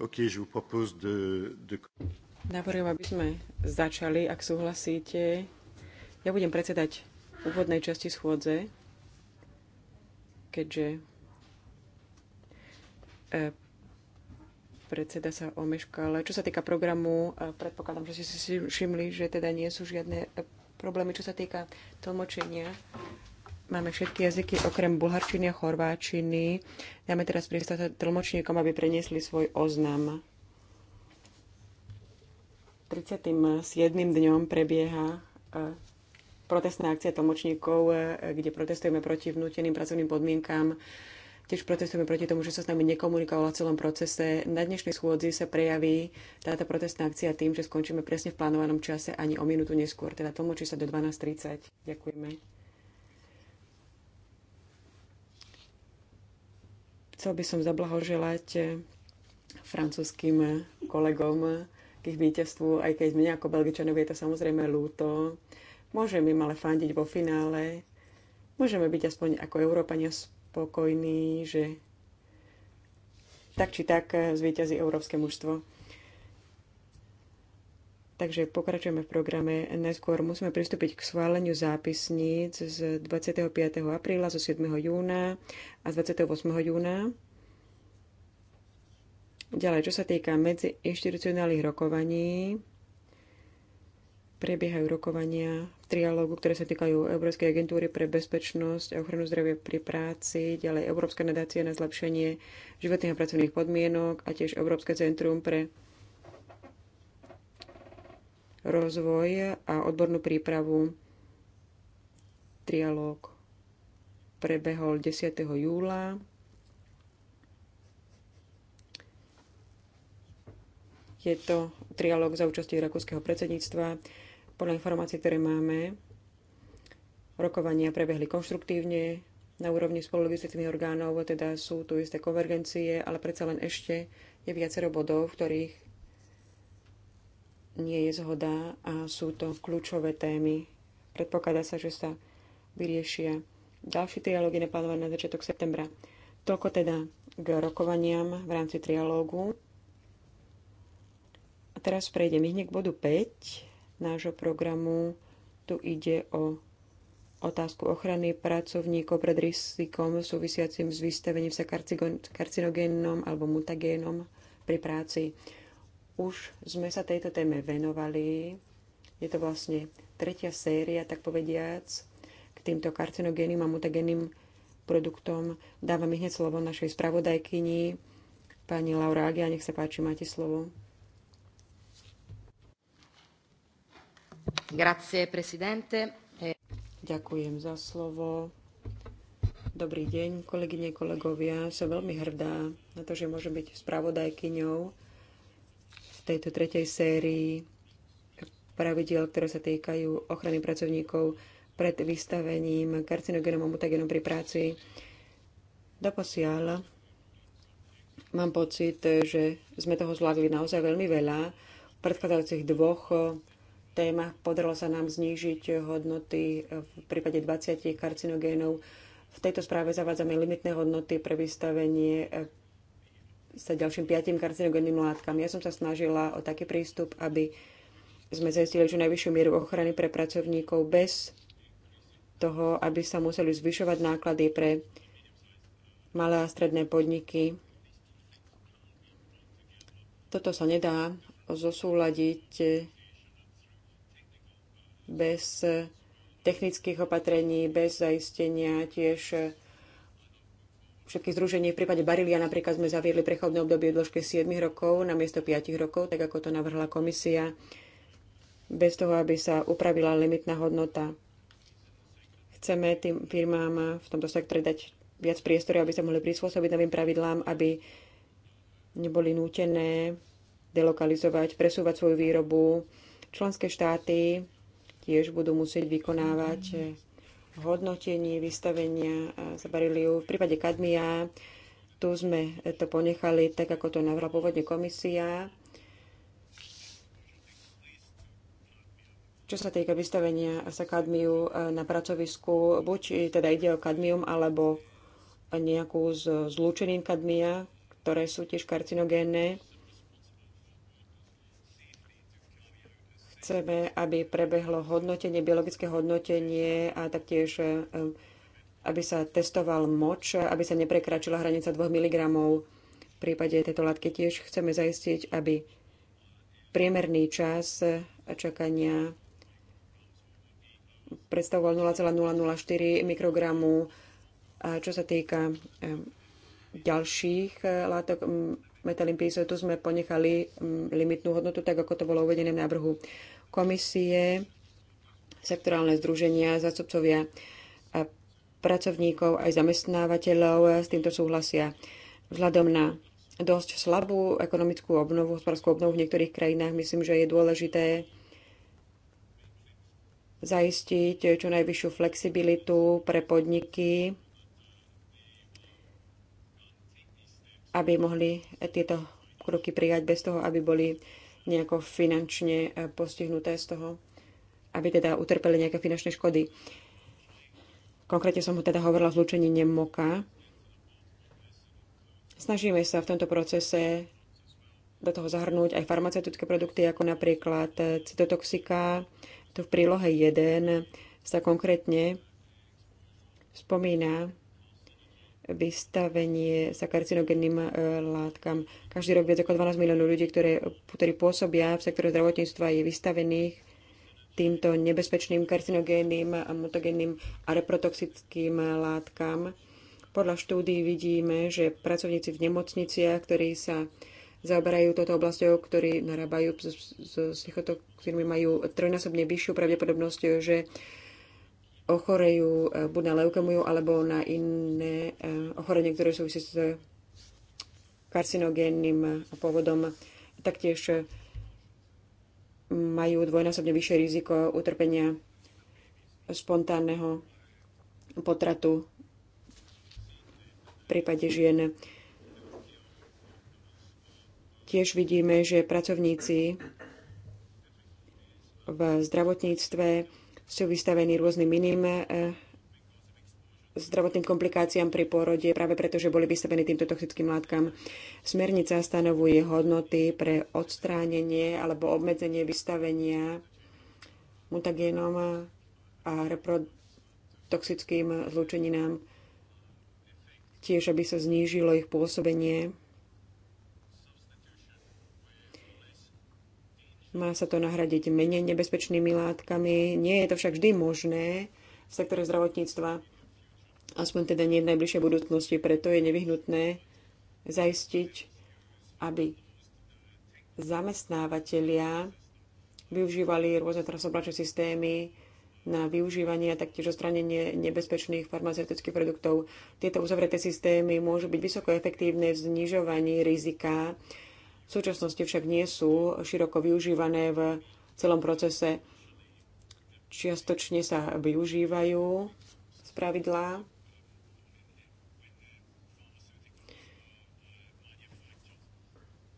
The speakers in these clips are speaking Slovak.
OK, je vous propose de... de... Navrhujem, aby sme začali, ak súhlasíte. Ja budem predsedať úvodnej časti schôdze, keďže e, predseda sa omeškal. Čo sa týka programu, e, predpokladám, že ste si všimli, že teda nie sú žiadne e, problémy, čo sa týka tlmočenia. Máme všetky jazyky okrem bulharčiny a chorváčiny. Dáme teraz priestor tlmočníkom, aby preniesli svoj oznam. 37. dňom prebieha e, protestná akcia tlmočníkov, e, kde protestujeme proti vnúteným pracovným podmienkám. Tiež protestujeme proti tomu, že sa s nami nekomunikovalo v celom procese. Na dnešnej schôdzi sa prejaví táto protestná akcia tým, že skončíme presne v plánovanom čase ani o minútu neskôr. Teda tlmočí sa do 12.30. Ďakujeme. Chcel by som zablahoželať eh, francúzským kolegom k ich víťazstvu, aj keď mne ako Belgičanovi je to samozrejme lúto. Môžeme im ale fandiť vo finále. Môžeme byť aspoň ako Európania spokojní, že tak či tak eh, zvíťazí európske mužstvo. Takže pokračujeme v programe. Najskôr musíme pristúpiť k schváleniu zápisníc z 25. apríla, zo 7. júna a z 28. júna. Ďalej, čo sa týka medziinstitucionálnych rokovaní, prebiehajú rokovania v trialógu, ktoré sa týkajú Európskej agentúry pre bezpečnosť a ochranu zdravia pri práci, ďalej Európska nadácia na zlepšenie životných a pracovných podmienok a tiež Európske centrum pre rozvoj a odbornú prípravu. Trialóg prebehol 10. júla. Je to trialóg za účasti rakúskeho predsedníctva. Podľa informácií, ktoré máme, rokovania prebehli konštruktívne na úrovni spolulegislatívnych orgánov, teda sú tu isté konvergencie, ale predsa len ešte je viacero bodov, v ktorých nie je zhoda a sú to kľúčové témy. Predpokladá sa, že sa vyriešia ďalší trialógy naplánované na začiatok septembra. Toľko teda k rokovaniam v rámci trialógu. A teraz prejdeme hneď k bodu 5 nášho programu. Tu ide o otázku ochrany pracovníkov pred rizikom súvisiacim s vystavením sa karcinogénom alebo mutagénom pri práci. Už sme sa tejto téme venovali. Je to vlastne tretia séria, tak povediac, k týmto karcinogénnym a mutagénnym produktom. Dávam hneď slovo našej spravodajkyni, pani Laura Agia. Nech sa páči, máte slovo. Grazie, presidente. Ďakujem za slovo. Dobrý deň, kolegyne, kolegovia. Som veľmi hrdá na to, že môžem byť spravodajkyňou tejto tretej sérii pravidiel, ktoré sa týkajú ochrany pracovníkov pred vystavením karcinogénom a mutagénom pri práci. Doposiaľ mám pocit, že sme toho zvládli naozaj veľmi veľa. V predchádzajúcich dvoch témach podarilo sa nám znížiť hodnoty v prípade 20 karcinogénov. V tejto správe zavádzame limitné hodnoty pre vystavenie sa ďalším piatim karcinogenným látkam. Ja som sa snažila o taký prístup, aby sme zaistili čo najvyššiu mieru ochrany pre pracovníkov bez toho, aby sa museli zvyšovať náklady pre malé a stredné podniky. Toto sa nedá zosúľadiť bez technických opatrení, bez zaistenia tiež všetkých združení. V prípade Barilia napríklad sme zaviedli prechodné obdobie dĺžke 7 rokov na miesto 5 rokov, tak ako to navrhla komisia, bez toho, aby sa upravila limitná hodnota. Chceme tým firmám v tomto sektore dať viac priestoru, aby sa mohli prispôsobiť novým pravidlám, aby neboli nútené delokalizovať, presúvať svoju výrobu. Členské štáty tiež budú musieť vykonávať v hodnotení vystavenia za bariliu. V prípade kadmia tu sme to ponechali tak, ako to navrhla pôvodne komisia. Čo sa týka vystavenia sa kadmiu e, na pracovisku, buď teda ide o kadmium alebo nejakú z zlúčenín kadmia, ktoré sú tiež karcinogénne, Chceme, aby prebehlo hodnotenie, biologické hodnotenie a taktiež e, aby sa testoval moč, aby sa neprekračila hranica 2 mg. V prípade tejto látky tiež chceme zaistiť, aby priemerný čas čakania predstavoval 0,004 mikrogramu. A čo sa týka e, ďalších látok, metalimpíz, tu sme ponechali mm, limitnú hodnotu, tak ako to bolo uvedené v návrhu komisie, sektorálne združenia, zástupcovia pracovníkov aj zamestnávateľov s týmto súhlasia. Vzhľadom na dosť slabú ekonomickú obnovu, hospodárskú obnovu v niektorých krajinách, myslím, že je dôležité zaistiť čo najvyššiu flexibilitu pre podniky aby mohli tieto kroky prijať bez toho, aby boli nejako finančne eh, postihnuté z toho, aby teda utrpeli nejaké finančné škody. Konkrétne som ho teda hovorila o zlučení nemoka. Snažíme sa v tomto procese do toho zahrnúť aj farmaceutické produkty, ako napríklad eh, cytotoxika, Tu v prílohe 1 sa konkrétne spomína vystavenie sa karcinogenným e, látkam. Každý rok viac ako 12 miliónov ľudí, ktoré, ktorí pôsobia v sektore zdravotníctva, je vystavených týmto nebezpečným karcinogénnym a mutagénnym a reprotoxickým látkam. Podľa štúdií vidíme, že pracovníci v nemocniciach, ktorí sa zaoberajú touto oblasťou, ktorí narábajú s psychotoxínmi, majú trojnásobne vyššiu pravdepodobnosť, že uh, ochorejú e, buď na leukemiu alebo na iné e, ochorenie, ktoré súvisí s karcinogénnym pôvodom. Taktiež e, majú dvojnásobne vyššie riziko utrpenia spontánneho potratu v prípade žien. Tiež vidíme, že pracovníci v zdravotníctve sú vystavení rôznym iným e, zdravotným komplikáciám pri pôrode, práve preto, že boli vystavení týmto toxickým látkam. Smernica stanovuje hodnoty pre odstránenie alebo obmedzenie vystavenia mutagénom a reprotoxickým zlúčeninám, tiež aby sa znížilo ich pôsobenie Má sa to nahradiť menej nebezpečnými látkami. Nie je to však vždy možné v sektore zdravotníctva, aspoň teda nie v najbližšej budúcnosti, preto je nevyhnutné zaistiť, aby zamestnávateľia využívali rôzne transoblačné systémy na využívanie a taktiež odstranenie nebezpečných farmaceutických produktov. Tieto uzavreté systémy môžu byť vysoko efektívne v znižovaní rizika v súčasnosti však nie sú široko využívané v celom procese. Čiastočne sa využívajú z pravidlá.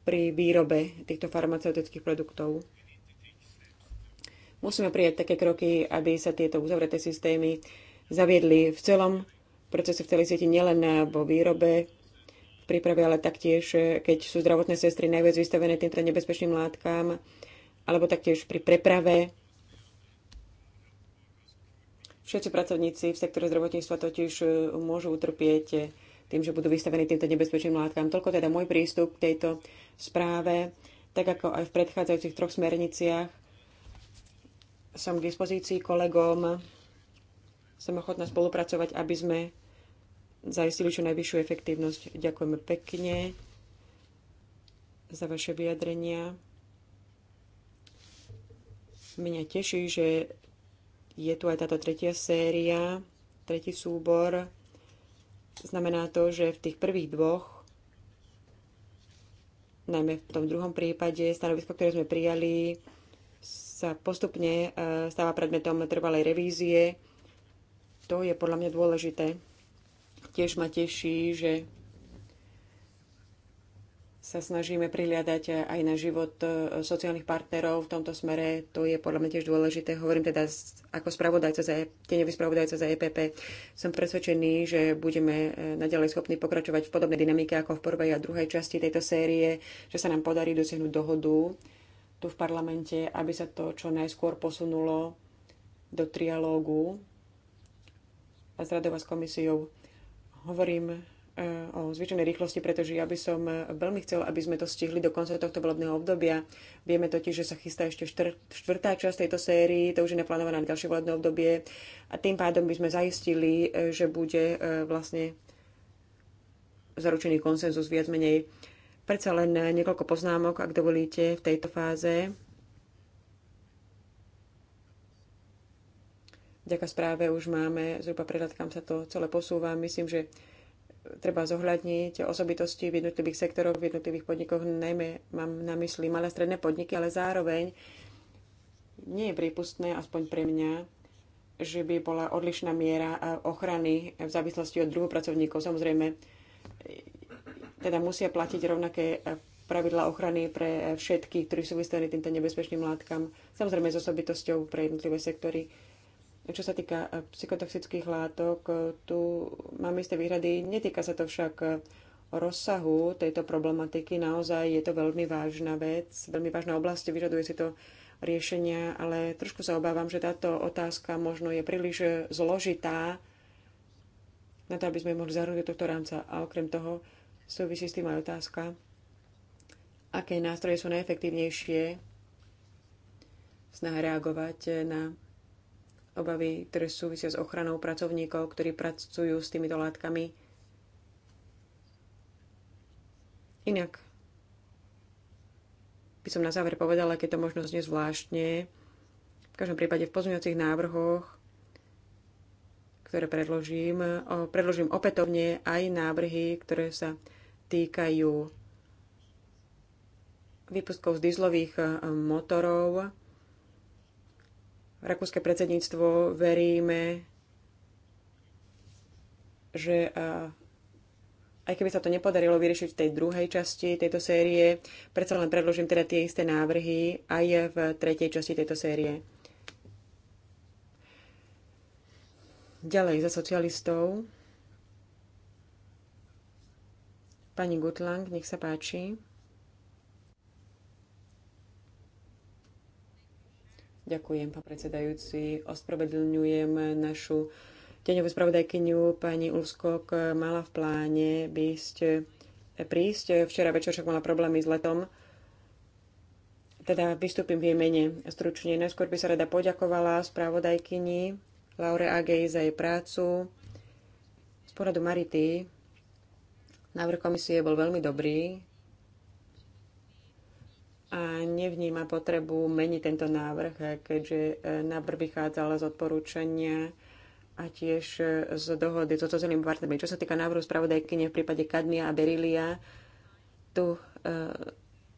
pri výrobe týchto farmaceutických produktov. Musíme prijať také kroky, aby sa tieto uzavreté systémy zaviedli v celom procese v celej sieti, nielen vo výrobe prípravy, ale taktiež, e, keď sú zdravotné sestry najviac vystavené týmto nebezpečným látkam, alebo taktiež pri preprave. Všetci pracovníci v sektore zdravotníctva totiž e, môžu utrpieť e, tým, že budú vystavení týmto nebezpečným látkam. Toľko teda môj prístup k tejto správe, tak ako aj v predchádzajúcich troch smerniciach. Som k dispozícii kolegom, som ochotná spolupracovať, aby sme zaistili čo najvyššiu efektívnosť. Ďakujeme pekne za vaše vyjadrenia. Mňa teší, že je tu aj táto tretia séria, tretí súbor. Znamená to, že v tých prvých dvoch, najmä v tom druhom prípade, stanovisko, ktoré sme prijali, sa postupne e, stáva predmetom trvalej revízie. To je podľa mňa dôležité. Tiež ma teší, že sa snažíme prihliadať aj na život e, sociálnych partnerov v tomto smere. To je podľa mňa tiež dôležité. Hovorím teda ako spravodajca za, e- tenevý spravodajca za EPP. Som presvedčený, že budeme e, naďalej schopní pokračovať v podobnej dynamike ako v prvej a druhej časti tejto série, že sa nám podarí dosiahnuť dohodu tu v parlamente, aby sa to čo najskôr posunulo do trialógu a s radou s komisiou Hovorím e, o zvyčajnej rýchlosti, pretože ja by som veľmi chcel, aby sme to stihli do konca tohto volebného obdobia. Vieme totiž, že sa chystá ešte štvrtá časť tejto série, to už je naplánované na ďalšie volebné obdobie a tým pádom by sme zaistili, e, že bude e, vlastne zaručený konsenzus viac menej. Predsa len niekoľko poznámok, ak dovolíte, v tejto fáze. Vďaka správe už máme zhruba prehľad, kam sa to celé posúva. Myslím, že treba zohľadniť osobitosti v jednotlivých sektoroch, v jednotlivých podnikoch, najmä mám na mysli malé stredné podniky, ale zároveň nie je prípustné, aspoň pre mňa, že by bola odlišná miera ochrany v závislosti od druhu pracovníkov. Samozrejme, teda musia platiť rovnaké pravidla ochrany pre všetkých, ktorí sú vystavení týmto nebezpečným látkam, samozrejme s osobitosťou pre jednotlivé sektory. Čo sa týka eh, psychotoxických látok, eh, tu mám isté výhrady. Netýka sa to však eh, rozsahu tejto problematiky. Naozaj je to veľmi vážna vec, veľmi vážna oblasť, vyžaduje si to riešenia, ale trošku sa obávam, že táto otázka možno je príliš zložitá na to, aby sme mohli zahrnúť do tohto rámca. A okrem toho súvisí s tým aj otázka, aké nástroje sú najefektívnejšie snaha reagovať na obavy, ktoré súvisia s ochranou pracovníkov, ktorí pracujú s týmito látkami. Inak by som na záver povedala, keď to možno znie zvláštne, v každom prípade v pozmeňujúcich návrhoch, ktoré predložím, predložím opätovne aj návrhy, ktoré sa týkajú výpustkov z dizlových e, motorov, rakúske predsedníctvo veríme, že aj keby sa to nepodarilo vyriešiť v tej druhej časti tejto série, predsa len predložím teda tie isté návrhy aj v tretej časti tejto série. Ďalej za socialistov. Pani Gutlang, nech sa páči. Ďakujem, pán predsedajúci. Ospravedlňujem našu deňovú spravodajkyňu pani Úskok Mala v pláne by ste prísť. Včera večer však mala problémy s letom. Teda vystúpim v jej mene stručne. Najskôr by sa rada poďakovala spravodajkyni Laure Agej za jej prácu. Z poradu Marity návrh komisie bol veľmi dobrý, a nevníma potrebu meniť tento návrh, keďže e, návrh vychádzal z odporúčania a tiež e, z dohody so sociálnymi partnermi. Čo sa týka návrhu spravodajkyne v prípade Kadmia a Berilia, tu e,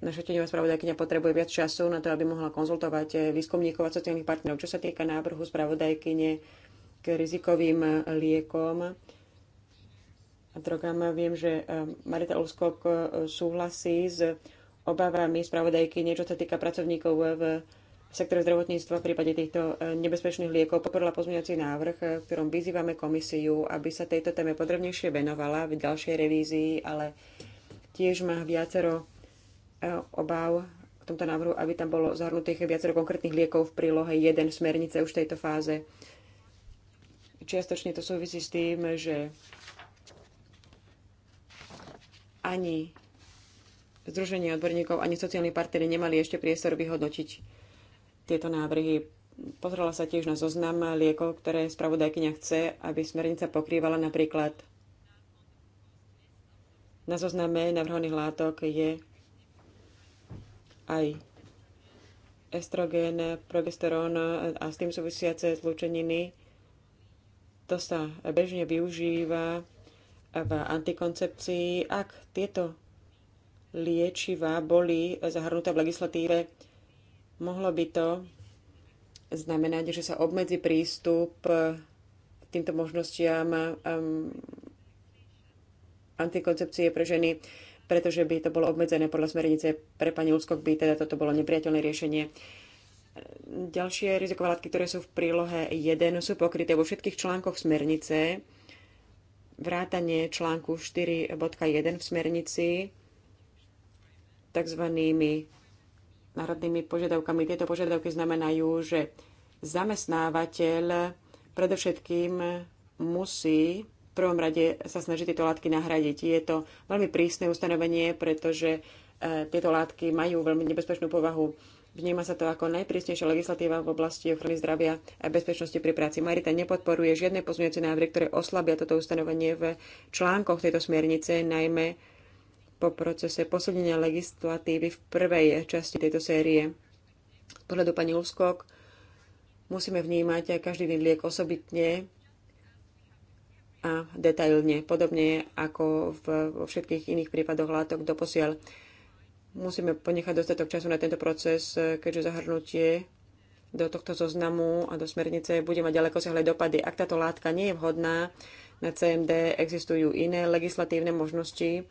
naša tieňová spravodajkyňa potrebuje viac času na to, aby mohla konzultovať výskumníkov a sociálnych partnerov. Čo sa týka návrhu spravodajkyne k rizikovým liekom, a drogám. Viem, že Marita Ulskok súhlasí s obávami spravodajky, niečo sa týka pracovníkov v sektore zdravotníctva v prípade týchto e, nebezpečných liekov podporila pozmeňovací návrh, e, v ktorom vyzývame komisiu, aby sa tejto téme podrobnejšie venovala v ďalšej revízii, ale tiež má viacero e, obáv v tomto návrhu, aby tam bolo zahrnutých viacero konkrétnych liekov v prílohe 1 smernice už v tejto fáze. Čiastočne to súvisí s tým, že ani Združenie odborníkov ani sociálni partnery nemali ešte priestor vyhodnotiť tieto návrhy. Pozrela sa tiež na zoznam liekov, ktoré spravodajkyňa chce, aby smernica pokrývala napríklad. Na zozname navrhovaných látok je aj estrogén, progesterón a s tým súvisiace zlúčeniny. To sa bežne využíva v antikoncepcii. Ak tieto liečiva boli zahrnuté v legislatíve, mohlo by to znamenať, že sa obmedzi prístup k týmto možnostiam um, antikoncepcie pre ženy, pretože by to bolo obmedzené podľa smernice pre pani Ulskok by teda toto bolo nepriateľné riešenie. Ďalšie rizikové látky, ktoré sú v prílohe 1, sú pokryté vo všetkých článkoch smernice, vrátanie článku 4.1 v smernici tzv. národnými požiadavkami. Tieto požiadavky znamenajú, že zamestnávateľ predovšetkým musí v prvom rade sa snažiť tieto látky nahradiť. Je to veľmi prísne ustanovenie, pretože e, tieto látky majú veľmi nebezpečnú povahu. Vníma sa to ako najprísnejšia legislatíva v oblasti ochrany zdravia a bezpečnosti pri práci. Marita nepodporuje žiadne pozmeňujúce návrhy, ktoré oslabia toto ustanovenie v článkoch tejto smernice, najmä po procese posúdenia legislatívy v prvej časti tejto série. Z pohľadu pani USKOK musíme vnímať aj každý liek osobitne a detailne, podobne ako v, vo všetkých iných prípadoch látok doposiaľ. Musíme ponechať dostatok času na tento proces, keďže zahrnutie do tohto zoznamu a do smernice bude mať ďaleko siahle dopady. Ak táto látka nie je vhodná na CMD, existujú iné legislatívne možnosti,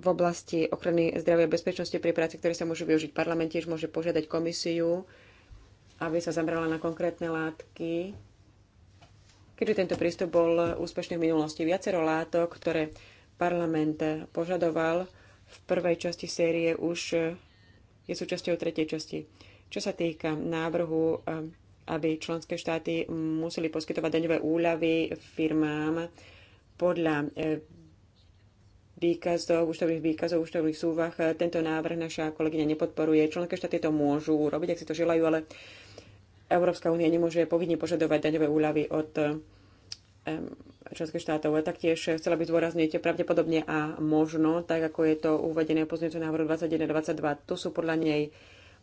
v oblasti ochrany zdravia a bezpečnosti pri práci, ktoré sa môžu využiť. Parlament tiež môže požiadať komisiu, aby sa zamerala na konkrétne látky, keďže tento prístup bol úspešný v minulosti. Viacero látok, ktoré parlament požadoval v prvej časti série, už je súčasťou tretej časti. Čo sa týka návrhu, eh, aby členské štáty museli poskytovať daňové úľavy firmám podľa eh, výkazov, účtovných výkazov, účtovných súvah. E, tento návrh naša kolegyňa nepodporuje. Členské štáty to môžu robiť, ak si to želajú, ale Európska únia nemôže povinne požadovať daňové úľavy od e, členských štátov. A taktiež chcela by zdôrazniť pravdepodobne a možno, tak ako je to uvedené v poznicu návrhu 21-22, Tu sú podľa nej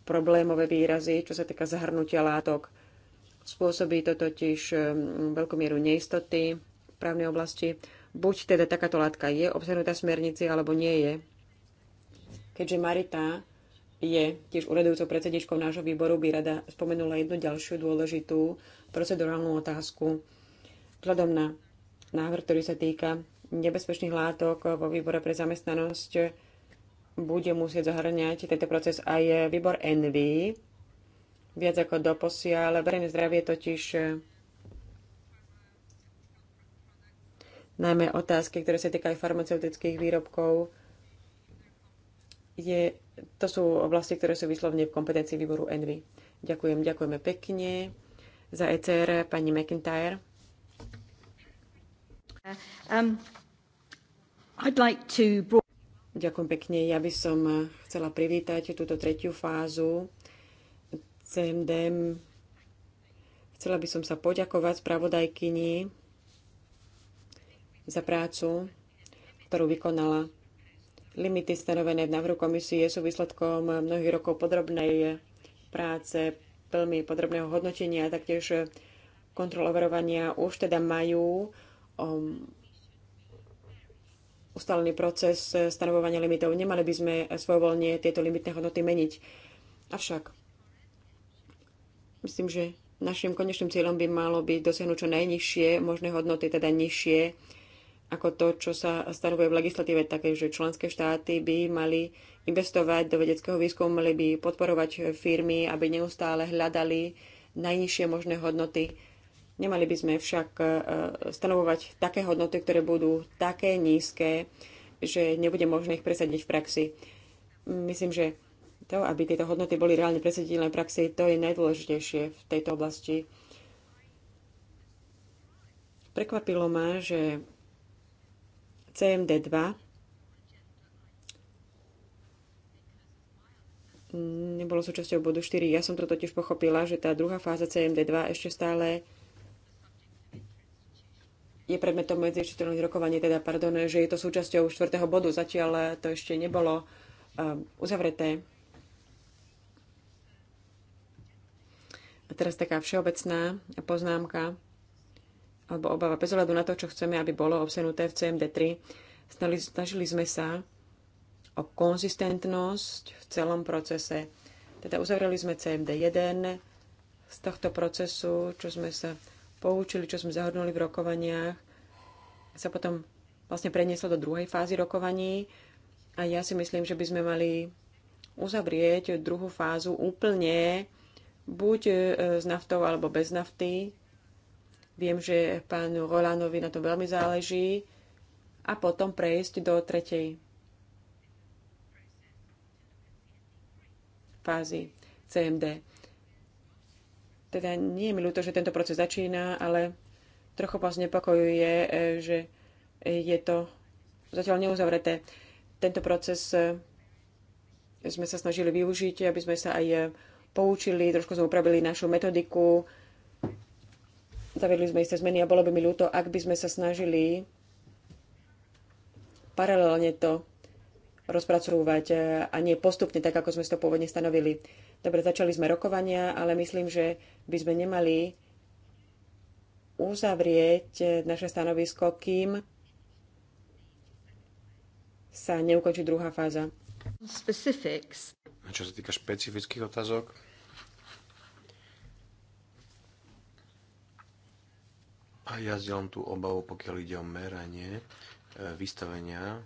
problémové výrazy, čo sa týka zahrnutia látok. Spôsobí to totiž veľkú mieru neistoty v právnej oblasti buď teda takáto látka je obsahnutá v smernici, alebo nie je. Keďže Marita je tiež uradujúcou predsedničkou nášho výboru, by rada spomenula jednu ďalšiu dôležitú procedurálnu otázku. Vzhľadom na návrh, ktorý sa týka nebezpečných látok vo výbore pre zamestnanosť, bude musieť zahrňať tento proces aj výbor NV. Viac ako doposiaľ, verejné zdravie totiž najmä otázky, ktoré sa týkajú farmaceutických výrobkov, je, to sú oblasti, ktoré sú vyslovne v kompetencii výboru ENVY. Ďakujem, ďakujeme pekne za ECR pani McIntyre. Um, I'd like to... Ďakujem pekne. Ja by som chcela privítať túto tretiu fázu CMDM. Chcela by som sa poďakovať spravodajkyni za prácu, ktorú vykonala. Limity stanovené v návrhu komisie sú výsledkom mnohých rokov podrobnej práce, veľmi podrobného hodnotenia a taktiež kontroloverovania. už teda majú um, ustalený proces stanovovania limitov. Nemali by sme svojvoľne tieto limitné hodnoty meniť. Avšak myslím, že našim konečným cieľom by malo byť dosiahnuť čo najnižšie možné hodnoty, teda nižšie ako to, čo sa stanovuje v legislatíve, také, že členské štáty by mali investovať do vedeckého výskumu, mali by podporovať firmy, aby neustále hľadali najnižšie možné hodnoty. Nemali by sme však e, stanovovať také hodnoty, ktoré budú také nízke, že nebude možné ich presadiť v praxi. Myslím, že to, aby tieto hodnoty boli reálne presaditeľné v praxi, to je najdôležitejšie v tejto oblasti. Prekvapilo ma, že CMD2 nebolo súčasťou bodu 4. Ja som to totiž pochopila, že tá druhá fáza CMD2 ešte stále je predmetom medzištiteľných rokovaní, teda pardon, že je to súčasťou štvrtého bodu. Zatiaľ to ešte nebolo um, uzavreté. A teraz taká všeobecná poznámka alebo obava bez ohľadu na to, čo chceme, aby bolo obsenuté v CMD3. Snažili sme sa o konzistentnosť v celom procese. Teda uzavreli sme CMD1 z tohto procesu, čo sme sa poučili, čo sme zahodnuli v rokovaniach, sa potom vlastne prenieslo do druhej fázy rokovaní a ja si myslím, že by sme mali uzavrieť druhú fázu úplne buď e, s naftou alebo bez nafty, Viem, že pánu Rolánovi na tom veľmi záleží. A potom prejsť do tretej fázy CMD. Teda nie je mi ľúto, že tento proces začína, ale trochu vás nepokojuje, e, že je to zatiaľ neuzavreté. Tento proces e, sme sa snažili využiť, aby sme sa aj e, poučili, trošku sme upravili našu metodiku, zaviedli sme isté zmeny a bolo by mi ľúto, ak by sme sa snažili paralelne to rozpracovať eh, a nie postupne, tak ako sme si to pôvodne stanovili. Dobre, začali sme rokovania, ale myslím, že by sme nemali uzavrieť eh, naše stanovisko, kým sa neukončí druhá fáza. Specifics. A čo sa týka špecifických otázok, A ja zdieľam tú obavu, pokiaľ ide o meranie e, vystavenia e,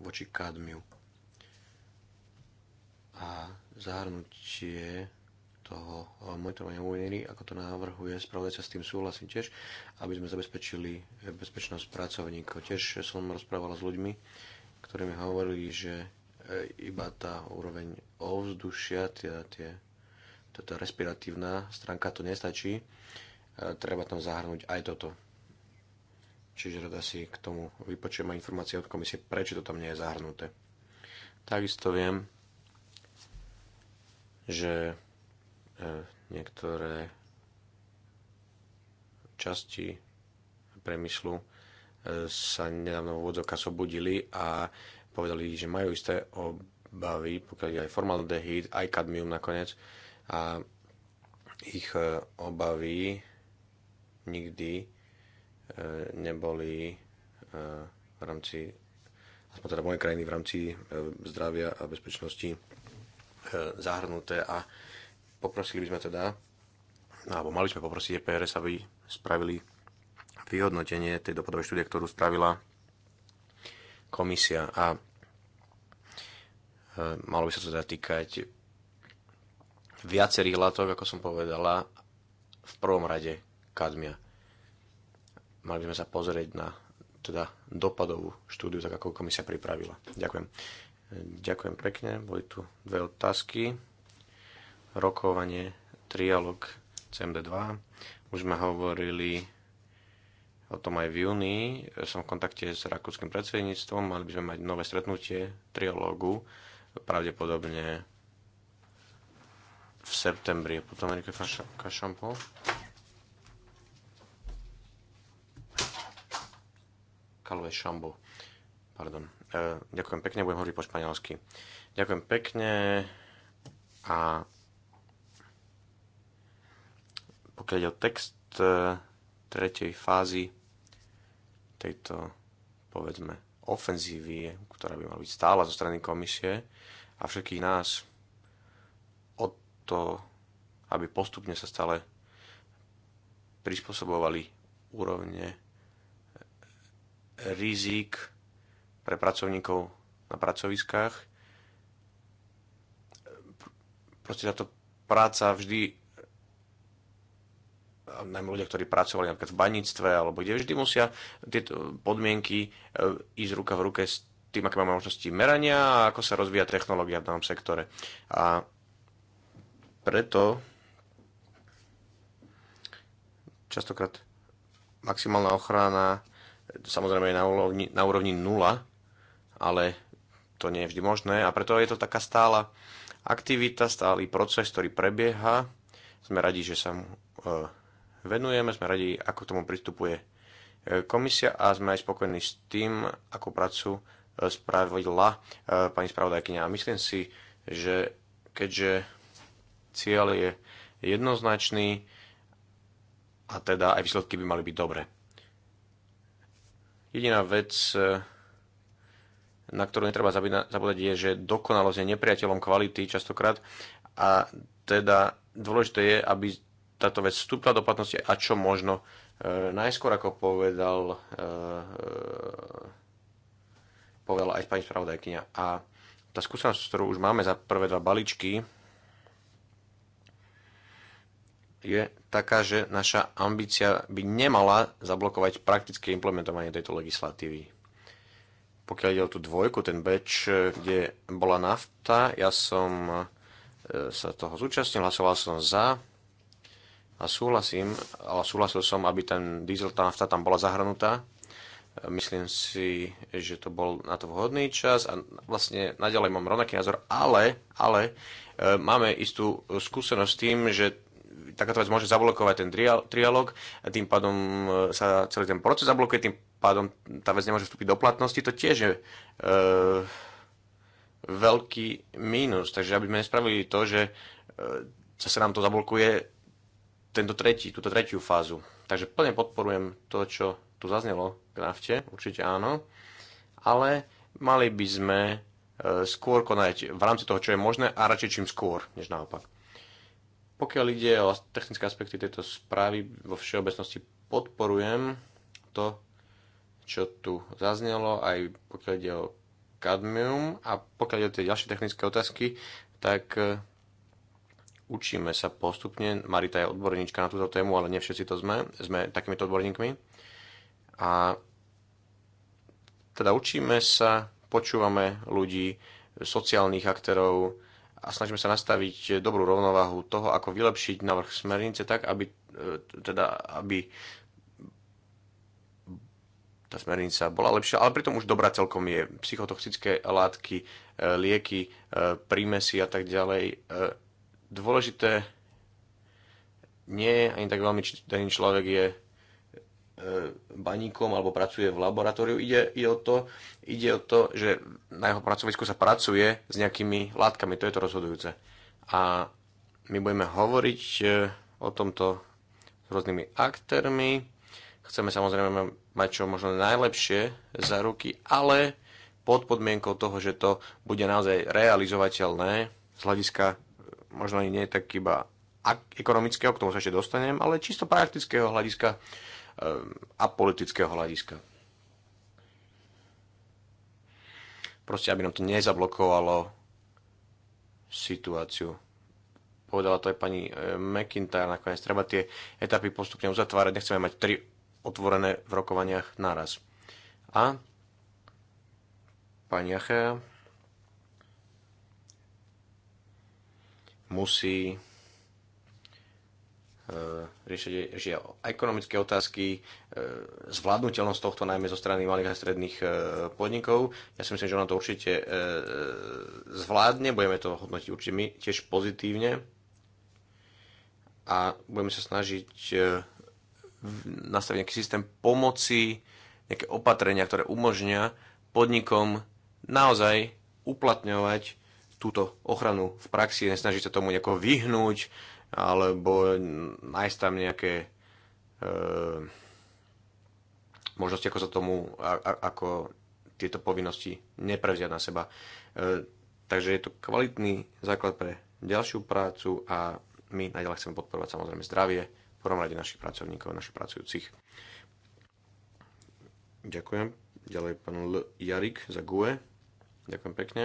voči kadmiu. A zahrnutie toho e, monitorovania uvedený, ako to navrhuje spravodajca, s tým súhlasím tiež, aby sme zabezpečili bezpečnosť pracovníkov. Tiež som rozprávala s ľuďmi, ktorí mi hovorili, že iba tá úroveň ovzdušia, tie, tie, táto respiratívna stránka to nestačí, treba tam zahrnúť aj toto. Čiže rada si k tomu vypočujem aj informácie od komisie, prečo to tam nie je zahrnuté. Takisto viem, že e, niektoré časti premyslu e, sa nedávno v úvodzovkách sobudili a povedali, že majú isté obavy, pokiaľ je aj formaldehyd, aj kadmium nakoniec a ich e, obavy nikdy e, neboli e, v rámci, aspoň teda mojej krajiny, v rámci e, zdravia a bezpečnosti zahrnuté a poprosili by sme teda, alebo mali sme poprosiť EPRS, aby spravili vyhodnotenie tej dopadovej štúdie, ktorú spravila komisia a malo by sa to teda týkať viacerých látok, ako som povedala, v prvom rade kadmia. Mali by sme sa pozrieť na teda dopadovú štúdiu, tak ako komisia pripravila. Ďakujem. Ďakujem pekne. Boli tu dve otázky. Rokovanie, trialog CMD2. Už sme hovorili o tom aj v júni. Som v kontakte s rakúskym predsedníctvom. Mali by sme mať nové stretnutie trialógu. Pravdepodobne v septembri. Potom Erika Kašampo. Kaš- Kalve Šambo. Pardon. E, ďakujem pekne, budem hovoriť po španielsky. Ďakujem pekne a pokiaľ ide o text e, tretej fázy tejto, povedzme, ofenzívy, ktorá by mala byť stála zo strany komisie a všetkých nás o to, aby postupne sa stále prispôsobovali úrovne rizik pre pracovníkov na pracoviskách. Proste táto práca vždy najmä ľudia, ktorí pracovali napríklad v baníctve alebo kde vždy musia tieto podmienky e, ísť ruka v ruke s tým, aké máme možnosti merania a ako sa rozvíja technológia v danom sektore. A preto častokrát maximálna ochrana samozrejme je na úrovni, na úrovni nula, ale to nie je vždy možné a preto je to taká stála aktivita, stály proces, ktorý prebieha. Sme radi, že sa mu e, venujeme, sme radi, ako k tomu pristupuje e, komisia a sme aj spokojní s tým, ako prácu e, spravila pani spravodajkynia. A myslím si, že keďže cieľ je jednoznačný a teda aj výsledky by mali byť dobré. Jediná vec, e, na ktorú netreba zabúdať, je, že dokonalosť je nepriateľom kvality častokrát a teda dôležité je, aby táto vec vstúpila do platnosti a čo možno e, najskôr, ako povedal, e, e povedala aj pani spravodajkynia. A tá skúsenosť, ktorú už máme za prvé dva balíčky, je taká, že naša ambícia by nemala zablokovať praktické implementovanie tejto legislatívy. Pokiaľ ide o tú dvojku, ten beč, kde bola nafta, ja som e, sa toho zúčastnil, hlasoval som za a súhlasím, ale súhlasil som, aby ten diesel, tá nafta tam bola zahrnutá. E, myslím si, že to bol na to vhodný čas a vlastne naďalej mám rovnaký názor, ale, ale e, máme istú skúsenosť s tým, že takáto vec môže zablokovať ten trialog, tým pádom e, sa celý ten proces zablokuje, tým pádom tá vec nemôže vstúpiť do platnosti. To tiež je e, veľký mínus. Takže aby sme nespravili to, že e, sa nám to zablokuje tento tretí, túto tretiu fázu. Takže plne podporujem to, čo tu zaznelo k nafte, určite áno. Ale mali by sme e, skôr konať v rámci toho, čo je možné a radšej čím skôr, než naopak. Pokiaľ ide o technické aspekty tejto správy, vo všeobecnosti podporujem to, čo tu zaznelo, aj pokiaľ ide o kadmium a pokiaľ ide o tie ďalšie technické otázky, tak e, učíme sa postupne. Marita je odborníčka na túto tému, ale nie všetci to sme. Sme takýmito odborníkmi. A teda učíme sa, počúvame ľudí, sociálnych aktérov, a snažíme sa nastaviť dobrú rovnováhu toho, ako vylepšiť návrh smernice tak, aby, e, teda, aby tá smernica bola lepšia, ale pritom už dobrá celkom je. Psychotoxické látky, e, lieky, e, prímesy a tak ďalej. Dôležité nie je ani tak veľmi, či daný človek je E, baníkom alebo pracuje v laboratóriu. Ide, ide, o to, ide o to, že na jeho pracovisku sa pracuje s nejakými látkami. To je to rozhodujúce. A my budeme hovoriť e, o tomto s rôznymi aktérmi. Chceme samozrejme mať čo možno najlepšie za ruky, ale pod podmienkou toho, že to bude naozaj realizovateľné z hľadiska e, možno nie tak iba ekonomického, k tomu sa ešte dostanem, ale čisto praktického hľadiska a politického hľadiska. Proste, aby nám to nezablokovalo situáciu. Povedala to aj pani e, McIntyre nakoniec. Treba tie etapy postupne uzatvárať. Nechceme mať tri otvorené v rokovaniach naraz. A pani Achea musí E, riešia, ekonomické otázky, e, zvládnutelnosť tohto najmä zo strany malých a stredných e, podnikov. Ja si myslím, že ona to určite zvládne, budeme to hodnotiť určite my tiež pozitívne a budeme sa snažiť nastaviť nejaký systém pomoci, nejaké opatrenia, ktoré umožňa podnikom naozaj uplatňovať túto ochranu v praxi, nesnažiť sa tomu nejako vyhnúť, alebo nájsť tam nejaké e, možnosti, ako sa tomu, a, a, ako tieto povinnosti neprevziať na seba. E, takže je to kvalitný základ pre ďalšiu prácu a my naďalej chceme podporovať samozrejme zdravie, v prvom rade našich pracovníkov, našich pracujúcich. Ďakujem. Ďalej pán L. Jarik za GUE. Ďakujem pekne.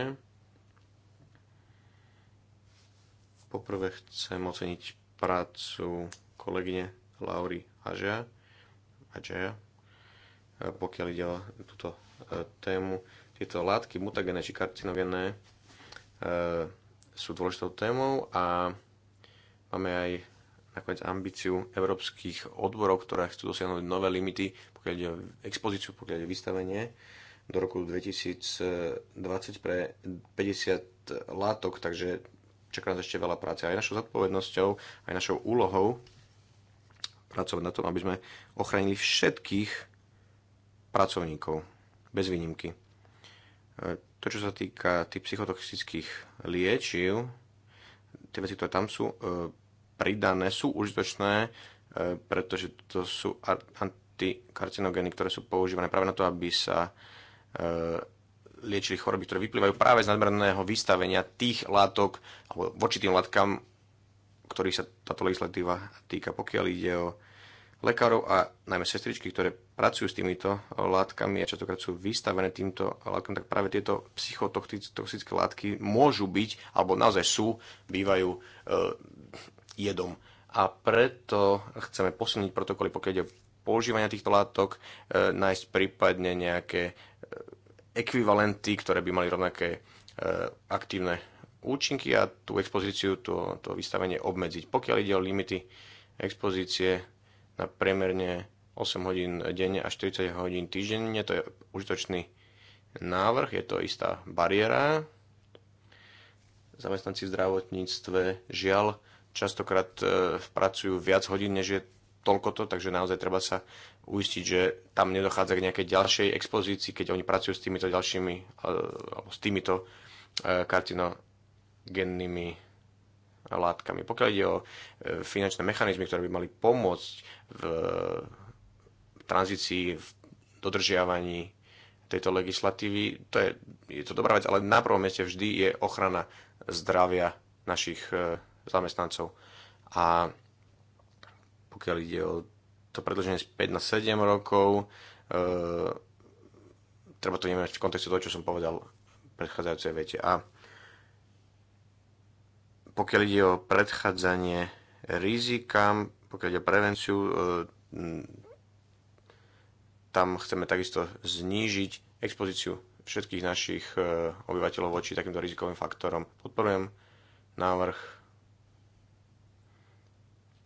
Poprvé chcem oceniť prácu kolegyne Laury Ažia, Ažia e, pokiaľ ide o túto e, tému. Tieto látky mutagené či karcinogené e, sú dôležitou témou a máme aj nakoniec ambíciu európskych odborov, ktoré chcú dosiahnuť nové limity, pokiaľ ide o expozíciu, pokiaľ ide o vystavenie do roku 2020 pre 50 látok, takže čaká nás ešte veľa práce. Aj našou zodpovednosťou, aj našou úlohou pracovať na tom, aby sme ochránili všetkých pracovníkov, bez výnimky. E, to, čo sa týka tých psychotoxických liečiv, tie veci, ktoré tam sú e, pridané, sú užitočné, e, pretože to sú antikarcinogény, ktoré sú používané práve na to, aby sa liečili choroby, ktoré vyplývajú práve z nadmerného vystavenia tých látok, alebo voči tým látkam, ktorých sa táto legislatíva týka, pokiaľ ide o lekárov a najmä sestričky, ktoré pracujú s týmito látkami a častokrát sú vystavené týmto látkom, tak práve tieto psychotoxické látky môžu byť, alebo naozaj sú, bývajú e, jedom. A preto chceme posilniť protokoly, pokiaľ ide o používania týchto látok, e, nájsť prípadne nejaké e, ekvivalenty, ktoré by mali rovnaké e, aktívne účinky a tú expozíciu, to, to vystavenie obmedziť. Pokiaľ ide o limity expozície na priemerne 8 hodín denne a 40 hodín týždenne, to je užitočný návrh, je to istá bariéra. Zamestnanci v zdravotníctve žiaľ častokrát e, pracujú viac hodín, než je toľko to, takže naozaj treba sa uistiť, že tam nedochádza k nejakej ďalšej expozícii, keď oni pracujú s týmito ďalšími, eh, alebo s týmito eh, kartinogennými látkami. Pokiaľ ide o eh, finančné mechanizmy, ktoré by mali pomôcť v tranzícii, v dodržiavaní tejto legislatívy, to je, je to dobrá vec, ale na prvom mieste vždy je ochrana zdravia našich zamestnancov. A pokiaľ ide o to predlženie z 5 na 7 rokov. E, treba to vnímať v kontexte toho, čo som povedal v predchádzajúcej vete. A pokiaľ ide o predchádzanie rizikám, pokiaľ ide o prevenciu, e, tam chceme takisto znížiť expozíciu všetkých našich e, obyvateľov voči takýmto rizikovým faktorom. Podporujem návrh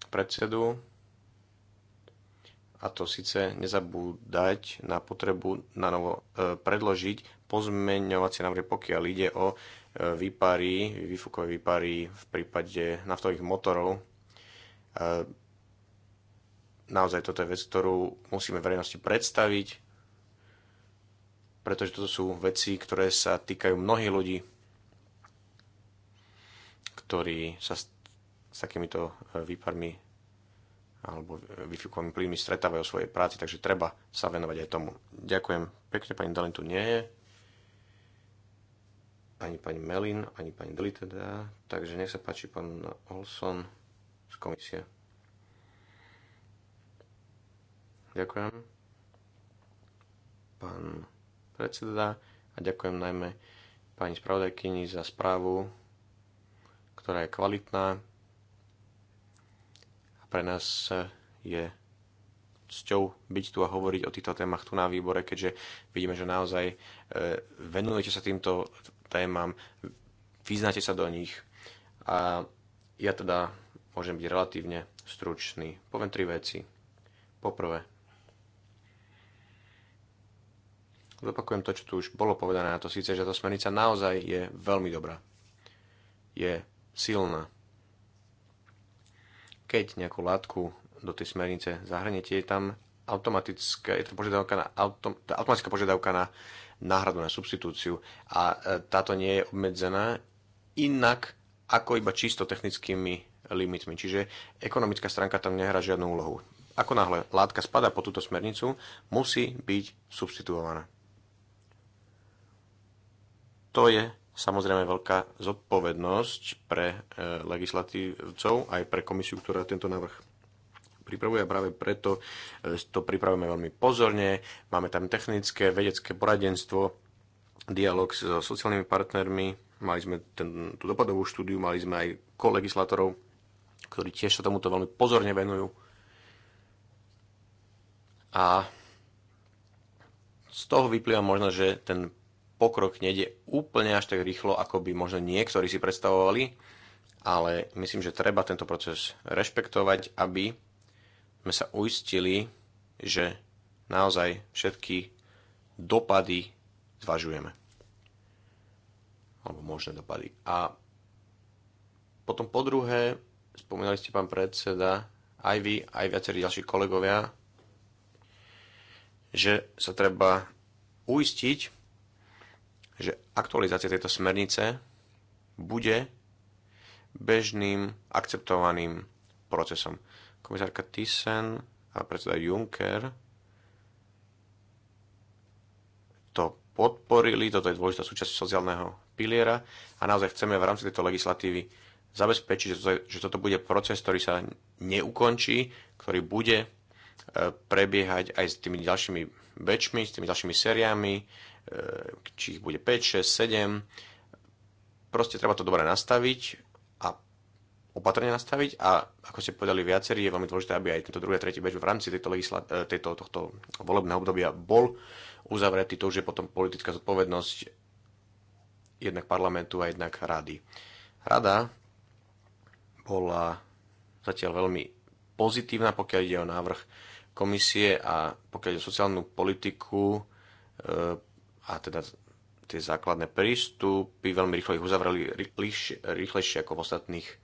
predsedu a to síce nezabúdať na potrebu na novo e, predložiť pozmeňovacie návrhy, pokiaľ ide o e, výpary, výfukové výpary v prípade naftových motorov. E, naozaj toto je vec, ktorú musíme verejnosti predstaviť, pretože toto sú veci, ktoré sa týkajú mnohých ľudí, ktorí sa s, s takýmito výparmi alebo vyfúkovými plynmi stretávajú o svojej práci, takže treba sa venovať aj tomu. Ďakujem pekne, pani Dalin tu nie je. Ani pani Melin, ani pani Deli teda. Takže nech sa páči pán Olson z komisie. Ďakujem. Pán predseda a ďakujem najmä pani spravodajkyni za správu, ktorá je kvalitná, pre nás eh, je cťou byť tu a hovoriť o týchto témach tu na výbore, keďže vidíme, že naozaj eh, venujete sa týmto témam, vyznáte sa do nich a ja teda môžem byť relatívne stručný. Poviem tri veci. Poprvé, zopakujem to, čo tu už bolo povedané na to, síce, že tá smernica naozaj je veľmi dobrá. Je silná keď nejakú látku do tej smernice zahrnete, je tam automatická, je to požiadavka na autom, automatická požiadavka na náhradu, na substitúciu a e, táto nie je obmedzená inak ako iba čisto technickými limitmi. Čiže ekonomická stránka tam nehrá žiadnu úlohu. Ako náhle látka spada po túto smernicu, musí byť substituovaná. To je samozrejme veľká zodpovednosť pre e, legislatívcov, aj pre komisiu, ktorá tento návrh pripravuje a práve preto e, to pripravujeme veľmi pozorne. Máme tam technické, vedecké poradenstvo, dialog so sociálnymi partnermi, mali sme ten, tú dopadovú štúdiu, mali sme aj kolegislátorov, ktorí tiež sa tomuto veľmi pozorne venujú. A z toho vyplýva možno, že ten pokrok nejde úplne až tak rýchlo, ako by možno niektorí si predstavovali, ale myslím, že treba tento proces rešpektovať, aby sme sa uistili, že naozaj všetky dopady zvažujeme. Alebo možné dopady. A potom po druhé, spomínali ste pán predseda, aj vy, aj viacerí ďalší kolegovia, že sa treba uistiť, že aktualizácia tejto smernice bude bežným akceptovaným procesom. Komisárka Thyssen a predseda Juncker to podporili, toto je dôležitá súčasť sociálneho piliera a naozaj chceme v rámci tejto legislatívy zabezpečiť, že toto, že toto bude proces, ktorý sa neukončí, ktorý bude e, prebiehať aj s tými ďalšími batchmi, s tými ďalšími sériami, E, či ich bude 5, 6, 7. Proste treba to dobre nastaviť a opatrne nastaviť a ako ste povedali viacerí, je veľmi dôležité, aby aj tento druhý a tretí bež v rámci tejto, legisla- e, tejto tohto volebného obdobia bol uzavretý. To už je potom politická zodpovednosť jednak parlamentu a jednak rady. Rada bola zatiaľ veľmi pozitívna, pokiaľ ide o návrh komisie a pokiaľ ide o sociálnu politiku, e, a teda tie základné prístupy, veľmi rýchlo ich uzavreli, rýchlejšie, rýchlejšie ako v ostatných e,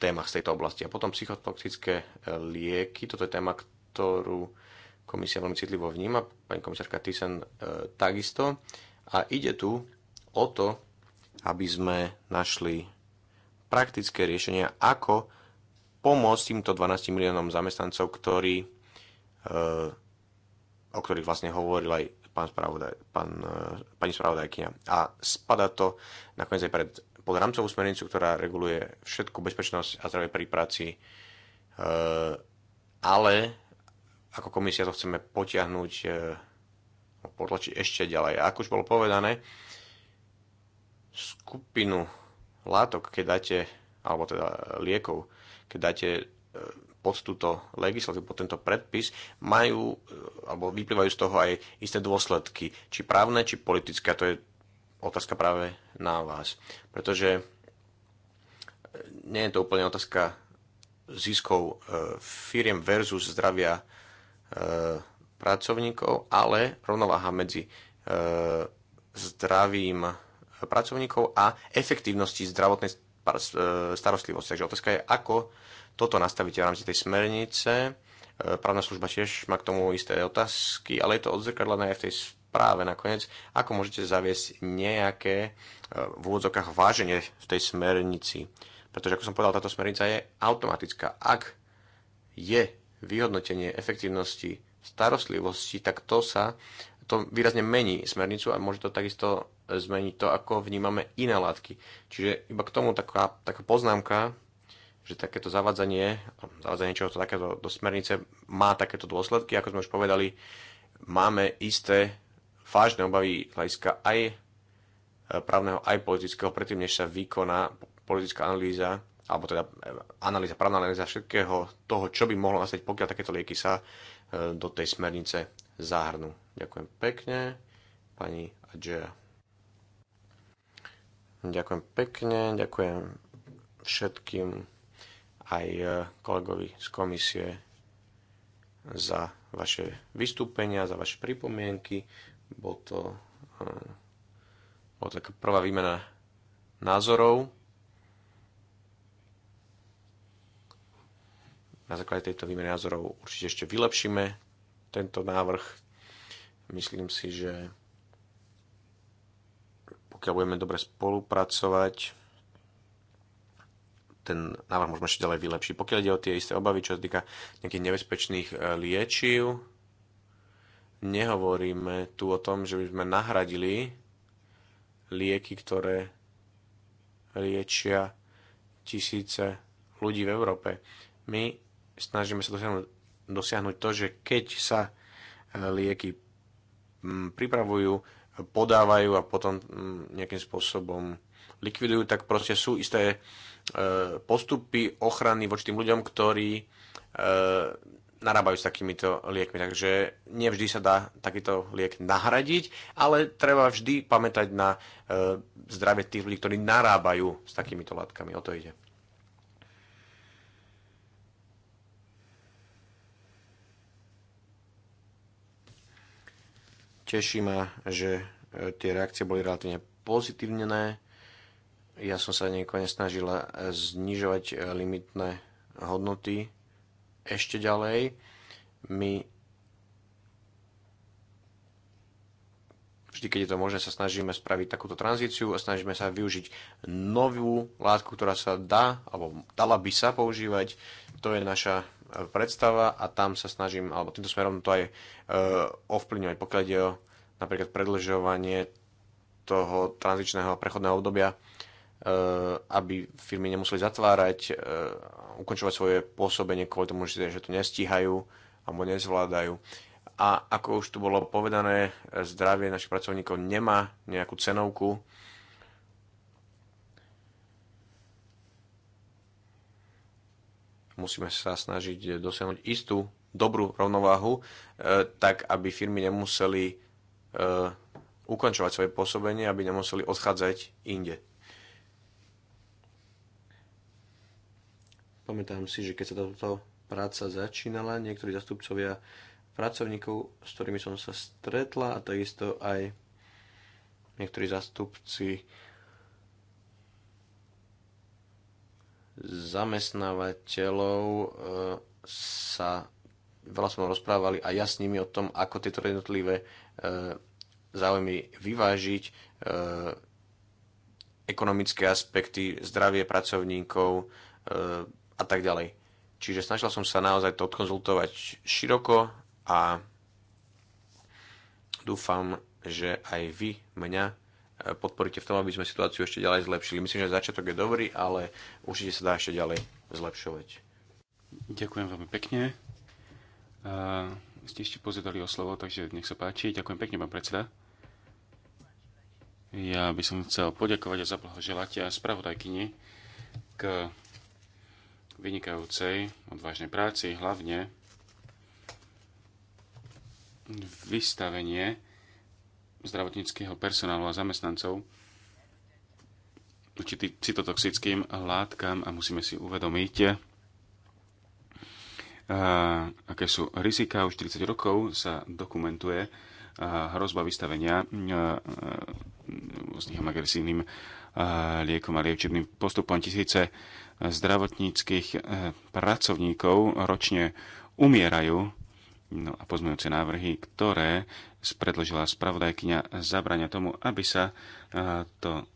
témach z tejto oblasti. A potom psychotoxické e, lieky, toto je téma, ktorú komisia veľmi citlivo vníma, pani komisárka Thyssen e, takisto. A ide tu o to, aby sme našli praktické riešenia, ako pomôcť týmto 12 miliónom zamestnancov, ktorí, e, o ktorých vlastne hovoril aj pán spravodaj, pán, e, pani spravodajkyňa. A spada to nakoniec aj pred, pod rámcovú smernicu, ktorá reguluje všetku bezpečnosť a zdravie pri práci. E, ale ako komisia to chceme potiahnuť, e, no, potlačiť ešte ďalej. A ako už bolo povedané, skupinu látok, keď dáte, alebo teda liekov, keď dáte e, pod túto legislatívu, pod tento predpis, majú e, alebo vyplývajú z toho aj isté dôsledky, či právne, či politické. A to je otázka práve na vás. Pretože e, nie je to úplne otázka ziskov e, firiem versus zdravia pracovníkov, ale rovnováha medzi zdravím pracovníkov a efektívnosti zdravotnej starostlivosti. Takže otázka je, ako toto nastavíte v rámci tej smernice. E, právna služba tiež má k tomu isté otázky, ale je to odzrkadlené aj v tej správe nakoniec. Ako môžete zaviesť nejaké e, v úvodzokách váženie v tej smernici? Pretože, ako som povedal, táto smernica je automatická. Ak je vyhodnotenie efektívnosti starostlivosti, tak to sa to výrazne mení smernicu a môže to takisto zmeniť to, ako vnímame iné látky. Čiže iba k tomu taká, taká poznámka, že takéto zavadzanie, zavadzanie čoho to takéto do smernice má takéto dôsledky, ako sme už povedali, máme isté vážne obavy hľadiska aj e, právneho, aj politického, predtým než sa vykoná politická analýza, alebo teda e, analýza, právna analýza všetkého toho, čo by mohlo nastať, pokiaľ takéto lieky sa e, do tej smernice zahrnú. Ďakujem pekne, pani Adžea. Ďakujem pekne, ďakujem všetkým aj e, kolegovi z komisie za vaše vystúpenia, za vaše pripomienky. Bol to, e, bol taká prvá výmena názorov. Na základe tejto výmeny názorov určite ešte vylepšíme tento návrh. Myslím si, že pokiaľ budeme dobre spolupracovať, ten návrh môžeme ešte ďalej vylepšiť. Pokiaľ ide o tie isté obavy, čo sa týka nejakých nebezpečných e, liečiv, nehovoríme tu o tom, že by sme nahradili lieky, ktoré liečia tisíce ľudí v Európe. My snažíme sa dosiahnuť, dosiahnuť to, že keď sa e, lieky pripravujú, podávajú a potom nejakým spôsobom likvidujú, tak proste sú isté E, postupy ochrany voči tým ľuďom, ktorí e, narábajú s takýmito liekmi. Takže nevždy sa dá takýto liek nahradiť, ale treba vždy pamätať na e, zdravie tých ľudí, ktorí narábajú s takýmito látkami. O to ide. Teší ma, že tie reakcie boli relatívne pozitívne. Ja som sa nikdy nesnažila eh, znižovať eh, limitné hodnoty ešte ďalej. My vždy, keď je to možné, sa snažíme spraviť takúto tranzíciu a snažíme sa využiť novú látku, ktorá sa dá, alebo dala by sa používať. To je naša eh, predstava a tam sa snažím, alebo týmto smerom to aj e, ovplyvňovať, pokiaľ ide o napríklad predlžovanie toho tranzičného prechodného obdobia Eh, aby firmy nemuseli zatvárať, eh, ukončovať svoje pôsobenie kvôli tomu, že to nestíhajú alebo nezvládajú. A ako už tu bolo povedané, zdravie našich pracovníkov nemá nejakú cenovku. Musíme sa snažiť dosiahnuť istú dobrú rovnováhu, eh, tak aby firmy nemuseli ukončovať svoje pôsobenie, aby nemuseli odchádzať inde. Pamätám si, že keď sa táto práca začínala, niektorí zastupcovia pracovníkov, s ktorými som sa stretla a takisto aj niektorí zastupci zamestnávateľov e, sa veľa som rozprávali a ja s nimi o tom, ako tieto jednotlivé e, záujmy vyvážiť, e, ekonomické aspekty, zdravie pracovníkov, a tak ďalej. Čiže snažil som sa naozaj to odkonzultovať široko a dúfam, že aj vy mňa e, podporíte v tom, aby sme situáciu ešte ďalej zlepšili. Myslím, že začiatok je dobrý, ale určite sa dá ešte ďalej zlepšovať. Ďakujem veľmi pekne. Uh, ste ešte pozvedali o slovo, takže nech sa páči. Ďakujem pekne, pán predseda. Ja by som chcel poďakovať a zablahoželať a spravodajkyni k vynikajúcej, odvážnej práci, hlavne vystavenie zdravotníckého personálu a zamestnancov určitým cytotoxickým látkam a musíme si uvedomiť, eh, aké sú rizika. Už 40 rokov sa dokumentuje eh, hrozba vystavenia eh, rôznym agresívnym liekom a liečebným postupom. Tisíce zdravotníckých eh, pracovníkov ročne umierajú. No a pozmejúce návrhy, ktoré predložila spravodajkyňa, zabrania tomu, aby sa eh, to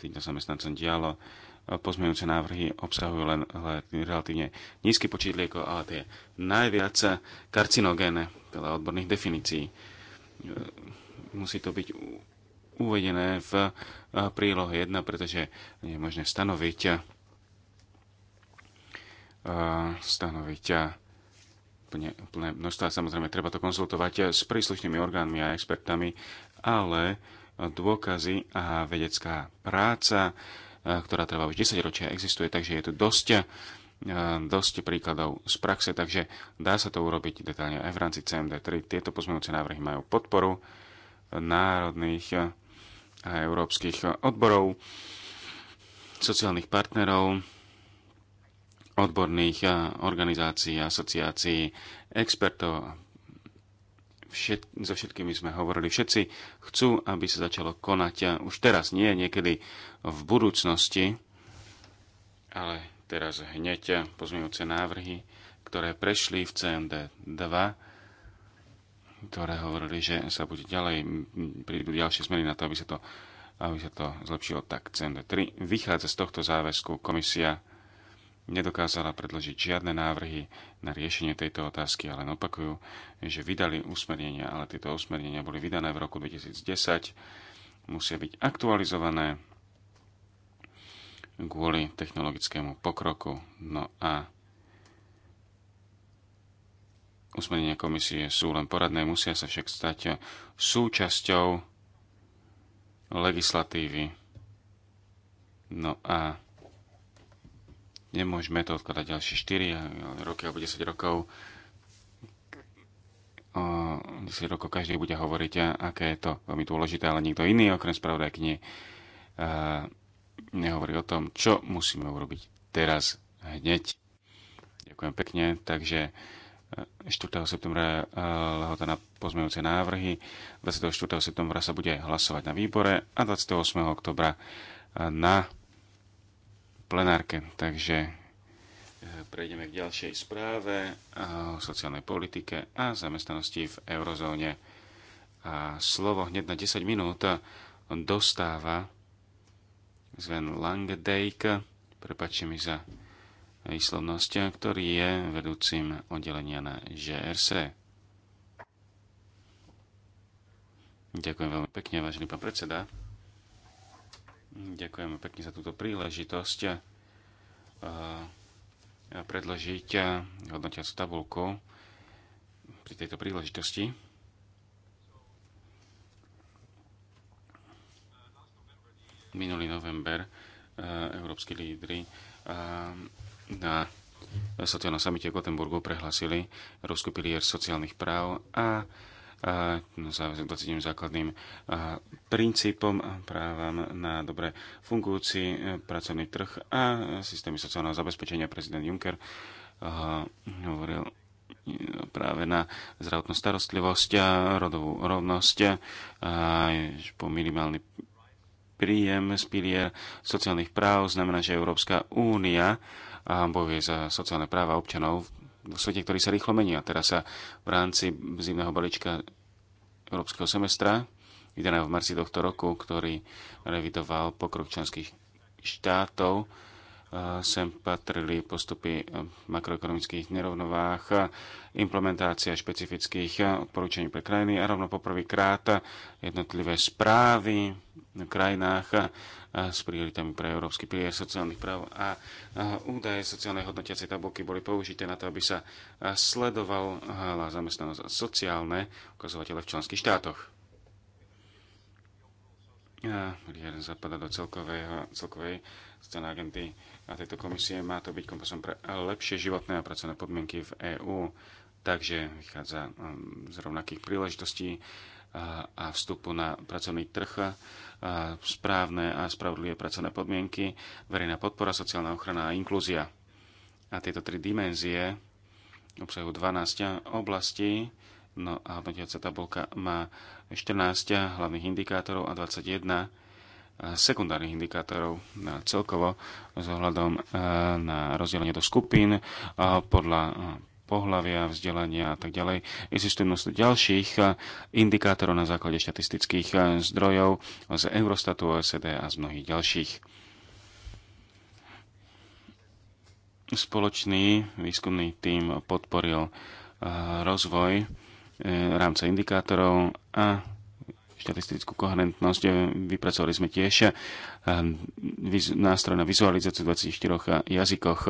týmto zamestnancom dialo. Pozmejúce návrhy obsahujú len relatívne nízky počet liekov, ale tie najviac karcinogéne, teda odborných definícií. Eh, musí to byť uvedené v eh, prílohe 1, pretože je možné stanoviť eh, stanoviť eh, plne, plné množstva. Samozrejme, treba to konzultovať s príslušnými orgánmi a expertami, ale dôkazy a vedecká práca, ktorá trvá už 10 ročia, existuje, takže je tu dosť, dosť príkladov z praxe, takže dá sa to urobiť detálne aj v rámci CMD3. Tieto pozmenujúce návrhy majú podporu národných a európskych odborov, sociálnych partnerov, odborných eh, organizácií, asociácií, expertov. Všet, so všetkými sme hovorili. Všetci chcú, aby sa začalo konať eh, už teraz, nie niekedy v budúcnosti, ale teraz hneď eh, pozmeňujúce návrhy, ktoré prešli v CMD 2, ktoré hovorili, že sa bude ďalej, prídu ďalšie zmeny na to, aby sa to, aby sa to zlepšilo, tak CND3 vychádza z tohto záväzku. Komisia nedokázala predložiť žiadne návrhy na riešenie tejto otázky, ale opakujú, že vydali usmernenia, ale tieto usmernenia boli vydané v roku 2010, musia byť aktualizované kvôli technologickému pokroku. No a Usmernenia komisie sú len poradné, musia sa však stať súčasťou legislatívy. No a nemôžeme to odkladať ďalšie 4 roky alebo 10 rokov. O 10 rokov každý bude hovoriť, aké je to veľmi dôležité, ale nikto iný okrem knie, nehovorí o tom, čo musíme urobiť teraz hneď. Ďakujem pekne, takže 4. septembra eh, lehota na pozmejúce návrhy. 24. septembra sa bude hlasovať na výbore a 28. oktobra eh, na plenárke. Takže eh, prejdeme k ďalšej správe o sociálnej politike a zamestnanosti v eurozóne. A slovo hneď na 10 minút dostáva Sven Langdejk. Prepačte mi za výslovnosti, ktorý je vedúcim oddelenia na ŽRS. Ďakujem veľmi pekne, vážený pán predseda. Ďakujem pekne za túto príležitosť eh, predložiť eh, hodnotiacu tabulku pri tejto príležitosti. Minulý november eh, európsky lídry na sociálnom samite v Gotemburgu prehlasili ruskú pilier sociálnych práv a, a no, za 27 základným a, princípom a právam na dobre fungujúci e, pracovný trh a systémy sociálneho zabezpečenia prezident Juncker a, hovoril e, práve na zdravotnú starostlivosť a rodovú rovnosť a po minimálny príjem z pilier sociálnych práv znamená, že Európska únia a bojuje za sociálne práva občanov v svete, ktorý sa rýchlo mení. A teraz sa v rámci zimného balíčka Európskeho semestra, vydaného v marci tohto roku, ktorý revidoval pokrok členských štátov, sem patrili postupy makroekonomických nerovnovách, implementácia špecifických odporúčaní pre krajiny a rovno poprvýkrát jednotlivé správy v krajinách s prioritami pre Európsky pilier sociálnych práv a údaje sociálnej hodnotiacej tabulky boli použité na to, aby sa sledovala zamestnanosť a sociálne ukazovatele v členských štátoch. Jeden zapadá do celkovej, celkovej scény na tejto komisie. Má to byť kompasom pre lepšie životné a pracovné podmienky v EÚ, takže vychádza um, z rovnakých príležitostí a vstupu na pracovný trh, správne a spravodlivé pracovné podmienky, verejná podpora, sociálna ochrana a inklúzia. A tieto tri dimenzie obsahujú 12 oblastí, no a hodnotiaca tabulka má 14 hlavných indikátorov a 21 sekundárnych indikátorov celkovo s ohľadom e, na rozdelenie do skupín e, podľa e, pohľavia, vzdelania a tak ďalej. Existuje množstvo ďalších indikátorov na základe štatistických zdrojov z Eurostatu, OSD a z mnohých ďalších. Spoločný výskumný tím podporil rozvoj rámca indikátorov a štatistickú koherentnosť. E, vypracovali sme tiež e, nástroj na vizualizáciu v 24 jazykoch.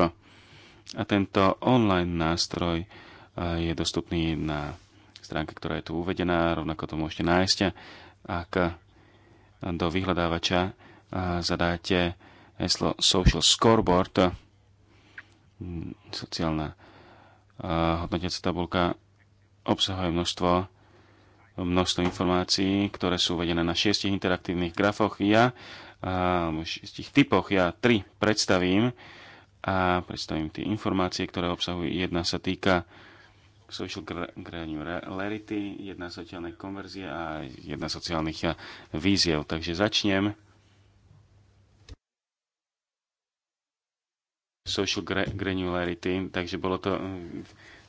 A tento online nástroj e, je dostupný na stránke, ktorá je tu uvedená, rovnako to môžete nájsť. Ak do vyhľadávača zadáte heslo Social Scoreboard, sociálna hodnotiaca tabulka obsahuje množstvo množstvo informácií, ktoré sú uvedené na šiestich interaktívnych grafoch. Ja v šiestich typoch ja tri predstavím a predstavím tie informácie, ktoré obsahujú. Jedna sa týka social granularity, jedna sociálne konverzie a jedna sociálnych víziev. Takže začnem social granularity, takže bolo to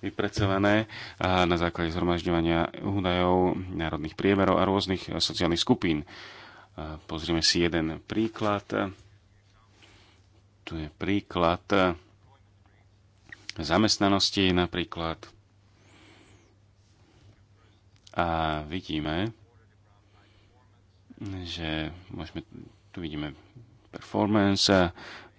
vyprecelené na základe zhromažďovania údajov národných priemerov a rôznych sociálnych skupín. Pozrieme si jeden príklad. Tu je príklad zamestnanosti napríklad. A vidíme, že môžeme, tu vidíme performance,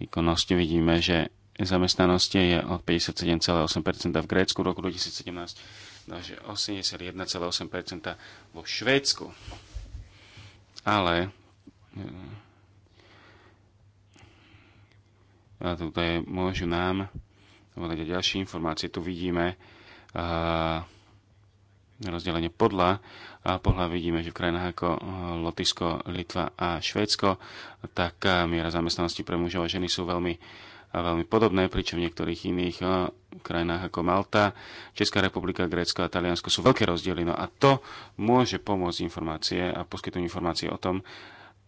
výkonnosti vidíme, že zamestnanosti je od 57,8% v Grécku roku 2017 takže 81,8% vo Švédsku. Ale eh, a tuto je, môžu nám povedať ďalšie informácie. Tu vidíme a, eh, rozdelenie podľa a podľa vidíme, že v krajinách ako eh, Lotisko, Litva a Švédsko, tak miera zamestnanosti pre mužov a ženy sú veľmi veľmi podobné, pričom v niektorých iných eh, krajinách ako Malta, Česká republika, Grécko a Taliansko sú veľké rozdiely. No a to môže pomôcť informácie a poskytnúť informácie o tom,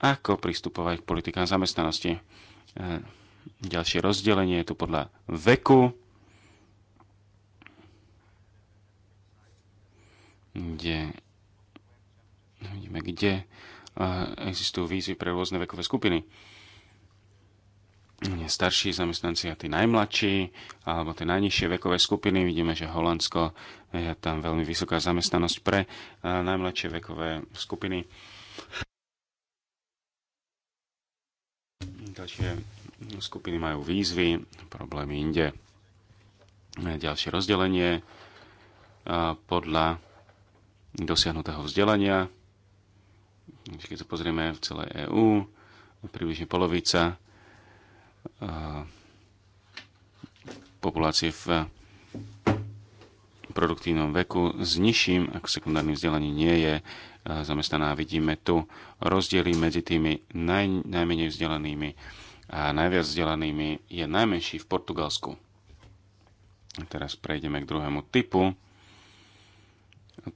ako pristupovať k politikám zamestnanosti. Eh, ďalšie rozdelenie je tu podľa veku, kde no, vidíme, kde eh, existujú výzvy pre rôzne vekové skupiny starší zamestnanci a tí najmladší, alebo tie najnižšie vekové skupiny. Vidíme, že Holandsko je tam veľmi vysoká zamestnanosť pre eh, najmladšie vekové skupiny. Ďalšie skupiny majú výzvy, problémy inde. Eh, ďalšie rozdelenie eh, podľa dosiahnutého vzdelania. Keď sa pozrieme v celej EÚ, približne polovica populácie v produktívnom veku s nižším ako sekundárnym vzdelaním nie je e, zamestnaná. Vidíme tu rozdiely medzi tými naj, najmenej vzdelanými a najviac vzdelanými je najmenší v Portugalsku. Teraz prejdeme k druhému typu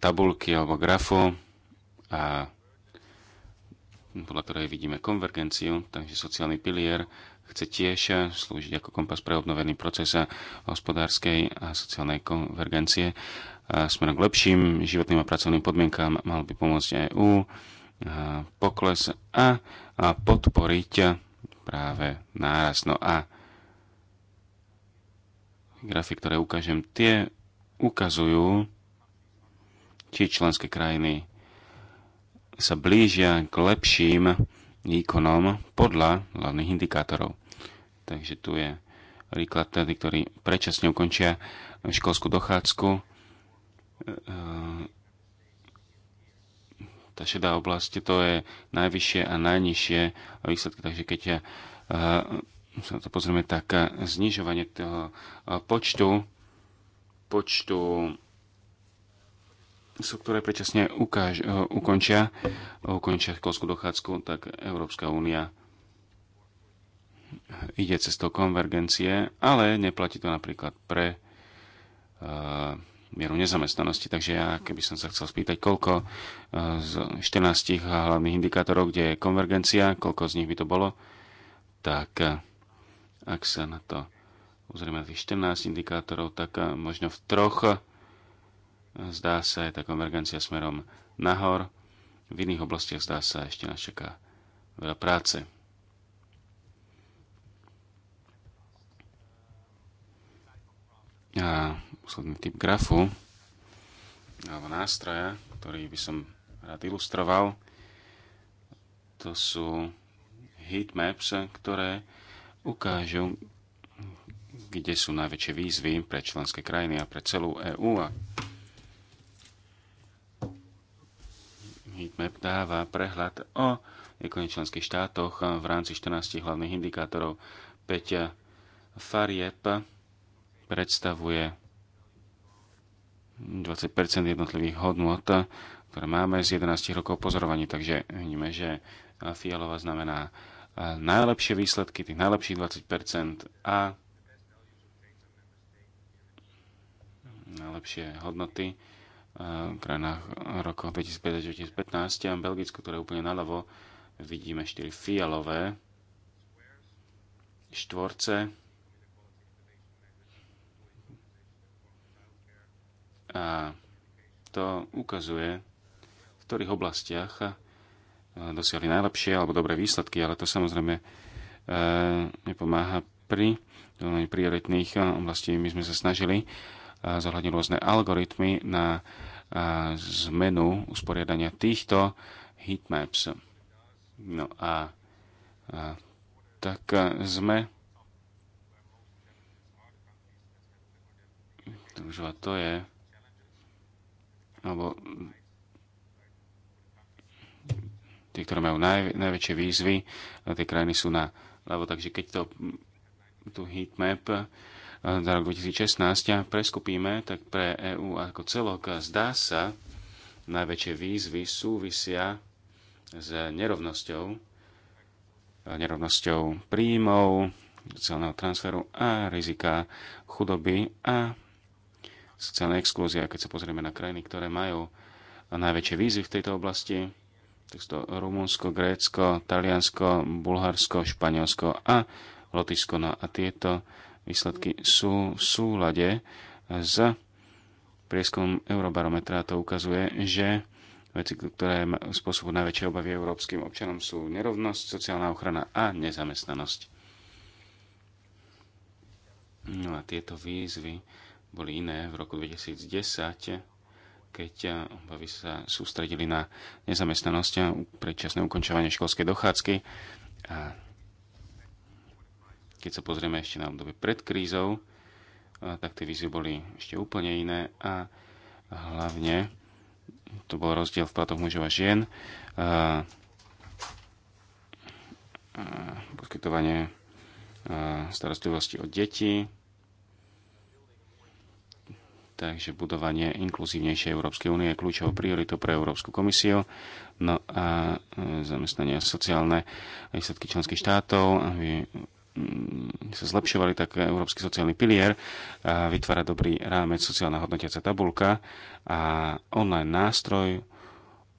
tabulky alebo grafu a podľa ktorej vidíme konvergenciu, takže sociálny pilier chce tiež eh, slúžiť ako kompas pre obnovený proces eh, hospodárskej a sociálnej konvergencie eh, smerom k lepším životným a pracovným podmienkám. Mal by pomôcť EÚ pokles a podporiť práve náraz. No a grafy, ktoré ukážem, tie ukazujú, či členské krajiny sa blížia k lepším výkonom podľa hlavných indikátorov. Takže tu je príklad tedy, ktorí predčasne ukončia školskú dochádzku. Ehm, tá šedá oblasť to je najvyššie a najnižšie výsledky, takže keď ja, eh, sa to pozrieme, tak eh, znižovanie toho eh, počtu počtu sú, ktoré predčasne ukáž, ukončia, ukončia školskú dochádzku, tak Európska únia ide cestou konvergencie, ale neplatí to napríklad pre uh, mieru nezamestnanosti. Takže ja, keby som sa chcel spýtať, koľko uh, z 14 hlavných indikátorov, kde je konvergencia, koľko z nich by to bolo, tak uh, ak sa na to uzrieme tých 14 indikátorov, tak uh, možno v troch uh, zdá sa je tá konvergencia smerom nahor, v iných oblastiach zdá sa ešte nás čaká veľa práce. A posledný typ grafu alebo nástroja, ktorý by som rád ilustroval, to sú heatmaps, ktoré ukážu, kde sú najväčšie výzvy pre členské krajiny a pre celú EÚ. heatmap dáva prehľad o členských štátoch v rámci 14 hlavných indikátorov 5 farieb predstavuje 20 jednotlivých hodnot, ktoré máme z 11 rokov pozorovaní. Takže vidíme, že fialová znamená eh, najlepšie výsledky, tých najlepších 20 a najlepšie hodnoty eh, v krajinách rokoch 2005-2015 a Belgicku, ktoré je úplne naľavo, vidíme 4 fialové štvorce, A to ukazuje, v ktorých oblastiach e, dosiahli najlepšie alebo dobré výsledky, ale to samozrejme e, nepomáha pri prioritných e, oblastí. My sme sa snažili zohľadniť rôzne algoritmy na zmenu usporiadania týchto heatmaps. No a, a tak sme to je alebo tie, ktoré majú naj, najväčšie výzvy, na tie krajiny sú na lebo takže keď to tu heatmap za rok 2016 preskupíme, tak pre EÚ ako celok zdá sa, najväčšie výzvy súvisia s nerovnosťou, nerovnosťou príjmov, celného transferu a rizika chudoby a sociálna exklúzia. Keď sa pozrieme na krajiny, ktoré majú najväčšie výzvy v tejto oblasti, tak to Rumunsko, Grécko, Taliansko, Bulharsko, Španielsko a Lotyšsko. No a tieto výsledky sú v súlade s prieskumom Eurobarometra. To ukazuje, že veci, ktoré spôsobujú najväčšie obavy európskym občanom sú nerovnosť, sociálna ochrana a nezamestnanosť. No a tieto výzvy boli iné v roku 2010, keď eh, obavy sa sústredili na nezamestnanosť a predčasné ukončovanie školskej dochádzky. A keď sa pozrieme ešte na obdobie pred krízou, eh, tak tie vízie boli ešte úplne iné a hlavne to bol rozdiel v platoch mužov a žien, a, eh, poskytovanie starostlivosti o deti, Takže budovanie inkluzívnejšej Európskej únie je kľúčovou prioritou pre Európsku komisiu. No a e, zamestnania sociálne výsledky členských štátov aby mm, sa zlepšovali, tak Európsky sociálny pilier vytvára dobrý rámec sociálna hodnotiaca tabulka a online nástroj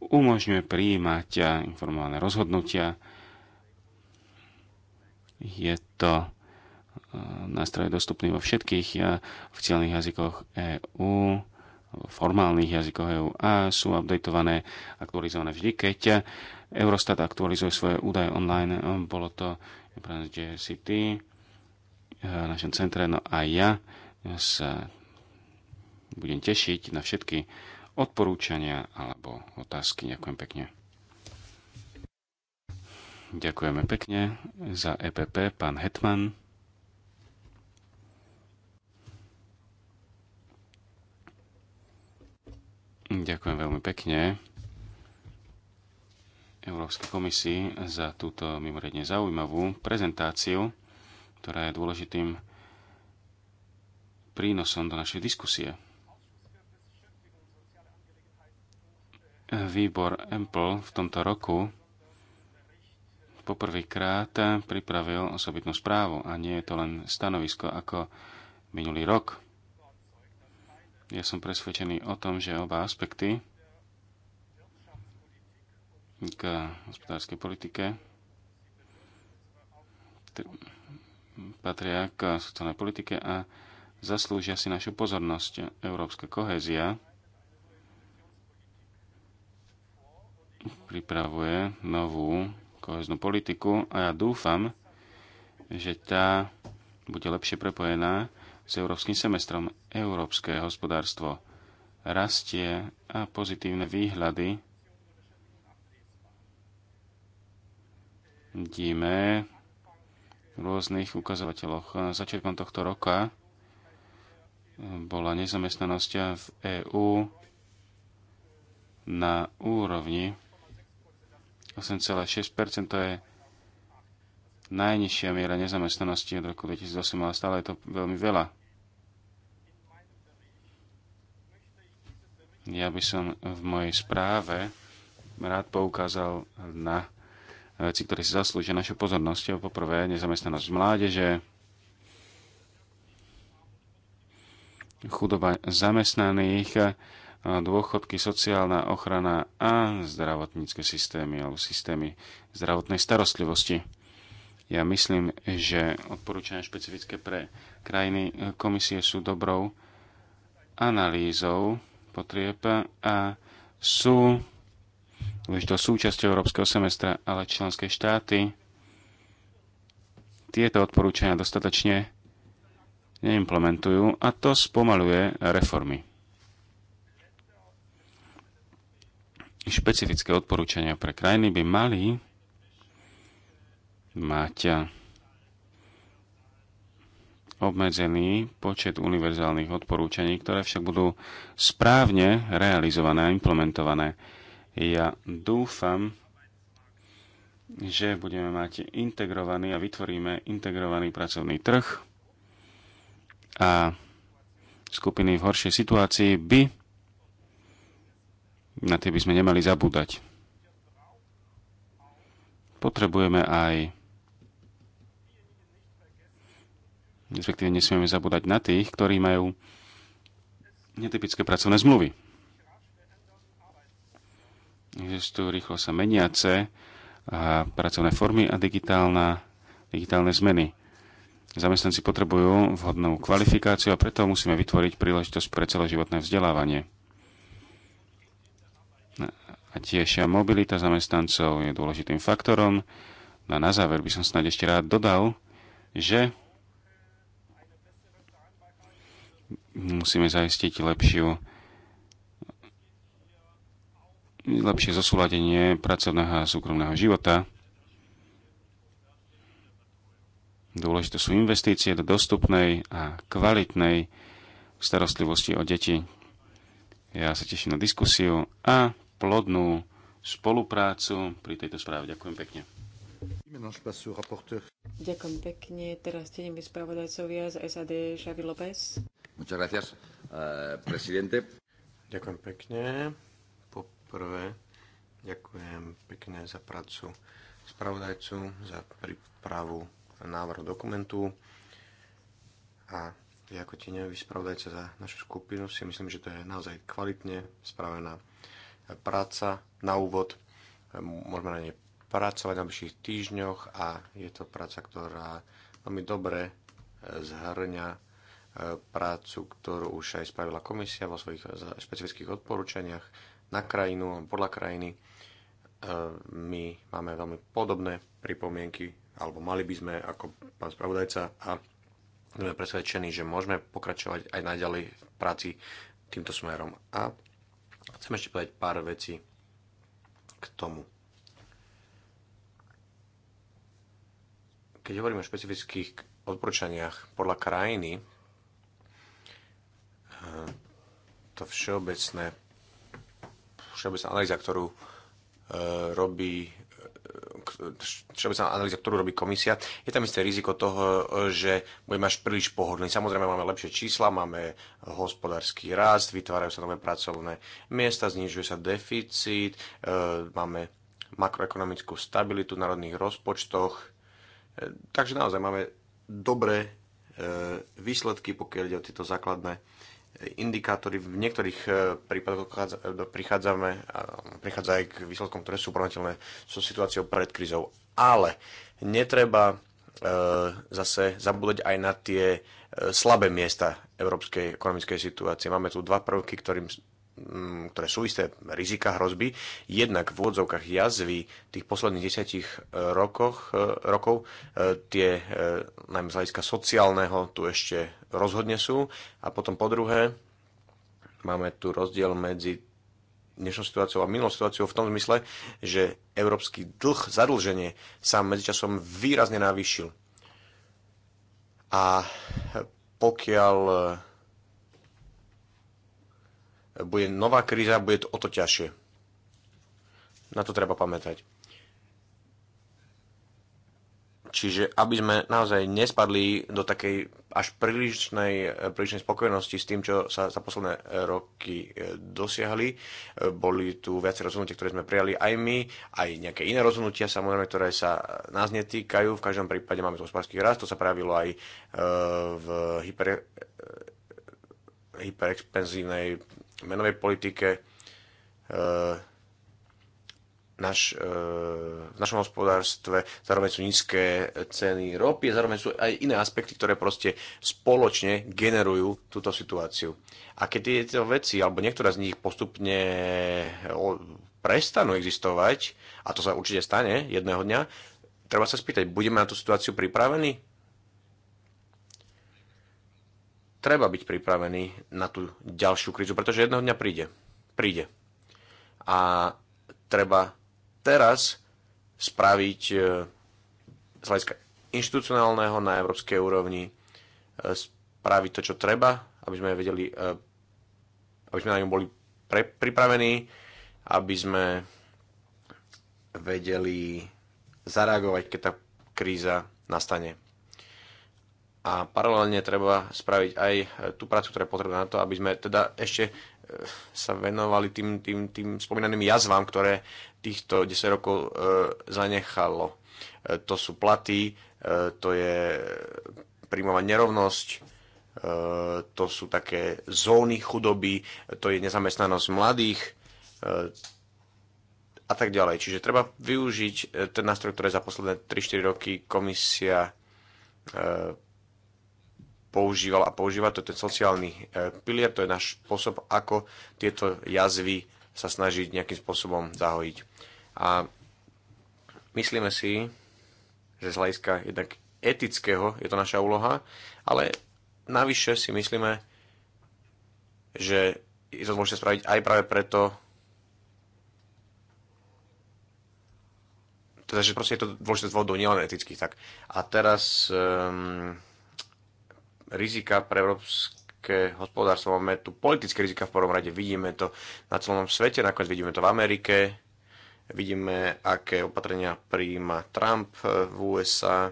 umožňuje prijímať informované rozhodnutia. Je to nástroje dostupný vo všetkých eh, oficiálnych jazykoch EÚ, formálnych jazykoch EÚ a sú updatované, aktualizované vždy, keď eh, Eurostat aktualizuje svoje údaje online. Eh, bolo to že City, v našom centre, no a ja sa budem tešiť na všetky odporúčania alebo otázky. Ďakujem pekne. Ďakujeme pekne za EPP, pán Hetman. Ďakujem veľmi pekne Európskej komisii za túto mimoriadne zaujímavú prezentáciu, ktorá je dôležitým prínosom do našej diskusie. Výbor EMPL v tomto roku poprvýkrát pripravil osobitnú správu a nie je to len stanovisko ako minulý rok. Ja som presvedčený o tom, že oba aspekty k hospodárskej politike patria k sociálnej politike a zaslúžia si našu pozornosť. Európska kohézia pripravuje novú koheznú politiku a ja dúfam, že tá bude lepšie prepojená s európskym semestrom. Európske hospodárstvo rastie a pozitívne výhľady vidíme v rôznych ukazovateľoch. Začiatkom tohto roka bola nezamestnanosť v EÚ na úrovni 8,6%, to je najnižšia miera nezamestnanosti od roku 2008, ale stále je to veľmi veľa. Ja by som v mojej správe rád poukázal na veci, ktoré si zaslúžia našou pozornosťou. Poprvé, nezamestnanosť mládeže, chudoba zamestnaných, dôchodky, sociálna ochrana a zdravotnícke systémy alebo systémy zdravotnej starostlivosti. Ja myslím, že odporúčania špecifické pre krajiny e, komisie sú dobrou analýzou potrieb a sú to súčasťou európskeho semestra, ale členské štáty tieto odporúčania dostatočne neimplementujú a to spomaluje reformy. Špecifické odporúčania pre krajiny by mali mať obmedzený počet univerzálnych odporúčaní, ktoré však budú správne realizované a implementované. Ja dúfam, že budeme mať integrovaný a vytvoríme integrovaný pracovný trh a skupiny v horšej situácii by na tie by sme nemali zabúdať. Potrebujeme aj respektíve nesmieme zabúdať na tých, ktorí majú netypické pracovné zmluvy. Existujú rýchlo sa meniace a pracovné formy a digitálna, digitálne zmeny. Zamestnanci potrebujú vhodnú kvalifikáciu a preto musíme vytvoriť príležitosť pre celoživotné vzdelávanie. A tiež mobilita zamestnancov je dôležitým faktorom. No a na záver by som snad ešte rád dodal, že musíme zaistiť lepšiu lepšie zosúladenie pracovného a súkromného života. Dôležité sú investície do dostupnej a kvalitnej starostlivosti o deti. Ja sa teším na diskusiu a plodnú spoluprácu pri tejto správe. Ďakujem pekne. Ďakujem pekne. Teraz tenemi spravodajcovia z SAD Xavi López. Muchas gracias, uh, presidente. Ďakujem pekne. Poprvé, ďakujem pekne za prácu spravodajcu, za prípravu návrhu dokumentu a ja ako tieňový spravodajca za našu skupinu si myslím, že to je naozaj kvalitne spravená práca na úvod. Eh, môžeme na nej pracovať na bližších týždňoch a je to práca, ktorá veľmi dobre e, zhrňa e, prácu, ktorú už aj spravila komisia vo svojich e, špecifických odporúčaniach na krajinu a podľa krajiny. My máme veľmi podobné pripomienky, alebo mali by sme ako pán spravodajca a sme presvedčení, že môžeme pokračovať aj naďalej v práci týmto smerom. A chcem ešte povedať pár vecí k tomu. Keď hovoríme o špecifických odporúčaniach podľa krajiny, eh, to všeobecné, všeobecná analýza, ktorú eh, robí eh, všeobecná analýza, ktorú robí komisia, je tam isté riziko toho, že budeme až príliš pohodlní. Samozrejme máme lepšie čísla, máme hospodársky rast, vytvárajú sa nové pracovné miesta, znižuje sa deficit, máme makroekonomickú stabilitu v národných rozpočtoch, Takže naozaj máme dobré e, výsledky, pokiaľ ide o tieto základné e, indikátory. V niektorých e, prípadoch prichádzame, prichádza aj k výsledkom, ktoré sú porovnateľné so situáciou pred krizou. Ale netreba zase zabúdať aj na tie slabé miesta európskej ekonomickej situácie. Máme tu dva prvky, ktorým Mm, ktoré sú isté rizika hrozby. Jednak v úvodzovkách jazvy tých posledných desiatich e, rokoch, e, rokov e, tie najmä z hľadiska sociálneho tu ešte rozhodne sú. A potom po druhé, máme tu rozdiel medzi dnešnou situáciou a minulou situáciou v tom zmysle, že európsky dlh, zadlženie sa medzičasom výrazne navýšil. A pokiaľ bude nová kríza, bude to o to ťažšie. Na to treba pamätať. Čiže aby sme naozaj nespadli do takej až prílišnej, prílišnej spokojnosti s tým, čo sa za posledné e, roky e, dosiahli. E, boli tu viac rozhodnutia, ktoré sme prijali aj my, aj nejaké iné rozhodnutia, samozrejme, ktoré sa nás netýkajú. V každom prípade máme to hospodársky rast, to sa pravilo aj v hyper, hyperexpenzívnej menovej politike, e, naš, e, v našom hospodárstve, zároveň sú nízke ceny ropy, zároveň sú aj iné aspekty, ktoré proste spoločne generujú túto situáciu. A keď tieto veci, alebo niektorá z nich postupne e, prestanú existovať, a to sa určite stane jedného dňa, treba sa spýtať, budeme na tú situáciu pripravení? treba byť pripravený na tú ďalšiu krízu, pretože jedného dňa príde. Príde. A treba teraz spraviť e, z hľadiska inštitucionálneho na európskej úrovni, e, spraviť to, čo treba, aby sme vedeli, e, aby sme na ňom boli pre, pripravení, aby sme vedeli zareagovať, keď tá kríza nastane a paralelne treba spraviť aj e, tú prácu, ktorá je potrebná na to, aby sme teda ešte e, sa venovali tým, tým, tým spomínaným jazvám, ktoré týchto 10 rokov e, zanechalo. E, to sú platy, e, to je príjmová nerovnosť, e, to sú také zóny chudoby, to je nezamestnanosť mladých e, a tak ďalej. Čiže treba využiť e, ten nástroj, ktorý za posledné 3-4 roky komisia e, používal a používa. To je ten sociálny e, pilier, to je náš spôsob, ako tieto jazvy sa snažiť nejakým spôsobom zahojiť. A myslíme si, že z hľadiska jednak etického je to naša úloha, ale navyše si myslíme, že je to môžete spraviť aj práve preto, teda, že proste je to dôležité z dôvodov nielen etických. Tak. A teraz um, rizika pre európske hospodárstvo, máme tu politické rizika v prvom rade, vidíme to na celom svete, nakoniec vidíme to v Amerike, vidíme, aké opatrenia prijíma Trump v USA,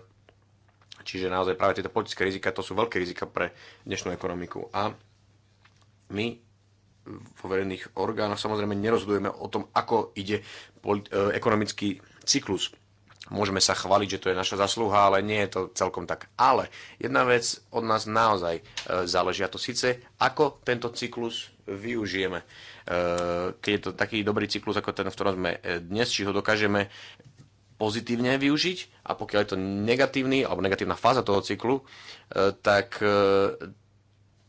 čiže naozaj práve tieto politické rizika, to sú veľké rizika pre dnešnú ekonomiku. A my vo verejných orgánoch samozrejme nerozhodujeme o tom, ako ide e, ekonomický cyklus. Môžeme sa chváliť, že to je naša zasluha, ale nie je to celkom tak. Ale jedna vec od nás naozaj e, záleží a to síce, ako tento cyklus využijeme. E, keď je to taký dobrý cyklus ako ten, v ktorom sme e, dnes, či ho dokážeme pozitívne využiť a pokiaľ je to negatívny alebo negatívna fáza toho cyklu, tak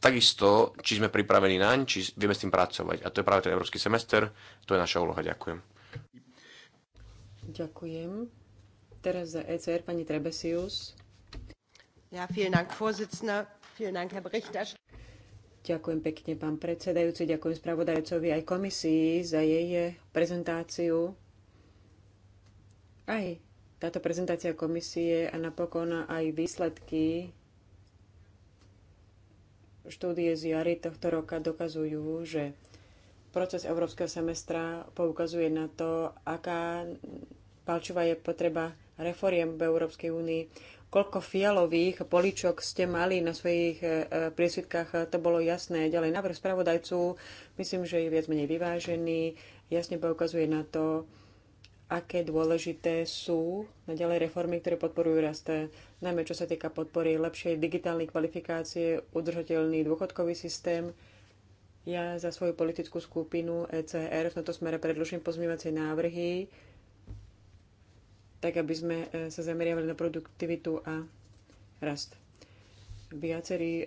takisto, či sme pripravení naň, či vieme s tým pracovať. A to je práve ten európsky semester, to je naša úloha. Ďakujem. Ďakujem. Teraz za ECR pani Trebesius. Ja, vielen Dank, Vorsitzender. Vielen Dank, Herr Berichterstatter. Ďakujem pekne, pán predsedajúci, ďakujem spravodajcovi aj komisii za jej prezentáciu. Aj táto prezentácia komisie a napokon aj výsledky štúdie z jary tohto roka dokazujú, že proces európskeho semestra poukazuje na to, aká palčová je potreba reforiem v Európskej únii. Koľko fialových poličok ste mali na svojich e, priesvitkách, e, to bolo jasné. Ďalej návrh spravodajcu, myslím, že je viac menej vyvážený, jasne poukazuje na to, aké dôležité sú naďalej reformy, ktoré podporujú rast, e, najmä čo sa týka podpory lepšej digitálnej kvalifikácie, udržateľný dôchodkový systém, ja za svoju politickú skupinu ECR v tomto smere predložím pozmývacie návrhy, tak aby sme e, sa zameriavali na produktivitu a rast. Viacerí e,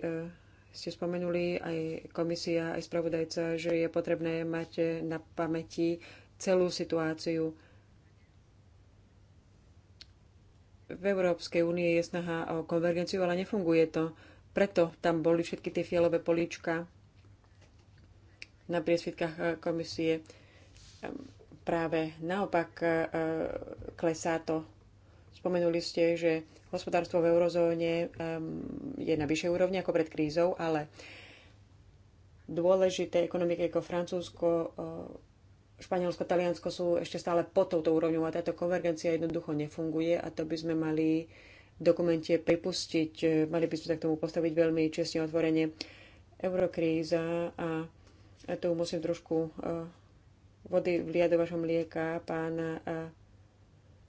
ste spomenuli, aj komisia, aj spravodajca, že je potrebné mať e, na pamäti celú situáciu. V Európskej únie je snaha o konvergenciu, ale nefunguje to. Preto tam boli všetky tie fialové políčka na priesvitkách komisie práve naopak e, klesá to. Spomenuli ste, že hospodárstvo v eurozóne e, je na vyššej úrovni ako pred krízou, ale dôležité ekonomiky ako Francúzsko, e, Španielsko, Taliansko sú ešte stále pod touto úrovňou a táto konvergencia jednoducho nefunguje a to by sme mali v dokumente pripustiť. Mali by sme sa k tomu postaviť veľmi čestne otvorenie Eurokríza a tu musím trošku vody vlia do vašho mlieka, pán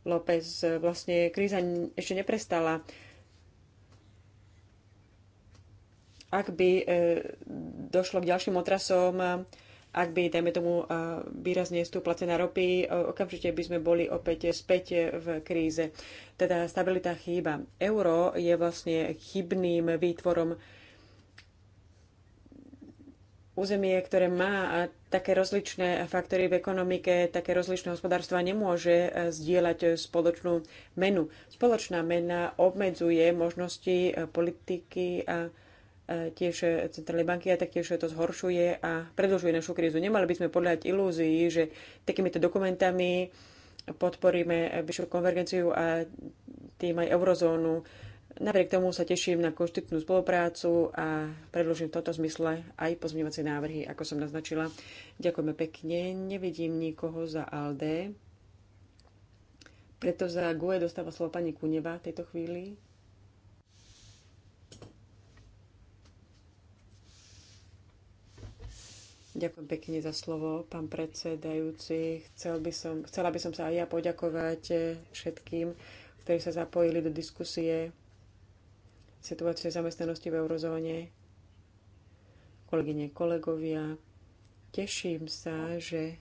López. Vlastne kríza ešte neprestala. Ak by e, došlo k ďalším otrasom, ak by, dajme tomu, e, výrazne stúpla cena ropy, e, okamžite by sme boli opäť späť v kríze. Teda stabilita chýba. Euro je vlastne chybným výtvorom územie, ktoré má také rozličné faktory v ekonomike, také rozličné hospodárstva nemôže eh, zdieľať eh, spoločnú menu. Spoločná mena obmedzuje možnosti eh, politiky a tiež centrálnej banky a taktiež to zhoršuje a predlžuje našu krízu. Nemali by sme podľať ilúzii, že takýmito dokumentami podporíme vyššiu konvergenciu a tým aj eurozónu. Napriek tomu sa teším na konštitnú spoluprácu a predložím v tomto zmysle aj pozmeňovacie návrhy, ako som naznačila. Ďakujeme pekne. Nevidím nikoho za ALD. Preto za GUE dostáva slovo pani Kuneva v tejto chvíli. Ďakujem pekne za slovo, pán predsedajúci. Chcel by som, chcela by som sa aj ja poďakovať všetkým, ktorí sa zapojili do diskusie situácie zamestnanosti v eurozóne. Kolegyne, kolegovia, teším sa, že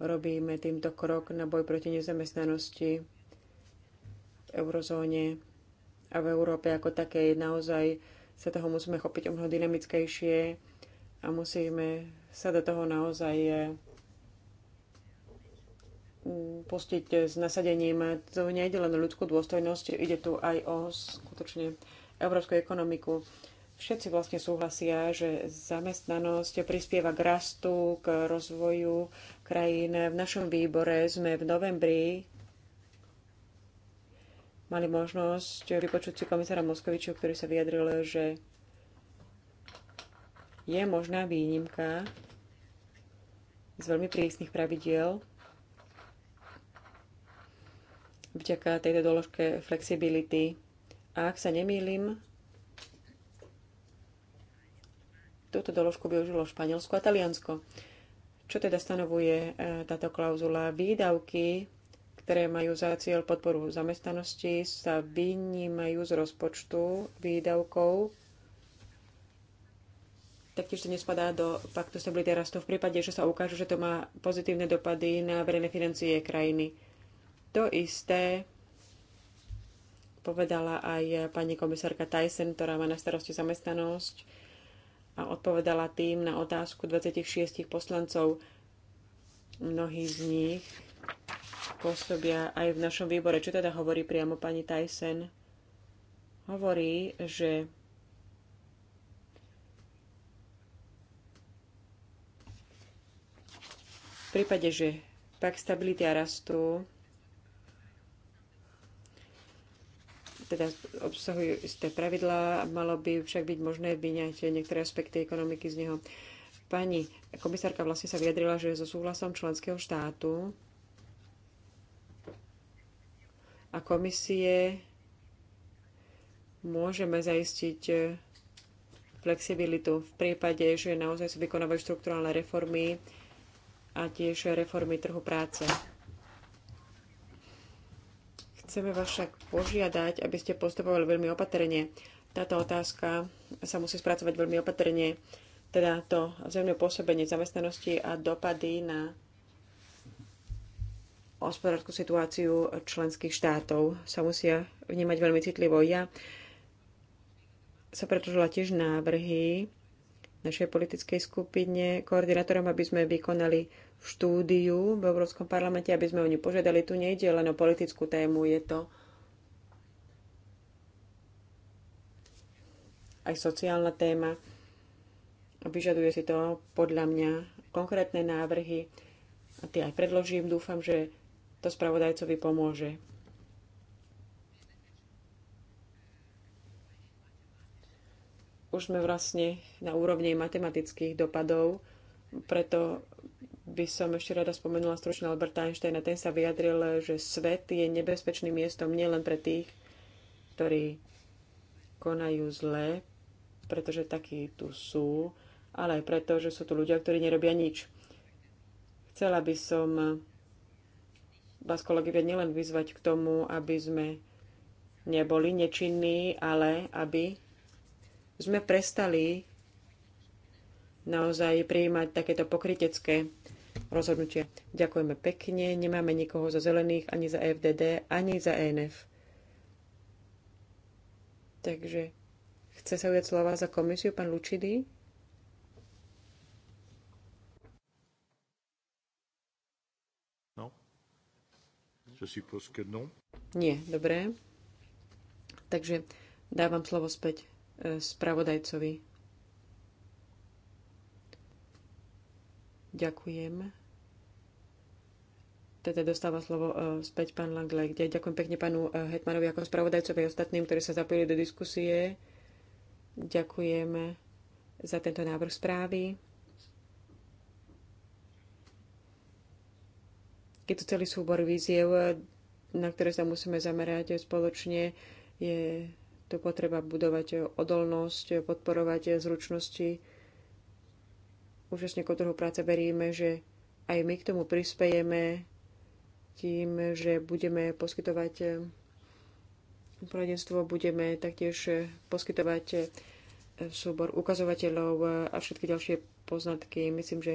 robíme týmto krok na boj proti nezamestnanosti v eurozóne a v Európe ako také. Naozaj sa toho musíme chopiť o mnoho dynamickejšie a musíme sa do toho naozaj eh, pustiť s nasadením. To je len ľudskú dôstojnosť, ide tu aj o skutočne európsku ekonomiku. Všetci vlastne súhlasia, že zamestnanosť prispieva k rastu, k rozvoju krajín. V našom výbore sme v novembri mali možnosť vypočuť si komisára Moskoviča, ktorý sa vyjadril, že je možná výnimka z veľmi prísnych pravidiel vďaka tejto doložke flexibility a ak sa nemýlim, túto doložku využilo Španielsko a Taliansko. Čo teda stanovuje e, táto klauzula? Výdavky, ktoré majú za cieľ podporu zamestnanosti, sa vynímajú z rozpočtu výdavkov, taktiež to nespadá do paktu stability rastu v prípade, že sa ukáže, že to má pozitívne dopady na verejné financie krajiny. To isté povedala aj pani komisárka Tyson, ktorá má na starosti zamestnanosť a odpovedala tým na otázku 26 poslancov. Mnohí z nich pôsobia aj v našom výbore. Čo teda hovorí priamo pani Tyson? Hovorí, že v prípade, že pak stability a rastu teda obsahujú isté pravidlá, malo by však byť možné vyňať niektoré aspekty ekonomiky z neho. Pani komisárka vlastne sa vyjadrila, že so súhlasom členského štátu a komisie môžeme zaistiť flexibilitu v prípade, že naozaj sa vykonávajú štruktúrálne reformy a tiež reformy trhu práce. Chceme vás však požiadať, aby ste postupovali veľmi opatrne. Táto otázka sa musí spracovať veľmi opatrne, teda to zemné pôsobenie zamestnanosti a dopady na hospodárskú situáciu členských štátov sa musia vnímať veľmi citlivo. Ja sa pretožila tiež návrhy našej politickej skupine koordinátorom, aby sme vykonali štúdiu v Európskom parlamente, aby sme o ňu požiadali. Tu nejde len o politickú tému, je to aj sociálna téma. Vyžaduje si to podľa mňa konkrétne návrhy a tie aj predložím. Dúfam, že to spravodajcovi pomôže. Už sme vlastne na úrovni matematických dopadov, preto by som ešte rada spomenula stručne Alberta Einsteina. Ten sa vyjadril, že svet je nebezpečným miestom nielen pre tých, ktorí konajú zle, pretože takí tu sú, ale aj preto, že sú tu ľudia, ktorí nerobia nič. Chcela by som vás, kolegovia, nielen vyzvať k tomu, aby sme neboli nečinní, ale aby sme prestali naozaj prijímať takéto pokrytecké rozhodnutie. Ďakujeme pekne. Nemáme nikoho za zelených, ani za FDD, ani za ENF. Takže chce sa ujať slova za komisiu pán Lučidy? No. no. Nie, dobré. Takže dávam slovo späť eh, spravodajcovi. Ďakujem. Teda dostáva slovo e, späť pán kde Ďakujem pekne pánu e, Hetmanovi ako spravodajcovi ostatným, ktorí sa zapojili do diskusie. Ďakujem za tento návrh správy. Je to celý súbor víziev, e, na ktoré sa musíme zamerať spoločne. Je tu potreba budovať odolnosť, podporovať zručnosti, účastníkov trhu práce veríme, že aj my k tomu prispejeme tým, že budeme poskytovať eh, poradenstvo, budeme taktiež eh, poskytovať eh, súbor ukazovateľov a všetky ďalšie poznatky. Myslím, že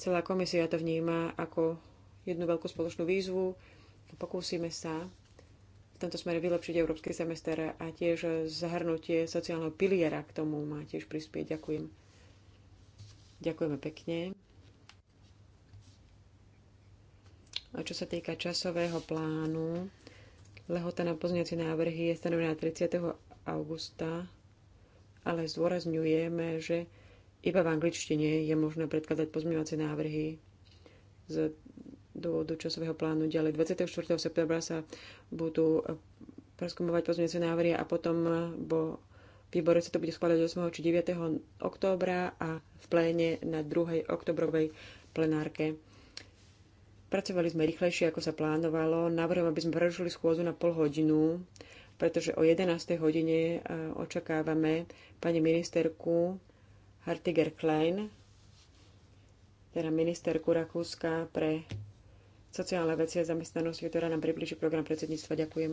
celá komisia to vníma ako jednu veľkú spoločnú výzvu. Pokúsime sa v tomto smere vylepšiť európsky semester a tiež zahrnutie sociálneho piliera k tomu má tiež prispieť. Ďakujem. Ďakujeme pekne. A čo sa týka časového plánu, lehota na pozňacie návrhy je stanovená 30. augusta, ale zdôrazňujeme, že iba v angličtine je možné predkladať pozmývacie návrhy z dôvodu časového plánu. Ďalej 24. septembra sa budú preskúmovať pozmývacie návrhy a potom bo výbore sa to bude skladať 8. či 9. októbra a v pléne na 2. oktobrovej plenárke. Pracovali sme rýchlejšie, ako sa plánovalo. Navrhujem, aby sme prerušili schôzu na pol hodinu, pretože o 11. hodine e, očakávame pani ministerku Hartiger Klein, teda ministerku Rakúska pre sociálne veci a zamestnanosti, ktorá nám približí program predsedníctva. Ďakujem.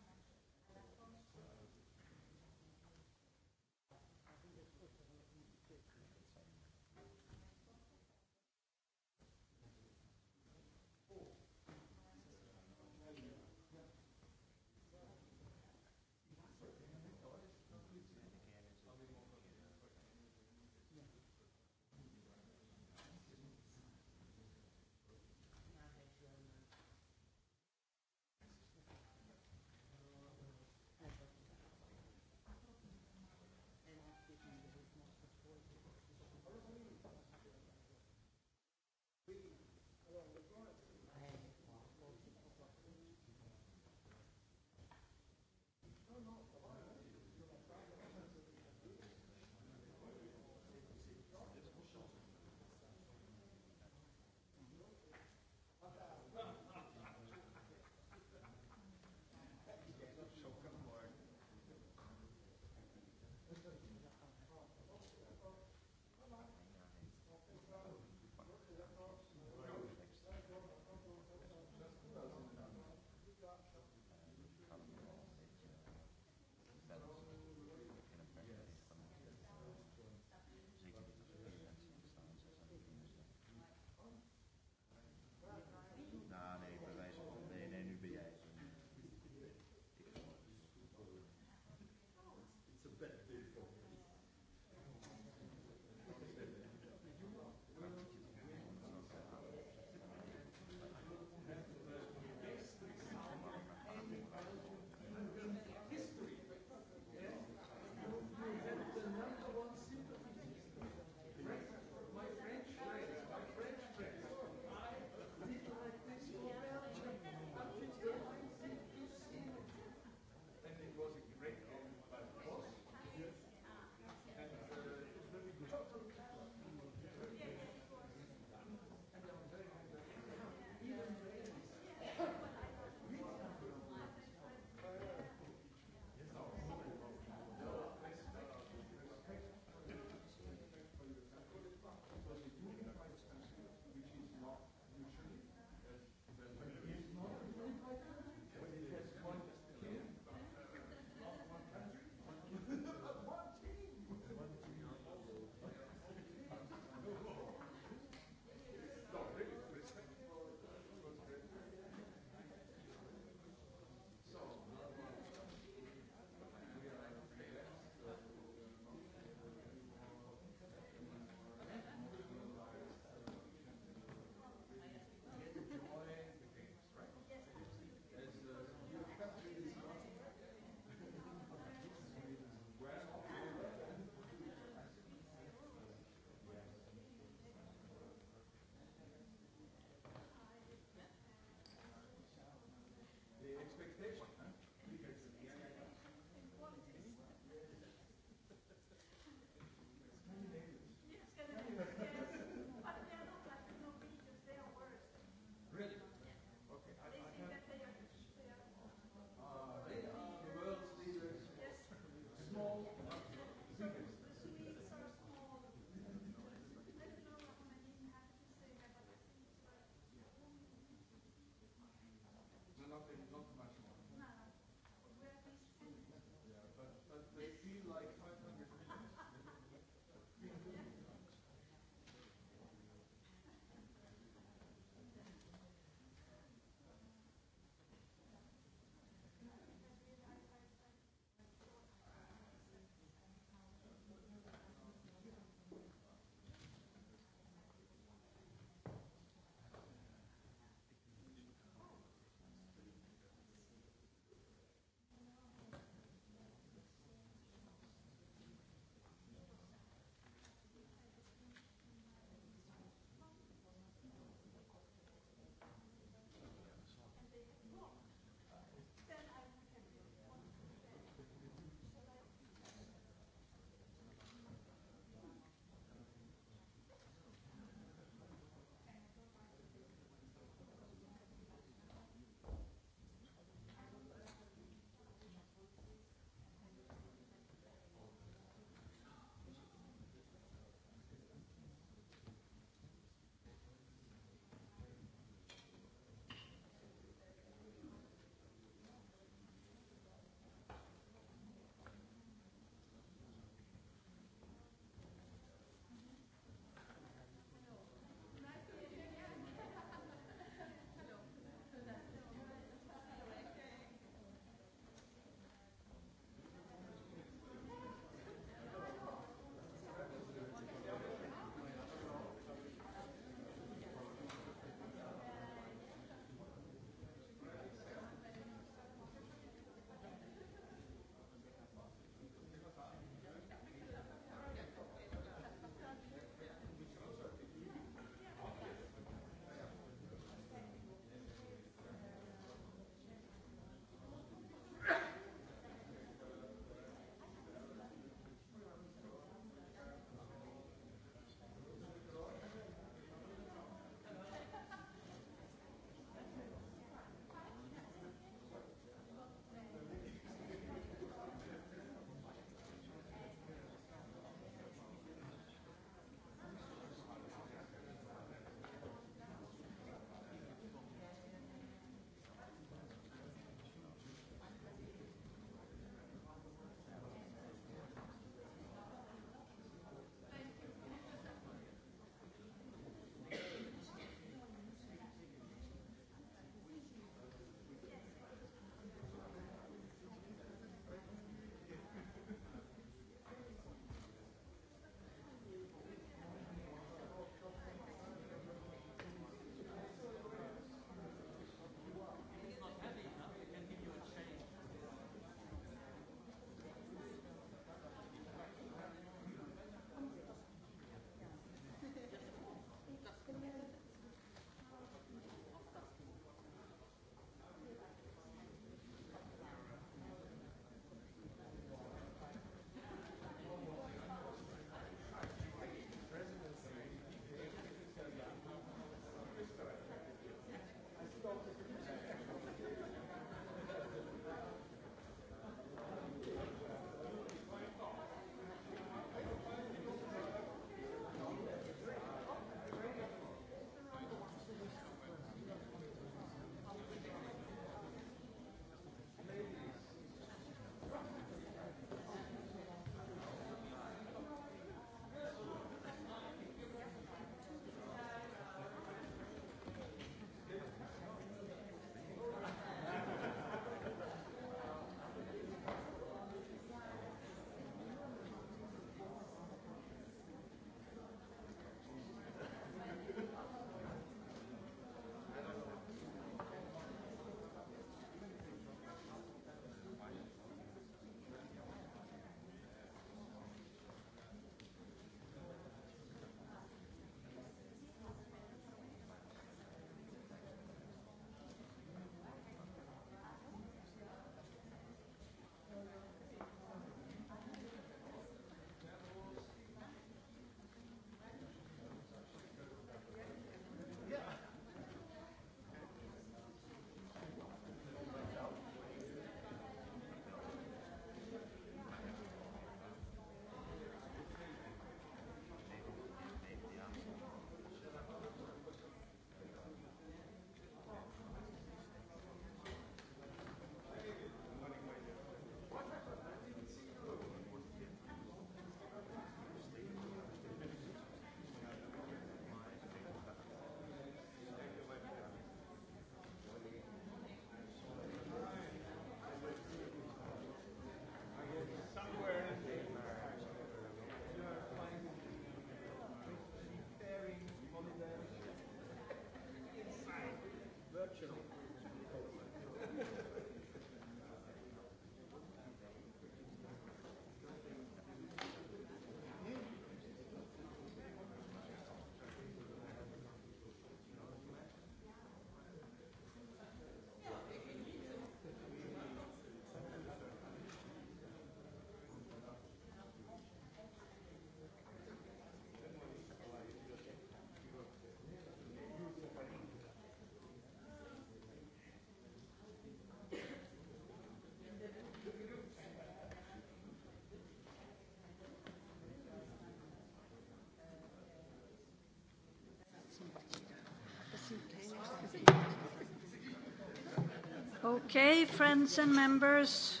Okay, friends and members.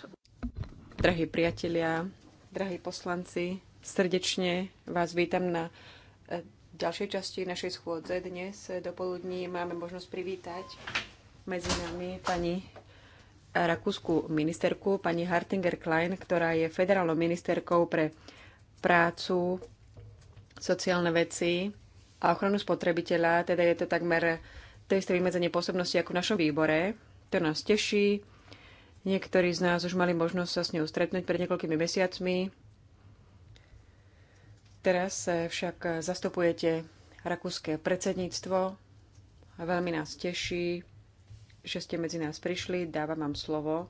Drahí priatelia, drahí poslanci, srdečne vás vítam na e, ďalšej časti našej schôdze. Dnes e, do poludní máme možnosť privítať medzi nami pani rakúskú ministerku, pani Hartinger Klein, ktorá je federálnou ministerkou pre prácu, sociálne veci a ochranu spotrebiteľa, teda je to takmer to isté vymedzenie pôsobnosti ako v našom výbore. To nás teší. Niektorí z nás už mali možnosť sa s ňou stretnúť pred niekoľkými mesiacmi. Teraz však zastupujete rakúske predsedníctvo. Veľmi nás teší, že ste medzi nás prišli. Dávam vám slovo,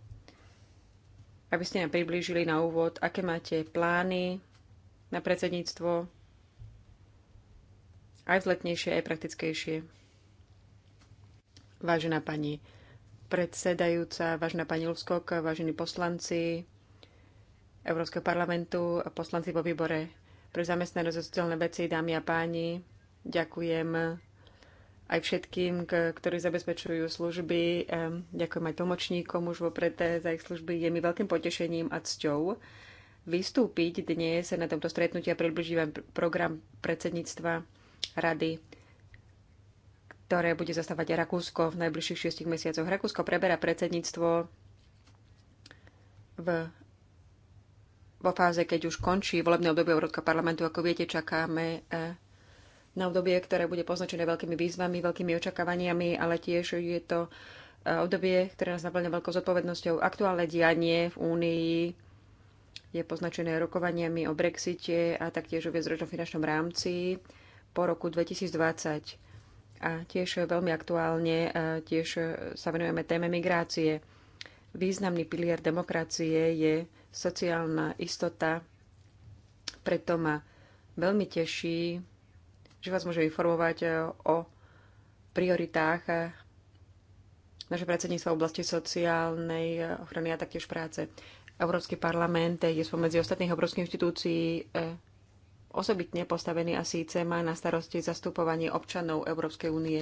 aby ste nám priblížili na úvod, aké máte plány na predsedníctvo aj vzletnejšie, aj praktickejšie. Vážená pani predsedajúca, vážená pani Ulskok, vážení poslanci Európskeho parlamentu, poslanci vo výbore pre zamestnanosť a sociálne veci, dámy a páni, ďakujem aj všetkým, ktorí zabezpečujú služby. Ehm, ďakujem aj tlmočníkom už vopred eh, za ich služby. Je mi veľkým potešením a cťou vystúpiť dnes na tomto stretnutí a približívam program predsedníctva rady, ktoré bude zastávať Rakúsko v najbližších šiestich mesiacoch. Rakúsko preberá predsedníctvo v, vo fáze, keď už končí volebné obdobie Európskeho parlamentu. Ako viete, čakáme eh, na obdobie, ktoré bude poznačené veľkými výzvami, veľkými očakávaniami, ale tiež je to eh, obdobie, ktoré nás naplňa veľkou zodpovednosťou. Aktuálne dianie v Únii je poznačené rokovaniami o Brexite a taktiež o viacročnom finančnom rámci po roku 2020. A tiež veľmi aktuálne e, tiež sa venujeme téme migrácie. Významný pilier demokracie je sociálna istota, preto ma veľmi teší, že vás môžem informovať e, o prioritách e, naše predsedníctva v oblasti sociálnej ochrany a taktiež práce. Európsky parlament je spomedzi ostatných európskych inštitúcií osobitne postavený a síce má na starosti zastupovanie občanov Európskej únie.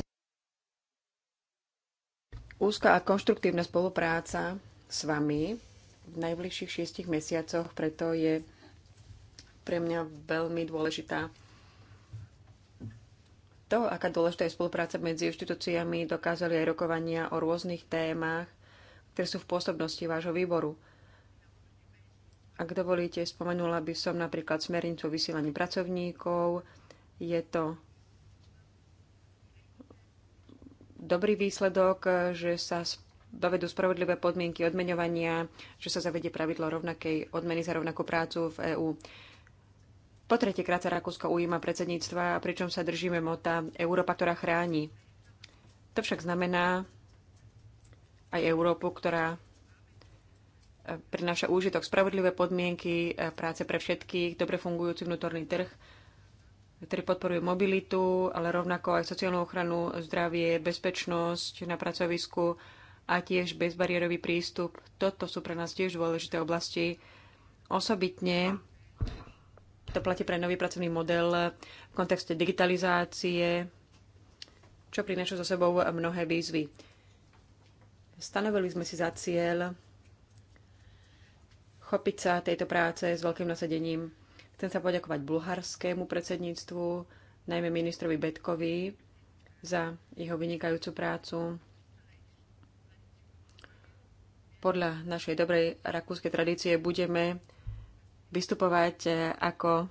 Úzka a konštruktívna spolupráca s vami v najbližších šiestich mesiacoch, preto je pre mňa veľmi dôležitá. To, aká dôležitá je spolupráca medzi inštitúciami, dokázali aj rokovania o rôznych témach, ktoré sú v pôsobnosti vášho výboru. Ak dovolíte, spomenula by som napríklad smernicu o vysielaní pracovníkov. Je to dobrý výsledok, že sa dovedú spravodlivé podmienky odmeňovania, že sa zavedie pravidlo rovnakej odmeny za rovnakú prácu v EÚ. Po tretíkrát sa Rakúsko ujíma predsedníctva, pričom sa držíme mota Európa, ktorá chráni. To však znamená aj Európu, ktorá prináša úžitok, spravodlivé podmienky e, práce pre všetkých, dobre fungujúci vnútorný trh, ktorý podporuje mobilitu, ale rovnako aj sociálnu ochranu, zdravie, bezpečnosť na pracovisku a tiež bezbariérový prístup. Toto sú pre nás tiež dôležité oblasti. Osobitne to platí pre nový pracovný model v kontexte digitalizácie, čo prináša so sebou mnohé výzvy. Stanovili sme si za cieľ chopiť sa tejto práce s veľkým nasadením. Chcem sa poďakovať bulharskému predsedníctvu, najmä ministrovi Betkovi za jeho vynikajúcu prácu. Podľa našej dobrej rakúskej tradície budeme vystupovať eh, ako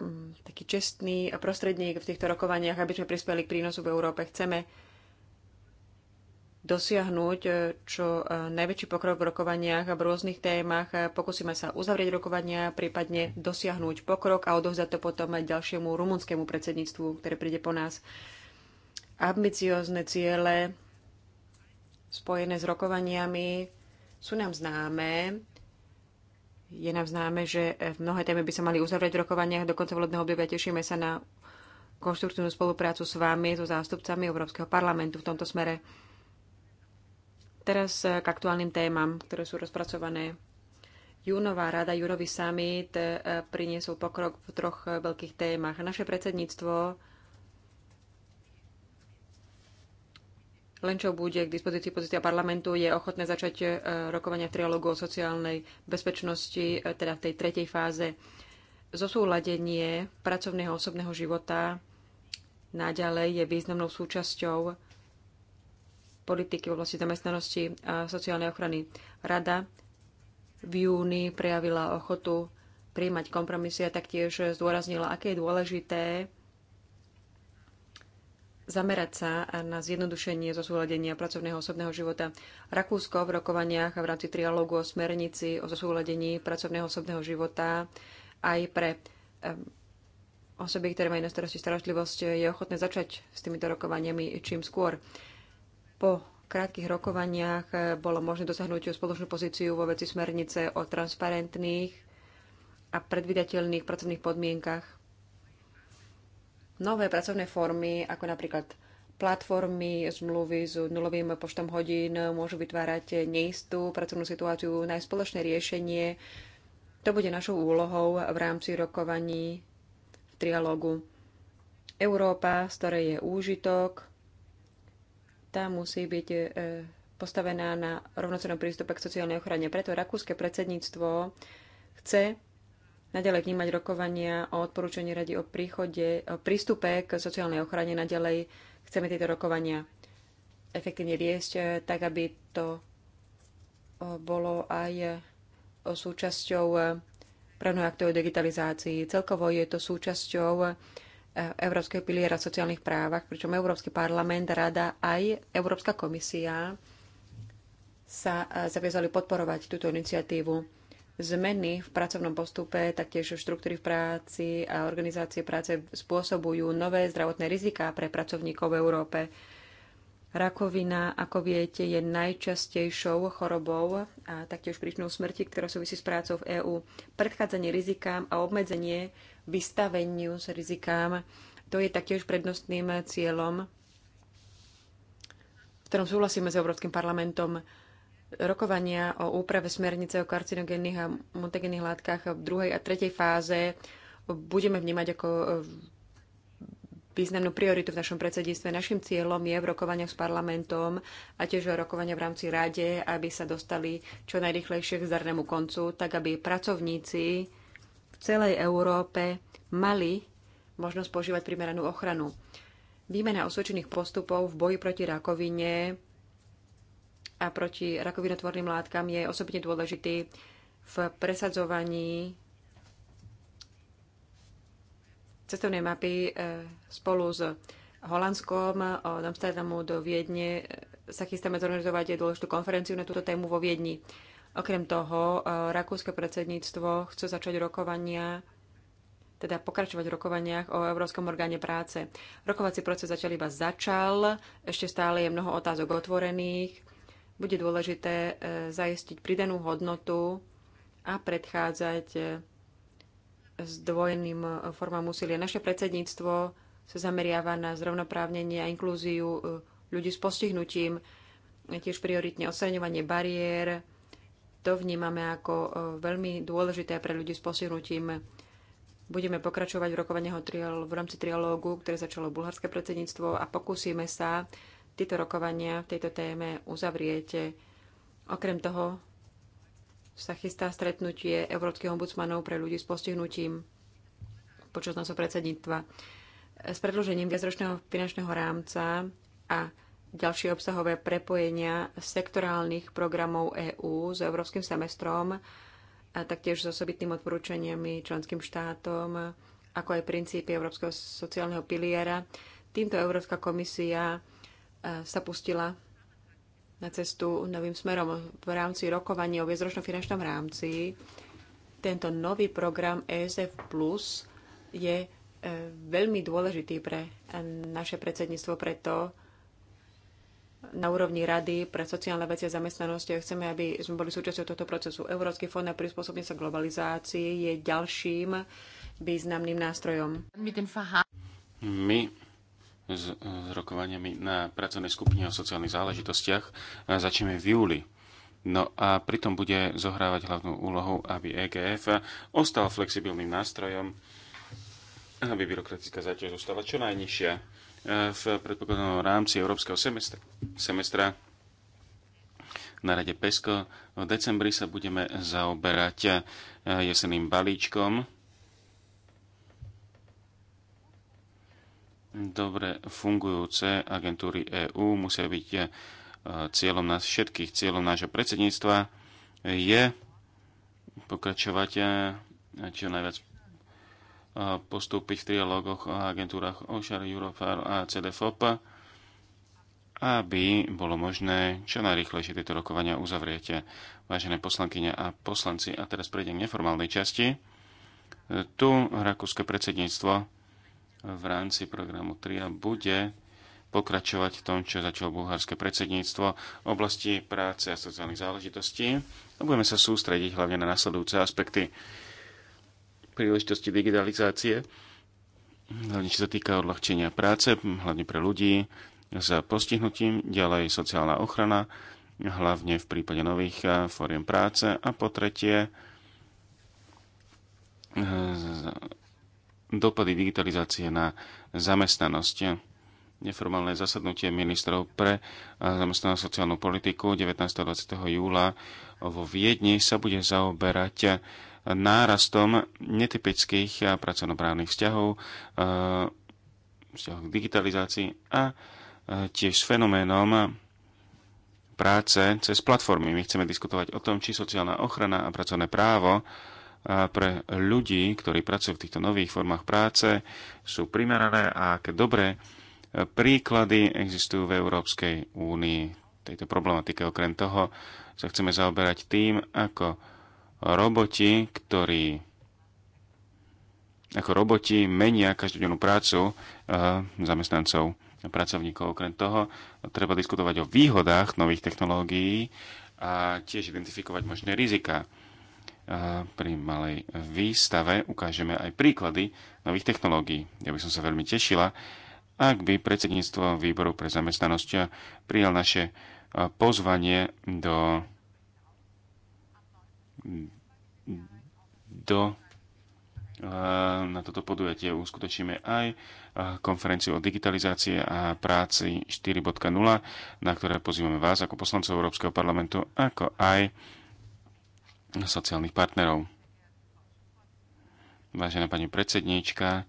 mm, taký čestný prostredník v týchto rokovaniach, aby sme prispeli k prínosu v Európe. Chceme dosiahnuť e, čo e, najväčší pokrok v rokovaniach a v rôznych témach. E, pokúsime sa uzavrieť rokovania, prípadne dosiahnuť pokrok a odovzdať to potom aj ďalšiemu rumunskému predsedníctvu, ktoré príde po nás. Ambiciózne ciele spojené s rokovaniami sú nám známe. Je nám známe, že mnohé témy by sa mali uzavrieť v rokovaniach. Do konca volebného obdobia tešíme sa na konštruktívnu spoluprácu s vami, so zástupcami Európskeho parlamentu v tomto smere. Teraz eh, k aktuálnym témam, ktoré sú rozpracované. Júnová rada, Júrový summit eh, priniesol pokrok v troch eh, veľkých témach. Naše predsedníctvo len čo bude k dispozícii pozícia parlamentu, je ochotné začať rokovania v trialógu o sociálnej bezpečnosti, teda v tej tretej fáze. Zosúladenie pracovného osobného života naďalej je významnou súčasťou politiky v oblasti zamestnanosti a sociálnej ochrany. Rada v júni prejavila ochotu príjmať kompromisy a taktiež zdôraznila, aké je dôležité zamerať sa na zjednodušenie zosúladenia pracovného osobného života. Rakúsko v rokovaniach a v rámci trialógu o smernici o zosúladení pracovného osobného života aj pre osoby, ktoré majú na starosti starostlivosť, je ochotné začať s týmito rokovaniami čím skôr. Po krátkých rokovaniach eh, bolo možné dosiahnuť spoločnú pozíciu vo veci smernice o transparentných a predvydateľných pracovných podmienkach. Nové pracovné formy, ako napríklad platformy, zmluvy s nulovým počtom hodín môžu vytvárať neistú pracovnú situáciu. Najspoločné riešenie to bude našou úlohou v rámci rokovaní v trialógu. Európa, z ktorej je úžitok, tá musí byť e, postavená na rovnocenom prístupe k sociálnej ochrane. Preto rakúske predsedníctvo chce nadalej vnímať rokovania o odporúčaní radi o príchode, o prístupe k sociálnej ochrane. nadalej chceme tieto rokovania efektívne viesť, e, tak aby to e, bolo aj súčasťou právneho aktu o digitalizácii. Celkovo je to súčasťou Európskeho piliera v sociálnych právach, pričom Európsky parlament, Rada aj Európska komisia sa e, zaviazali podporovať túto iniciatívu zmeny v pracovnom postupe, taktiež štruktúry v práci a organizácie práce spôsobujú nové zdravotné riziká pre pracovníkov v Európe. Rakovina, ako viete, je najčastejšou chorobou a taktiež príčnou smrti, ktorá súvisí s prácou v EÚ. Predchádzanie rizikám a obmedzenie vystaveniu s rizikám. To je taktiež prednostným cieľom, v ktorom súhlasíme s Európskym parlamentom. Rokovania o úprave smernice o karcinogénnych a mutagénnych látkach v druhej a tretej fáze budeme vnímať ako významnú prioritu v našom predsedníctve. Našim cieľom je v rokovaniach s parlamentom a tiež rokovania v rámci rade, aby sa dostali čo najrychlejšie k zdarnému koncu, tak aby pracovníci celej Európe mali možnosť požívať primeranú ochranu. Výmena osvedčených postupov v boji proti rakovine a proti rakovinotvorným látkam je osobitne dôležitý v presadzovaní cestovnej mapy e, spolu s Holandskom od Amsterdamu do Viedne e, sa chystáme zorganizovať dôležitú konferenciu na túto tému vo Viedni. Okrem toho, e, rakúske predsedníctvo chce začať rokovania, teda pokračovať v rokovaniach o Európskom orgáne práce. Rokovací proces zatiaľ iba začal, ešte stále je mnoho otázok otvorených. Bude dôležité e, zaistiť pridanú hodnotu a predchádzať zdvojeným e, formám úsilia. Naše predsedníctvo sa zameriava na zrovnoprávnenie a inklúziu ľudí s postihnutím, tiež prioritne odstraňovanie bariér, to vnímame ako e, veľmi dôležité pre ľudí s postihnutím. Budeme pokračovať v rokovaniach v rámci trialógu, ktoré začalo bulharské predsedníctvo a pokúsime sa tieto rokovania v tejto téme uzavrieť. Okrem toho sa chystá stretnutie európskych ombudsmanov pre ľudí s postihnutím počas nášho predsedníctva. S predložením viacročného finančného rámca a ďalšie obsahové prepojenia sektorálnych programov EÚ s európskym semestrom a taktiež s osobitným odporúčaniami členským štátom, ako aj princípy Európskeho sociálneho piliera. Týmto Európska komisia sa pustila na cestu novým smerom v rámci rokovania o viezročnom finančnom rámci. Tento nový program ESF Plus je e, veľmi dôležitý pre naše predsedníctvo preto, na úrovni Rady pre sociálne veci a zamestnanosť. Chceme, aby sme boli súčasťou tohto procesu. Európsky fond na prispôsobenie sa globalizácii je ďalším významným nástrojom. My s, s rokovaniami na pracovnej skupine o sociálnych záležitostiach eh, začneme v júli. No a pritom bude zohrávať hlavnú úlohu, aby EGF ostal flexibilným nástrojom, aby byrokratická záťaž zostala čo najnižšia v predpokladnom rámci Európskeho semestra, semestra na rade PESCO. V decembri sa budeme zaoberať eh, jeseným balíčkom. Dobre fungujúce agentúry EÚ musia byť eh, cieľom nás všetkých, cieľom nášho predsedníctva je pokračovať eh, čo najviac postúpiť v trialógoch o agentúrach OSHAR, Eurofar a CDFOP, aby bolo možné čo najrychlejšie tieto rokovania uzavrieť. Vážené poslankyne a poslanci, a teraz prejdem k neformálnej časti. Tu rakúske predsedníctvo v rámci programu TRIA bude pokračovať v tom, čo začalo bulharské predsedníctvo v oblasti práce a sociálnych záležitostí a budeme sa sústrediť hlavne na nasledujúce aspekty príležitosti digitalizácie, hlavne čo sa týka odľahčenia práce, hlavne pre ľudí s postihnutím, ďalej sociálna ochrana, hlavne v prípade nových eh, fóriem práce a po tretie eh, dopady digitalizácie na zamestnanosť. Neformálne zasadnutie ministrov pre eh, zamestnanú sociálnu politiku 19. 20. júla vo Viedni sa bude zaoberať nárastom netypických pracovnoprávnych vzťahov, e, vzťahov k digitalizácii a e, tiež s fenoménom práce cez platformy. My chceme diskutovať o tom, či sociálna ochrana a pracovné právo e, pre ľudí, ktorí pracujú v týchto nových formách práce, sú primerané a aké dobré príklady existujú v Európskej únii tejto problematike. Okrem toho sa chceme zaoberať tým, ako roboti, ktorí ako roboti menia každodennú prácu eh, zamestnancov a pracovníkov. Okrem toho treba diskutovať o výhodách nových technológií a tiež identifikovať možné rizika. Eh, pri malej výstave ukážeme aj príklady nových technológií. Ja by som sa veľmi tešila, ak by predsedníctvo výboru pre zamestnanosť prijal naše eh, pozvanie do do na toto podujatie uskutočíme aj konferenciu o digitalizácie a práci 4.0, na ktoré pozývame vás ako poslancov Európskeho parlamentu, ako aj sociálnych partnerov. Vážená pani predsedníčka,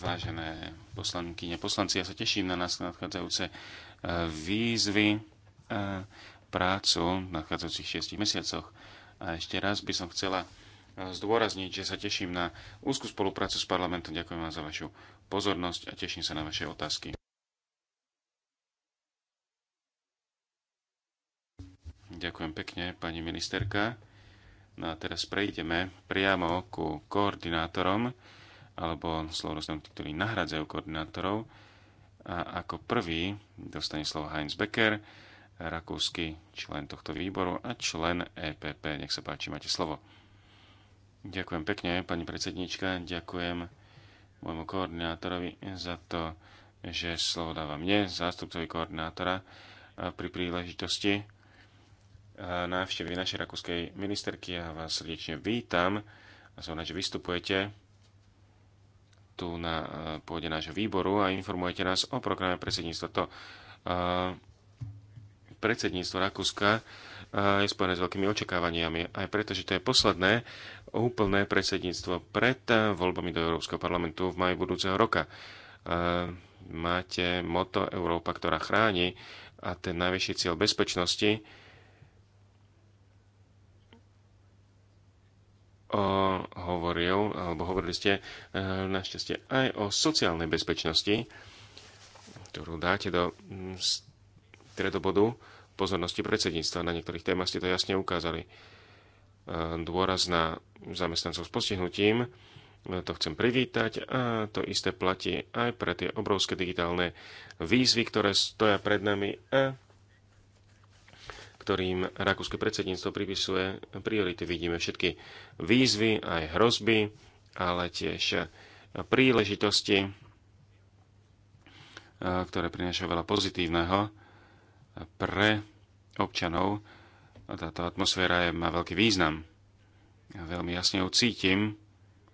vážené poslanky, neposlanci, ja sa teším na nás nadchádzajúce výzvy prácu v nadchádzajúcich 6 mesiacoch. A ešte raz by som chcela e, zdôrazniť, že sa teším na úzkú spoluprácu s parlamentom. Ďakujem vám za vašu pozornosť a teším sa na vaše otázky. Ďakujem pekne, pani ministerka. No a teraz prejdeme priamo ku koordinátorom, alebo slovo ktorí nahradzajú koordinátorov. A ako prvý dostane slovo Heinz Becker, rakúsky člen tohto výboru a člen EPP. Nech sa páči, máte slovo. Ďakujem pekne, pani predsednička. Ďakujem môjmu koordinátorovi za to, že slovo dáva mne, zástupcovi koordinátora, pri príležitosti návštevy našej rakúskej ministerky. Ja vás srdečne vítam a som rád, že vystupujete tu na pôde nášho výboru a informujete nás o programe predsedníctva. To predsedníctvo Rakúska eh, je spojené s veľkými očakávaniami, aj preto, že to je posledné úplné predsedníctvo pred eh, voľbami do Európskeho parlamentu v maji budúceho roka. Eh, máte moto Európa, ktorá chráni a ten najvyšší cieľ bezpečnosti o, hovoril, alebo hovorili ste našťastie aj o sociálnej bezpečnosti, ktorú dáte do hm, ktoré to budú pozornosti predsedníctva. Na niektorých témach ste to jasne ukázali. E, dôraz na zamestnancov s postihnutím, e, to chcem privítať a to isté platí aj pre tie obrovské digitálne výzvy, ktoré stoja pred nami a ktorým rakúske predsedníctvo pripisuje priority. Vidíme všetky výzvy, aj hrozby, ale tiež príležitosti, e, ktoré prinášajú veľa pozitívneho pre občanov táto atmosféra je, má veľký význam. Ja veľmi jasne ju cítim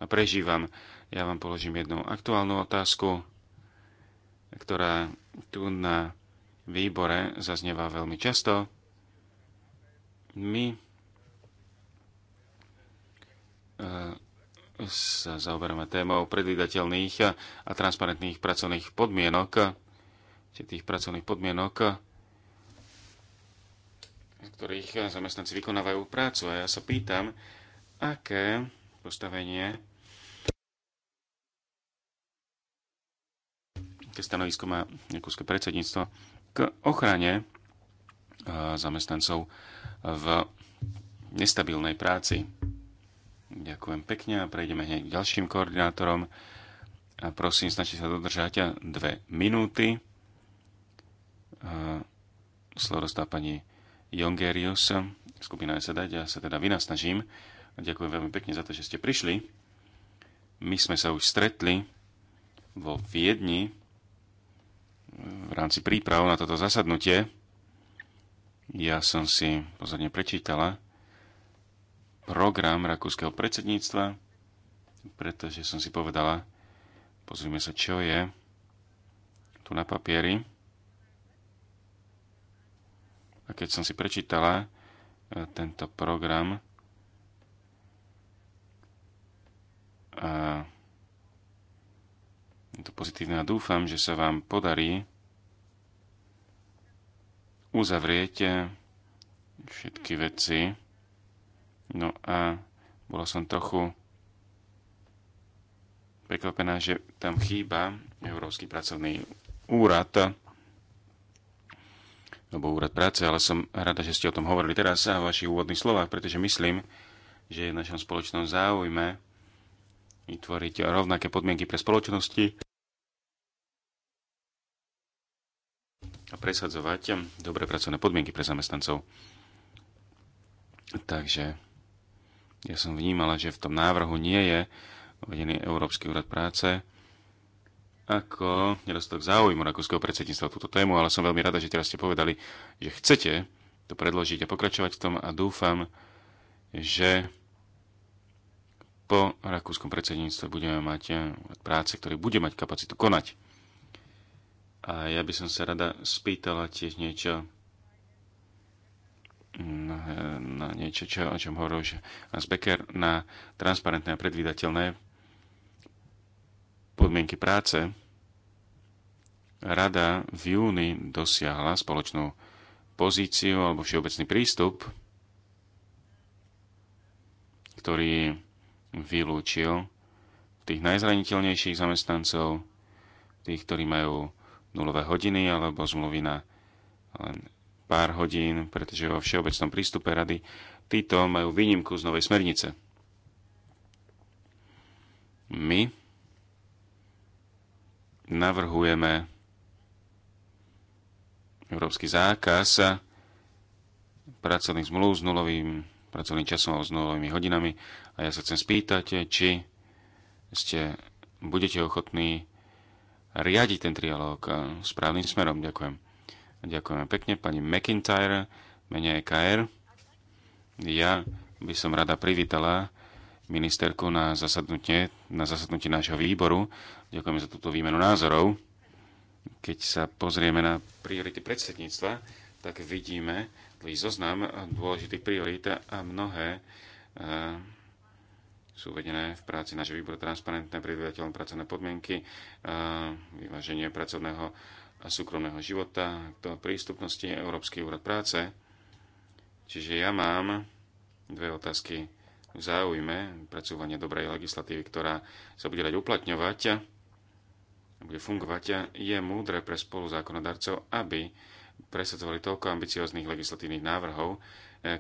a prežívam. Ja vám položím jednu aktuálnu otázku, ktorá tu na výbore zaznieva veľmi často. My e, sa zaoberáme témou predvydateľných a transparentných pracovných podmienok, či tých pracovných podmienok, v ktorých eh, zamestnanci vykonávajú prácu. A ja sa pýtam, aké postavenie, aké stanovisko má Jakúske predsedníctvo k ochrane eh, zamestnancov eh, v nestabilnej práci. Ďakujem pekne a prejdeme hneď k ďalším koordinátorom. A prosím, snažte sa dodržať dve minúty. Slovo dostá pani Jongerius, skupina SD, ja sa teda vynasnažím. Ďakujem veľmi pekne za to, že ste prišli. My sme sa už stretli vo Viedni v rámci príprav na toto zasadnutie. Ja som si pozorne prečítala program rakúskeho predsedníctva, pretože som si povedala, pozrime sa, čo je tu na papieri. A keď som si prečítala e, tento program, a e, je to pozitívne a dúfam, že sa vám podarí uzavrieť e, všetky veci. No a bola som trochu prekvapená, že tam chýba Európsky pracovný úrad alebo úrad práce, ale som rada, že ste o tom hovorili teraz a v vašich úvodných slovách, pretože myslím, že je v našom spoločnom záujme vytvoriť rovnaké podmienky pre spoločnosti a presadzovať dobré pracovné podmienky pre zamestnancov. Takže ja som vnímala, že v tom návrhu nie je uvedený Európsky úrad práce, ako nedostatok záujmu rakúskeho predsedníctva túto tému, ale som veľmi rada, že teraz ste povedali, že chcete to predložiť a pokračovať v tom a dúfam, že po rakúskom predsedníctve budeme mať eh, práce, ktorý bude mať kapacitu konať. A ja by som sa rada spýtala tiež niečo mm, na, na niečo, čo, o čom hovoril že Becker, na transparentné a predvídateľné podmienky práce. Rada v júni dosiahla spoločnú pozíciu alebo všeobecný prístup, ktorý vylúčil tých najzraniteľnejších zamestnancov, tých, ktorí majú nulové hodiny alebo zmluvy na len pár hodín, pretože vo všeobecnom prístupe rady títo majú výnimku z novej smernice. My navrhujeme európsky zákaz pracovných zmluv s nulovým pracovným časom a s nulovými hodinami. A ja sa chcem spýtať, či ste, budete ochotní riadiť ten trialóg správnym smerom. Ďakujem. Ďakujem pekne pani McIntyre, menej e KR. Ja by som rada privítala ministerku na zasadnutie, na zasadnutie nášho výboru. Ďakujeme za túto výmenu názorov. Keď sa pozrieme na priority predsedníctva, tak vidíme dlhý zoznam dôležitých priorít a mnohé eh, sú uvedené v práci nášho výboru transparentné, predvedateľné pracovné podmienky, eh, vyváženie pracovného a súkromného života, to prístupnosti Európsky úrad práce. Čiže ja mám dve otázky záujme pracovania dobrej legislatívy, ktorá sa bude dať uplatňovať a bude fungovať, je múdre pre spolu zákonodarcov, aby presadzovali toľko ambicióznych legislatívnych návrhov, e,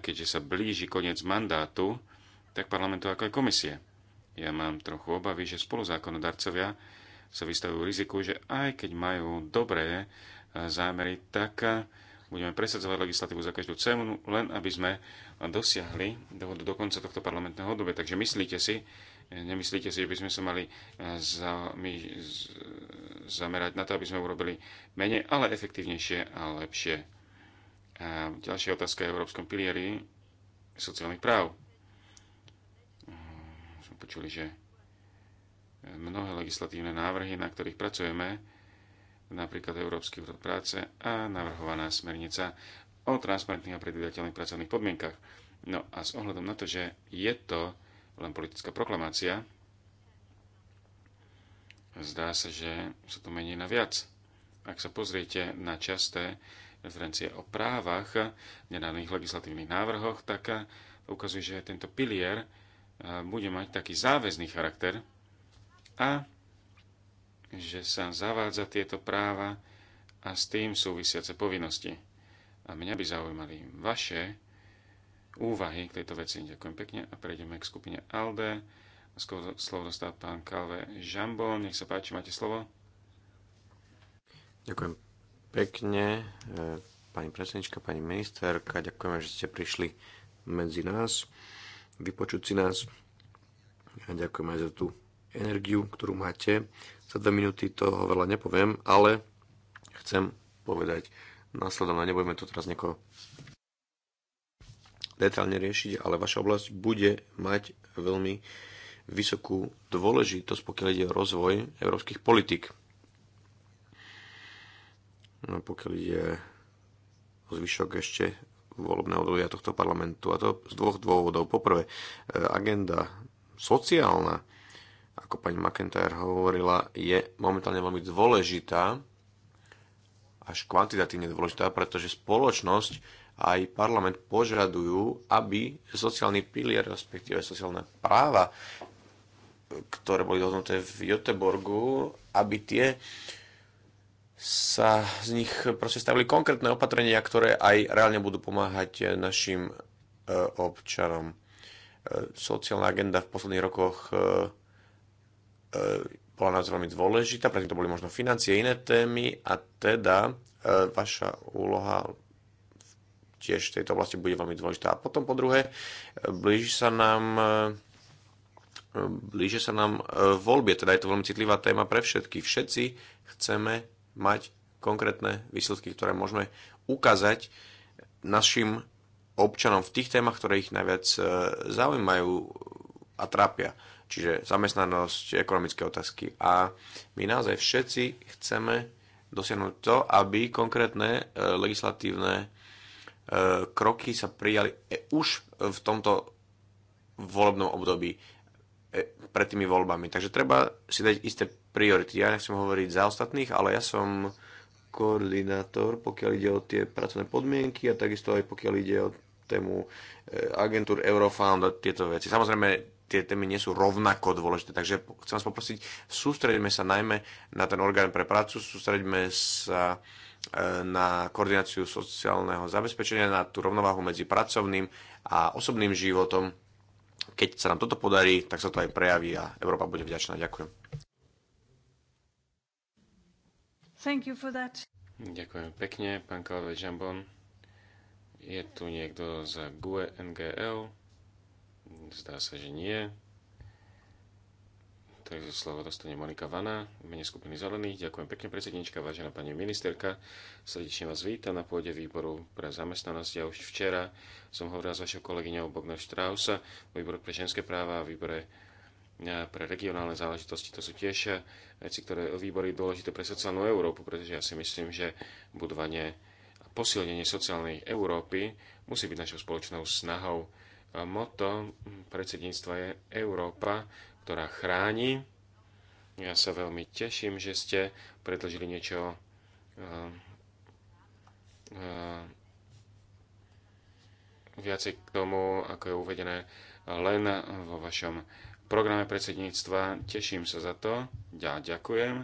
keďže sa blíži koniec mandátu, tak parlamentu ako aj komisie. Ja mám trochu obavy, že spoluzákonodarcovia sa vystavujú riziku, že aj keď majú dobré e, zámery, tak e, Budeme presadzovať legislatívu za každú cenu, len aby sme dosiahli dohodu do konca tohto parlamentného obdobia. Takže myslíte si, nemyslíte si, že by sme sa mali eh, za, my, z, zamerať na to, aby sme urobili menej, ale efektívnejšie a lepšie. A ďalšia otázka je v Európskom pilieri sociálnych práv. Eh, sme počuli, že eh, mnohé legislatívne návrhy, na ktorých pracujeme, napríklad Európsky úrad práce a navrhovaná smernica o transparentných a predvydateľných pracovných podmienkach. No a s ohľadom na to, že je to len politická proklamácia, zdá sa, že sa to mení na viac. Ak sa pozriete na časté referencie o právach v nedávnych legislatívnych návrhoch, tak ukazuje, že tento pilier eh, bude mať taký záväzný charakter a že sa zavádza tieto práva a s tým súvisiace povinnosti. A mňa by zaujímali vaše úvahy k tejto veci. Ďakujem pekne a prejdeme k skupine ALDE. Slovo dostal pán Kalve Žambo. Nech sa páči, máte slovo. Ďakujem pekne, e, pani predsednička, pani ministerka. ďakujem, že ste prišli medzi nás, vypočuť si nás. A ďakujem aj za tú energiu, ktorú máte. Za dve minúty toho veľa nepoviem, ale chcem povedať následovne, nebudeme to teraz nejako detálne riešiť, ale vaša oblasť bude mať veľmi vysokú dôležitosť, pokiaľ ide o rozvoj európskych politik. No, pokiaľ ide o zvyšok ešte volebného obdobia tohto parlamentu. A to z dvoch dôvodov. Poprvé, e, agenda sociálna ako pani McIntyre hovorila, je momentálne veľmi dôležitá, až kvantitatívne dôležitá, pretože spoločnosť a aj parlament požadujú, aby sociálny pilier, respektíve sociálne práva, ktoré boli dohodnuté v Göteborgu, aby tie sa z nich proste stavili konkrétne opatrenia, ktoré aj reálne budú pomáhať našim e, občanom. E, sociálna agenda v posledných rokoch e, E, bola nás veľmi dôležitá, predtým to boli možno financie, iné témy a teda e, vaša úloha tiež v tejto oblasti bude veľmi dôležitá. A potom po druhé, e, blíži sa nám blíže sa nám voľbie, teda je to veľmi citlivá téma pre všetkých. Všetci chceme mať konkrétne výsledky, ktoré môžeme ukázať našim občanom v tých témach, ktoré ich najviac zaujímajú a trápia čiže zamestnanosť, ekonomické otázky. A my naozaj všetci chceme dosiahnuť to, aby konkrétne e, legislatívne e, kroky sa prijali e, už v tomto volebnom období pred tými voľbami. Takže treba si dať isté priority. Ja nechcem hovoriť za ostatných, ale ja som koordinátor, pokiaľ ide o tie pracovné podmienky a takisto aj pokiaľ ide o tému agentúr Eurofound a tieto veci. Samozrejme, tie témy nie sú rovnako dôležité. Takže chcem vás poprosiť, sústredíme sa najmä na ten orgán pre prácu, sústredíme sa e, na koordináciu sociálneho zabezpečenia, na tú rovnováhu medzi pracovným a osobným životom. Keď sa nám toto podarí, tak sa to aj prejaví a Európa bude vďačná. Ďakujem. Thank you for that. Ďakujem pekne, pán Kalvej Žambon. Je tu niekto za GUE NGL? Zdá sa, že nie. Takže slovo dostane Monika Vana, mene skupiny Zelených. Ďakujem pekne, predsednička, vážená pani ministerka. Srdečne vás vítam na pôde výboru pre zamestnanosť. Ja už včera som hovoril s vašou kolegyňou Bogner Strausa, výboru pre ženské práva a výbore pre regionálne záležitosti. To sú tiež veci, ktoré výbory dôležité pre sociálnu Európu, pretože ja si myslím, že budovanie a posilnenie sociálnej Európy musí byť našou spoločnou snahou moto predsedníctva je Európa, ktorá chráni. Ja sa veľmi teším, že ste predložili niečo e, e, viacej k tomu, ako je uvedené len vo vašom programe predsedníctva. Teším sa za to, ja ďakujem,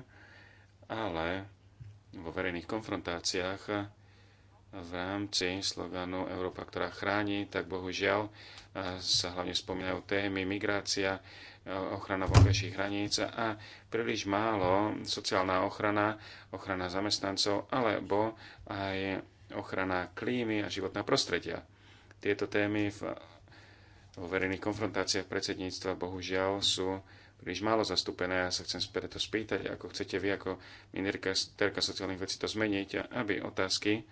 ale vo verejných konfrontáciách v rámci sloganu Európa, ktorá chráni, tak bohužiaľ eh, sa hlavne spomínajú témy migrácia, eh, ochrana vonkajších hraníc a príliš málo sociálna ochrana, ochrana zamestnancov alebo aj ochrana klímy a životného prostredia. Tieto témy v vo verejných konfrontáciách predsedníctva bohužiaľ sú príliš málo zastúpené. Ja sa chcem preto spýtať, ako chcete vy ako ministerka sociálnych vecí to zmeniť, aby otázky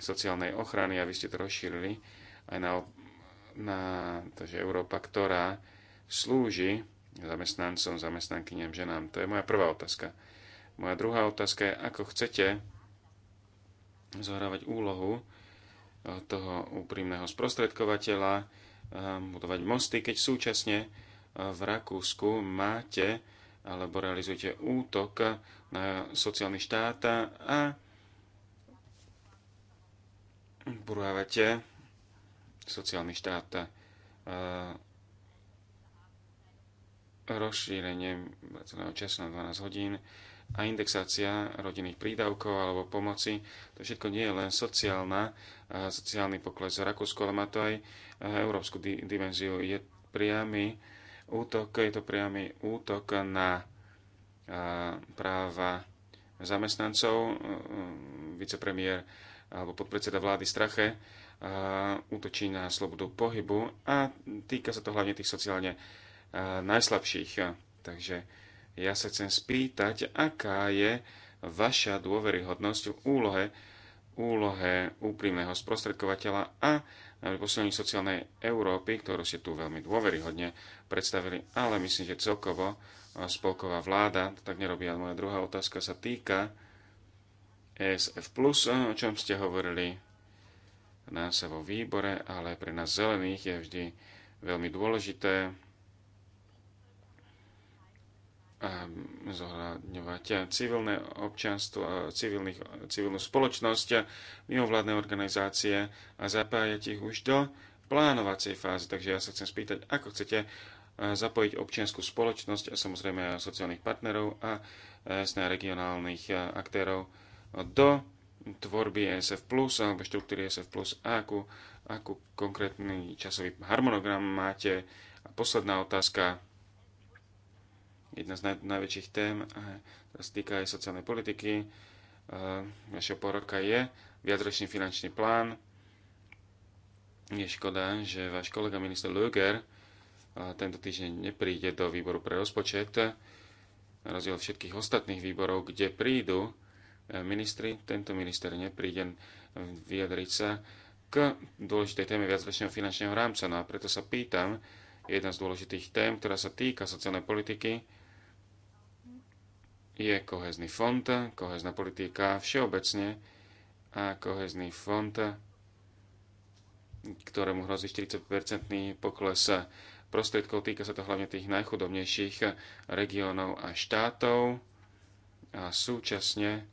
sociálnej ochrany aby ste to rozšírili aj na, na to, že Európa, ktorá slúži zamestnancom, zamestnankyniam, ženám. To je moja prvá otázka. Moja druhá otázka je, ako chcete zohrávať úlohu eh, toho úprimného sprostredkovateľa, eh, budovať mosty, keď súčasne eh, v Rakúsku máte alebo realizujete útok na sociálny štát a burávate sociálny štát e, rozšírenie celého času na 12 hodín a indexácia rodinných prídavkov alebo pomoci. To všetko nie je len sociálna, e, sociálny pokles v Rakúsku, ale má to aj e, európsku di dimenziu. Je priamy útok, je to priamy útok na práva zamestnancov. Vicepremiér alebo podpredseda vlády Strache útočí na slobodu pohybu a týka sa to hlavne tých sociálne najslabších. Takže ja sa chcem spýtať, aká je vaša dôveryhodnosť v úlohe, úlohe úprimného sprostredkovateľa a na sociálnej Európy, ktorú ste tu veľmi dôveryhodne predstavili, ale myslím, že celkovo spolková vláda, to tak nerobí. ale moja druhá otázka sa týka ESF+, e, o čom ste hovorili na sa vo výbore, ale pre nás zelených je vždy veľmi dôležité ehm, zohľadňovať civilné občanstvo, e, civilných, civilnú spoločnosť, mimovládne organizácie a zapájať ich už do plánovacej fázy. Takže ja sa chcem spýtať, ako chcete e, zapojiť občianskú spoločnosť a samozrejme sociálnych partnerov a regionálnych aktérov do tvorby e SF+, alebo štruktúry e SF+, a akú, akú konkrétny časový harmonogram máte. A posledná otázka, jedna z naj, najväčších tém, ktorá sa týka aj sociálnej politiky, našeho poroka je viacročný finančný plán. Je škoda, že váš kolega minister Luger, tento týždeň nepríde do výboru pre rozpočet, na rozdiel všetkých ostatných výborov, kde prídu ministri. Tento minister nepríde vyjadriť sa k dôležitej téme viacročného finančného rámca. No a preto sa pýtam, jedna z dôležitých tém, ktorá sa týka sociálnej politiky, je kohezný fond, kohezná politika všeobecne a kohezný fond, ktorému hrozí 40-percentný pokles prostriedkov. Týka sa to hlavne tých najchudobnejších regiónov a štátov a súčasne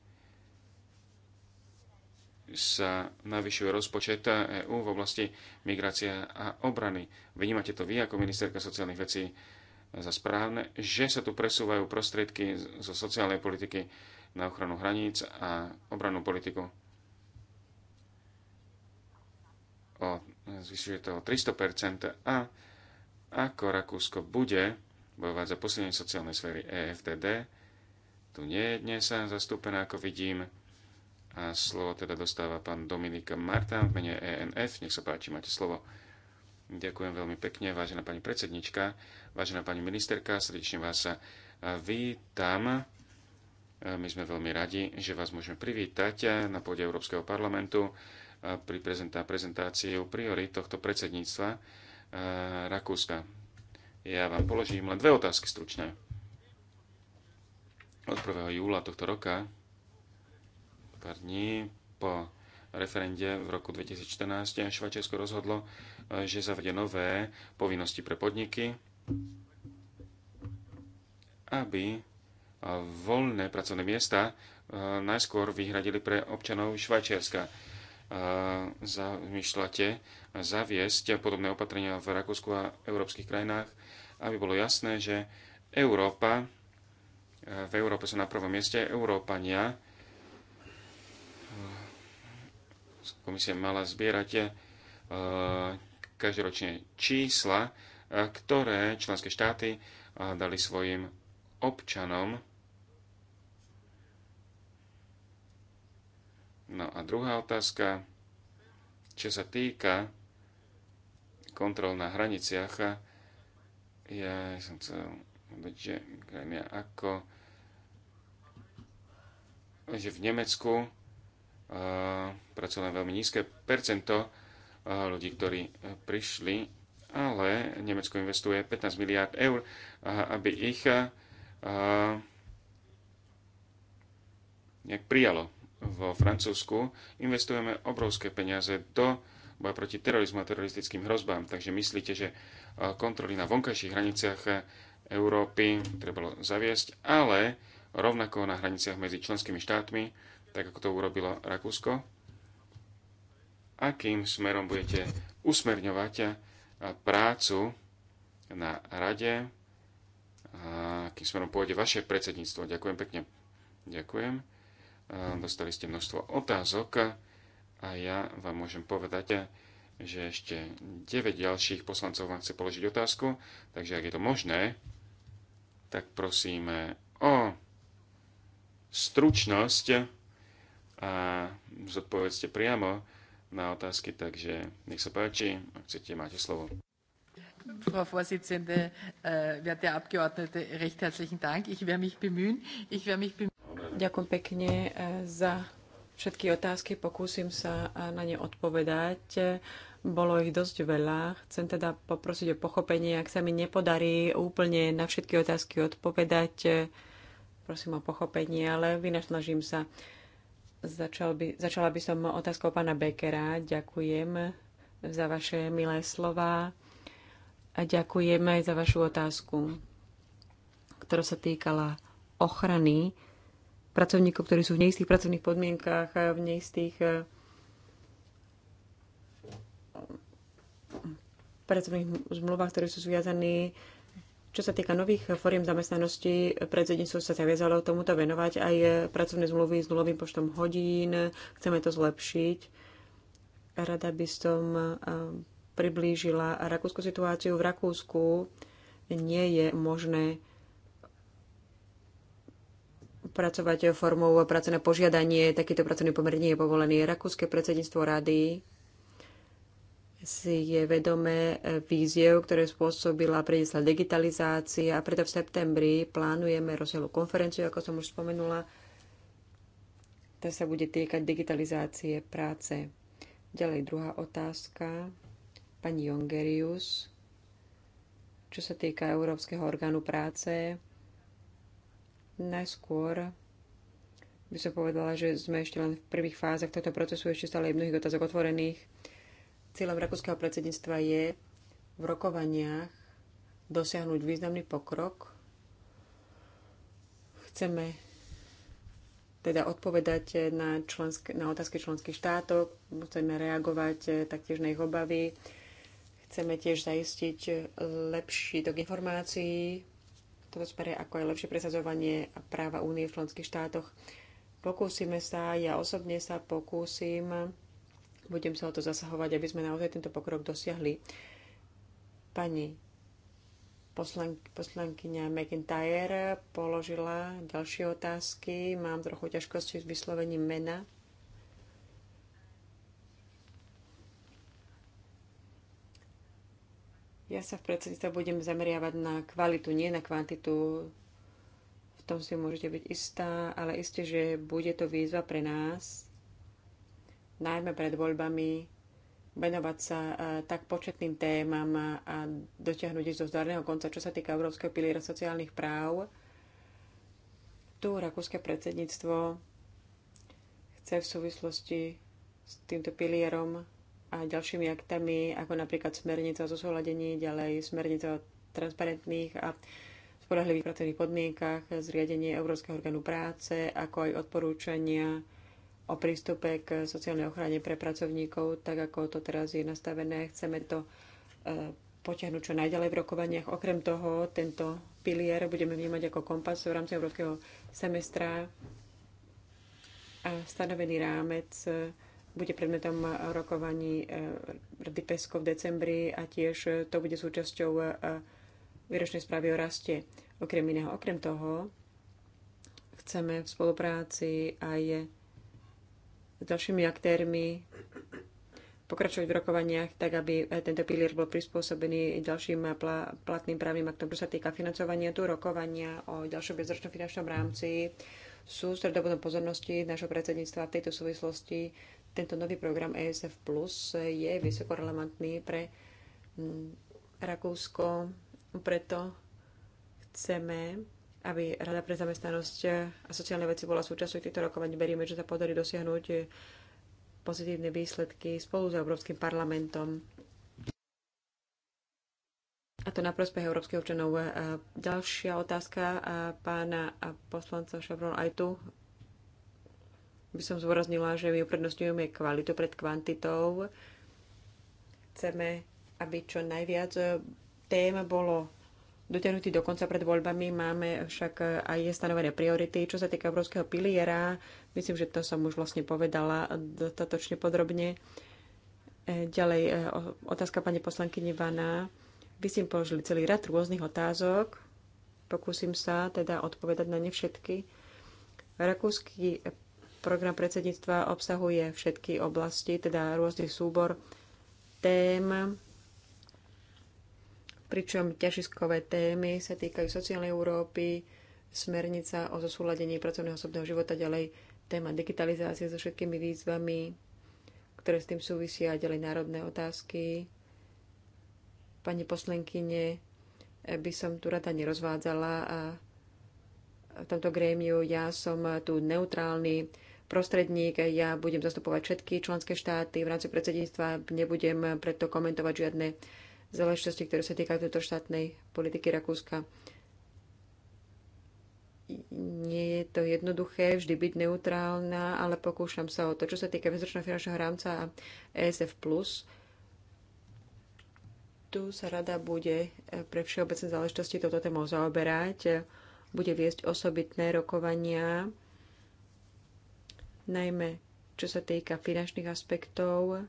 sa navyšuje rozpočet EÚ v oblasti migrácie a obrany. Vnímate to vy ako ministerka sociálnych vecí za správne, že sa tu presúvajú prostriedky zo sociálnej politiky na ochranu hraníc a obrannú politiku. O, zvyšuje to o 300% a ako Rakúsko bude bojovať za posilnenie sociálnej sféry EFTD, tu nie je dnes zastúpená, ako vidím, a slovo teda dostáva pán Dominik Martán v mene ENF. Nech sa páči, máte slovo. Ďakujem veľmi pekne, vážená pani predsednička, vážená pani ministerka, srdečne vás sa vítam. My sme veľmi radi, že vás môžeme privítať na pôde Európskeho parlamentu pri prezentá o priori tohto predsedníctva Rakúska. Ja vám položím len dve otázky stručné. Od 1. júla tohto roka pár dní po referende v roku 2014 Švajčiarsko rozhodlo, eh, že zavede nové povinnosti pre podniky, aby eh, voľné pracovné miesta eh, najskôr vyhradili pre občanov Švajčiarska. Zamýšľate zaviesť podobné opatrenia v Rakúsku a európskych krajinách, aby bolo jasné, že Európa, v Európe sú na prvom mieste Európania, komisia mala zbierať eh, každoročne čísla, eh, ktoré členské štáty eh, dali svojim občanom. No a druhá otázka, čo sa týka kontrol na hraniciach, ja som chcel povedať, že ako že v Nemecku predsa len veľmi nízke percento ľudí, ktorí e, prišli, ale Nemecko investuje 15 miliard eur, aby ich nejak prijalo. Vo Francúzsku investujeme obrovské peniaze do boja proti terorizmu a teroristickým hrozbám. Takže myslíte, že kontroly na vonkajších hraniciach Európy trebalo zaviesť, ale rovnako na hraniciach medzi členskými štátmi tak ako to urobilo Rakúsko. Akým smerom budete usmerňovať prácu na rade? A akým smerom pôjde vaše predsedníctvo? Ďakujem pekne. Ďakujem. Dostali ste množstvo otázok a ja vám môžem povedať, že ešte 9 ďalších poslancov vám chce položiť otázku, takže ak je to možné, tak prosíme o stručnosť a zodpovedzte priamo na otázky, takže nech sa páči, ak chcete, máte slovo. Frau Vorsitzende, äh, werte Abgeordnete, recht herzlichen Dank. Ich werde mich bemühen. Ich werde mich bemühen. Ďakujem pekne äh, za všetky otázky. Pokúsim sa äh, na ne odpovedať. Bolo ich dosť veľa. Chcem teda poprosiť o pochopenie, ak sa mi nepodarí úplne na všetky otázky odpovedať. Äh, prosím o pochopenie, ale vynašnažím sa. Uh, Začal by, začala by som otázkou pána Bekera. Ďakujem za vaše milé slova a ďakujem aj za vašu otázku, ktorá sa týkala ochrany pracovníkov, ktorí sú v neistých pracovných podmienkách, v neistých eh, pracovných zmluvách, ktoré sú zviazaní čo sa týka nových fóriem zamestnanosti, predsedníctvo sa zaviazalo tomuto venovať aj pracovné zmluvy s nulovým počtom hodín. Chceme to zlepšiť. Rada by som priblížila rakúsku situáciu. V Rakúsku nie je možné pracovať formou práce na požiadanie. Takýto pracovný pomer nie je povolený. Rakúske predsedníctvo rady si je vedomé e, víziev, ktoré spôsobila priniesla digitalizácia a preto v septembri plánujeme rozsiahlu konferenciu, ako som už spomenula. ktorá sa bude týkať digitalizácie práce. Ďalej druhá otázka. Pani Jongerius, čo sa týka Európskeho orgánu práce, najskôr by som povedala, že sme ešte len v prvých fázach tohto procesu, ešte stále je mnohých otázok otvorených Cieľom rakúskeho predsedníctva je v rokovaniach dosiahnuť významný pokrok. Chceme teda odpovedať na, člensk- na otázky členských štátov, chceme reagovať eh, taktiež na ich obavy, chceme tiež zaistiť eh, lepší tok informácií v tomto smere, ako aj lepšie presadzovanie práva únie v členských štátoch. Pokúsime sa, ja osobne sa pokúsim budem sa o to zasahovať, aby sme naozaj tento pokrok dosiahli. Pani poslanky, poslankyňa McIntyre položila ďalšie otázky. Mám trochu ťažkosti s vyslovením mena. Ja sa v predsedníctve budem zameriavať na kvalitu, nie na kvantitu. V tom si môžete byť istá, ale isté, že bude to výzva pre nás najmä pred voľbami, venovať sa e, tak početným témam a dotiahnuť ich zo zdarného konca, čo sa týka Európskeho piliera sociálnych práv. Tu rakúske predsedníctvo chce v súvislosti s týmto pilierom a ďalšími aktami, ako napríklad smernica o zosúladení, ďalej smernica o transparentných a spolahlivých pracovných podmienkach, zriadenie Európskeho orgánu práce, ako aj odporúčania o prístupe k sociálnej ochrane pre pracovníkov, tak ako to teraz je nastavené. Chceme to e, potiahnuť čo najďalej v rokovaniach. Okrem toho, tento pilier budeme vnímať ako kompas v rámci európskeho semestra a stanovený rámec e, bude predmetom rokovaní e, Rady Pesko v decembri a tiež to bude súčasťou výročnej správy o raste. Okrem iného, okrem toho, chceme v spolupráci aj s ďalšími aktérmi, pokračovať v rokovaniach, tak aby tento pilier bol prispôsobený ďalším platným právnym aktom, čo sa týka financovania tu rokovania o ďalšom bezročnom finančnom rámci sú stredobodom pozornosti našho predsedníctva v tejto súvislosti. Tento nový program ESF Plus je vysoko relevantný pre mm, Rakúsko, preto chceme aby Rada pre zamestnanosť a sociálne veci bola súčasťou týchto rokovaní. Veríme, že sa podarí dosiahnuť pozitívne výsledky spolu s Európskym parlamentom a to na prospech európskych občanov. Ďalšia otázka pána poslanca Šavrol aj tu by som zúraznila, že my uprednostňujeme kvalitu pred kvantitou. Chceme, aby čo najviac téma bolo dotiahnutý do konca pred voľbami. Máme však aj stanovené priority. Čo sa týka európskeho piliera, myslím, že to som už vlastne povedala dostatočne podrobne. E, ďalej e, otázka pani poslankyni Vana. Vy si položili celý rad rôznych otázok. Pokúsim sa teda odpovedať na ne všetky. Rakúsky program predsedníctva obsahuje všetky oblasti, teda rôzny súbor tém, pričom ťažiskové témy sa týkajú sociálnej Európy, smernica o zosúladení pracovného osobného života, ďalej téma digitalizácie so všetkými výzvami, ktoré s tým súvisia, ďalej národné otázky. Pani poslenkyne, eh, by som tu rada nerozvádzala a v tomto grémiu ja som tu neutrálny prostredník, ja budem zastupovať všetky členské štáty v rámci predsedníctva, nebudem preto komentovať žiadne záležitosti, ktoré sa týkajú tejto štátnej politiky Rakúska. Nie je to jednoduché vždy byť neutrálna, ale pokúšam sa o to, čo sa týka medziročného finančného rámca a ESF+. Tu sa rada bude e, pre všeobecné záležitosti toto tému zaoberať. Bude viesť osobitné rokovania, najmä čo sa týka finančných aspektov,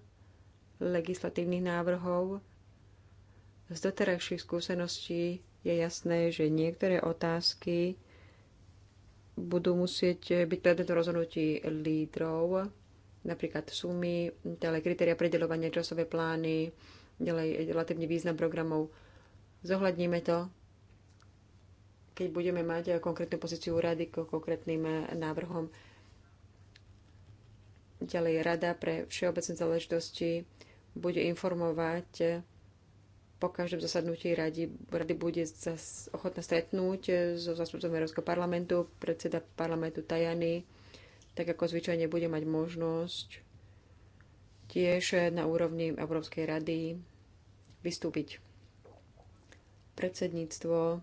legislatívnych návrhov z doterajších skúseností je jasné, že niektoré otázky budú musieť byť predmetom rozhodnutí lídrov, napríklad sumy, ďalej kritéria predelovania, časové plány, ďalej relatívny význam programov. Zohľadníme to, keď budeme mať konkrétnu pozíciu rady k konkrétnym návrhom. Ďalej rada pre všeobecné záležitosti bude informovať po každom zasadnutí rady, rady bude zas ochotná stretnúť e, so zastupcom Európskeho parlamentu. Predseda parlamentu Tajany, tak ako zvyčajne, bude mať možnosť tiež na úrovni Európskej rady vystúpiť. Predsedníctvo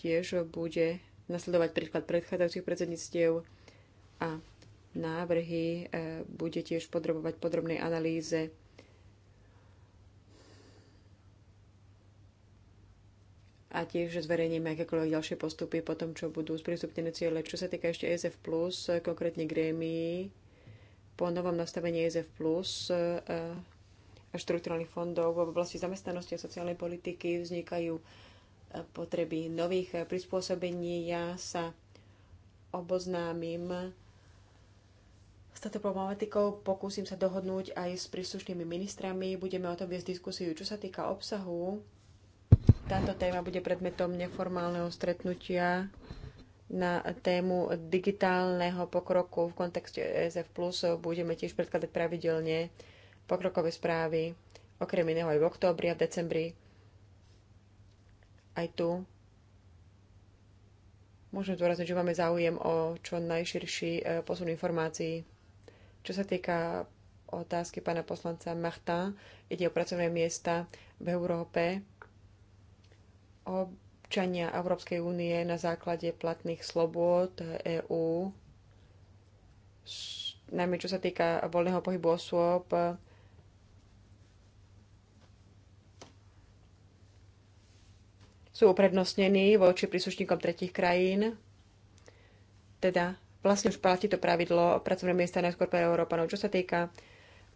tiež bude nasledovať príklad predchádzajúcich predsedníctiev a návrhy e, bude tiež podrobovať podrobnej analýze a tiež zverejníme akékoľvek ďalšie postupy po tom, čo budú sprístupnené ciele. Čo sa týka ešte ESF+, eh, konkrétne grémy, po novom nastavení ESF+, eh, a štruktúrnych fondov v oblasti zamestnanosti a sociálnej politiky vznikajú eh, potreby nových prispôsobení. Ja sa oboznámim s touto problematikou, pokúsim sa dohodnúť aj s príslušnými ministrami, budeme o tom viesť diskusiu. Čo sa týka obsahu, táto téma bude predmetom neformálneho stretnutia na tému digitálneho pokroku v kontexte ESF+. Budeme tiež predkladať pravidelne pokrokové správy, okrem iného aj v októbri a v decembri. Aj tu môžem zdôrazniť, že máme záujem o čo najširší e, posun informácií. Čo sa týka otázky pána poslanca Martin, ide o pracovné miesta v Európe občania Európskej únie na základe platných slobôd EÚ, najmä čo sa týka voľného pohybu osôb, sú uprednostnení voči príslušníkom tretich krajín. Teda vlastne už platí to pravidlo pracovné miesta najskôr pre Európanov. Čo sa týka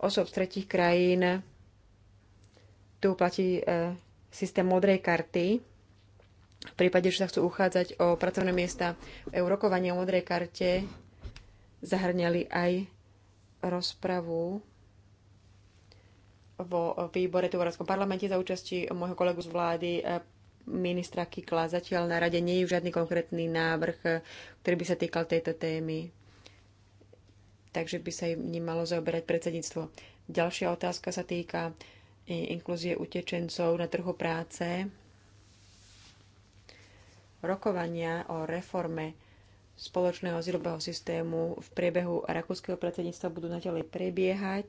osob z tretich krajín, tu platí e, systém modrej karty v prípade, že sa chcú uchádzať o pracovné miesta v eurokovanie o modrej karte, zahrňali aj rozpravu vo výbore v Európskom parlamente za účasti môjho kolegu z vlády eh, ministra Kikla. Zatiaľ na rade nie je žiadny konkrétny návrh, ktorý by sa týkal tejto témy. Takže by sa im nemalo zaoberať predsedníctvo. Ďalšia otázka sa týka eh, inkluzie utečencov na trhu práce rokovania o reforme spoločného azylového systému v priebehu rakúskeho predsedníctva budú naďalej prebiehať.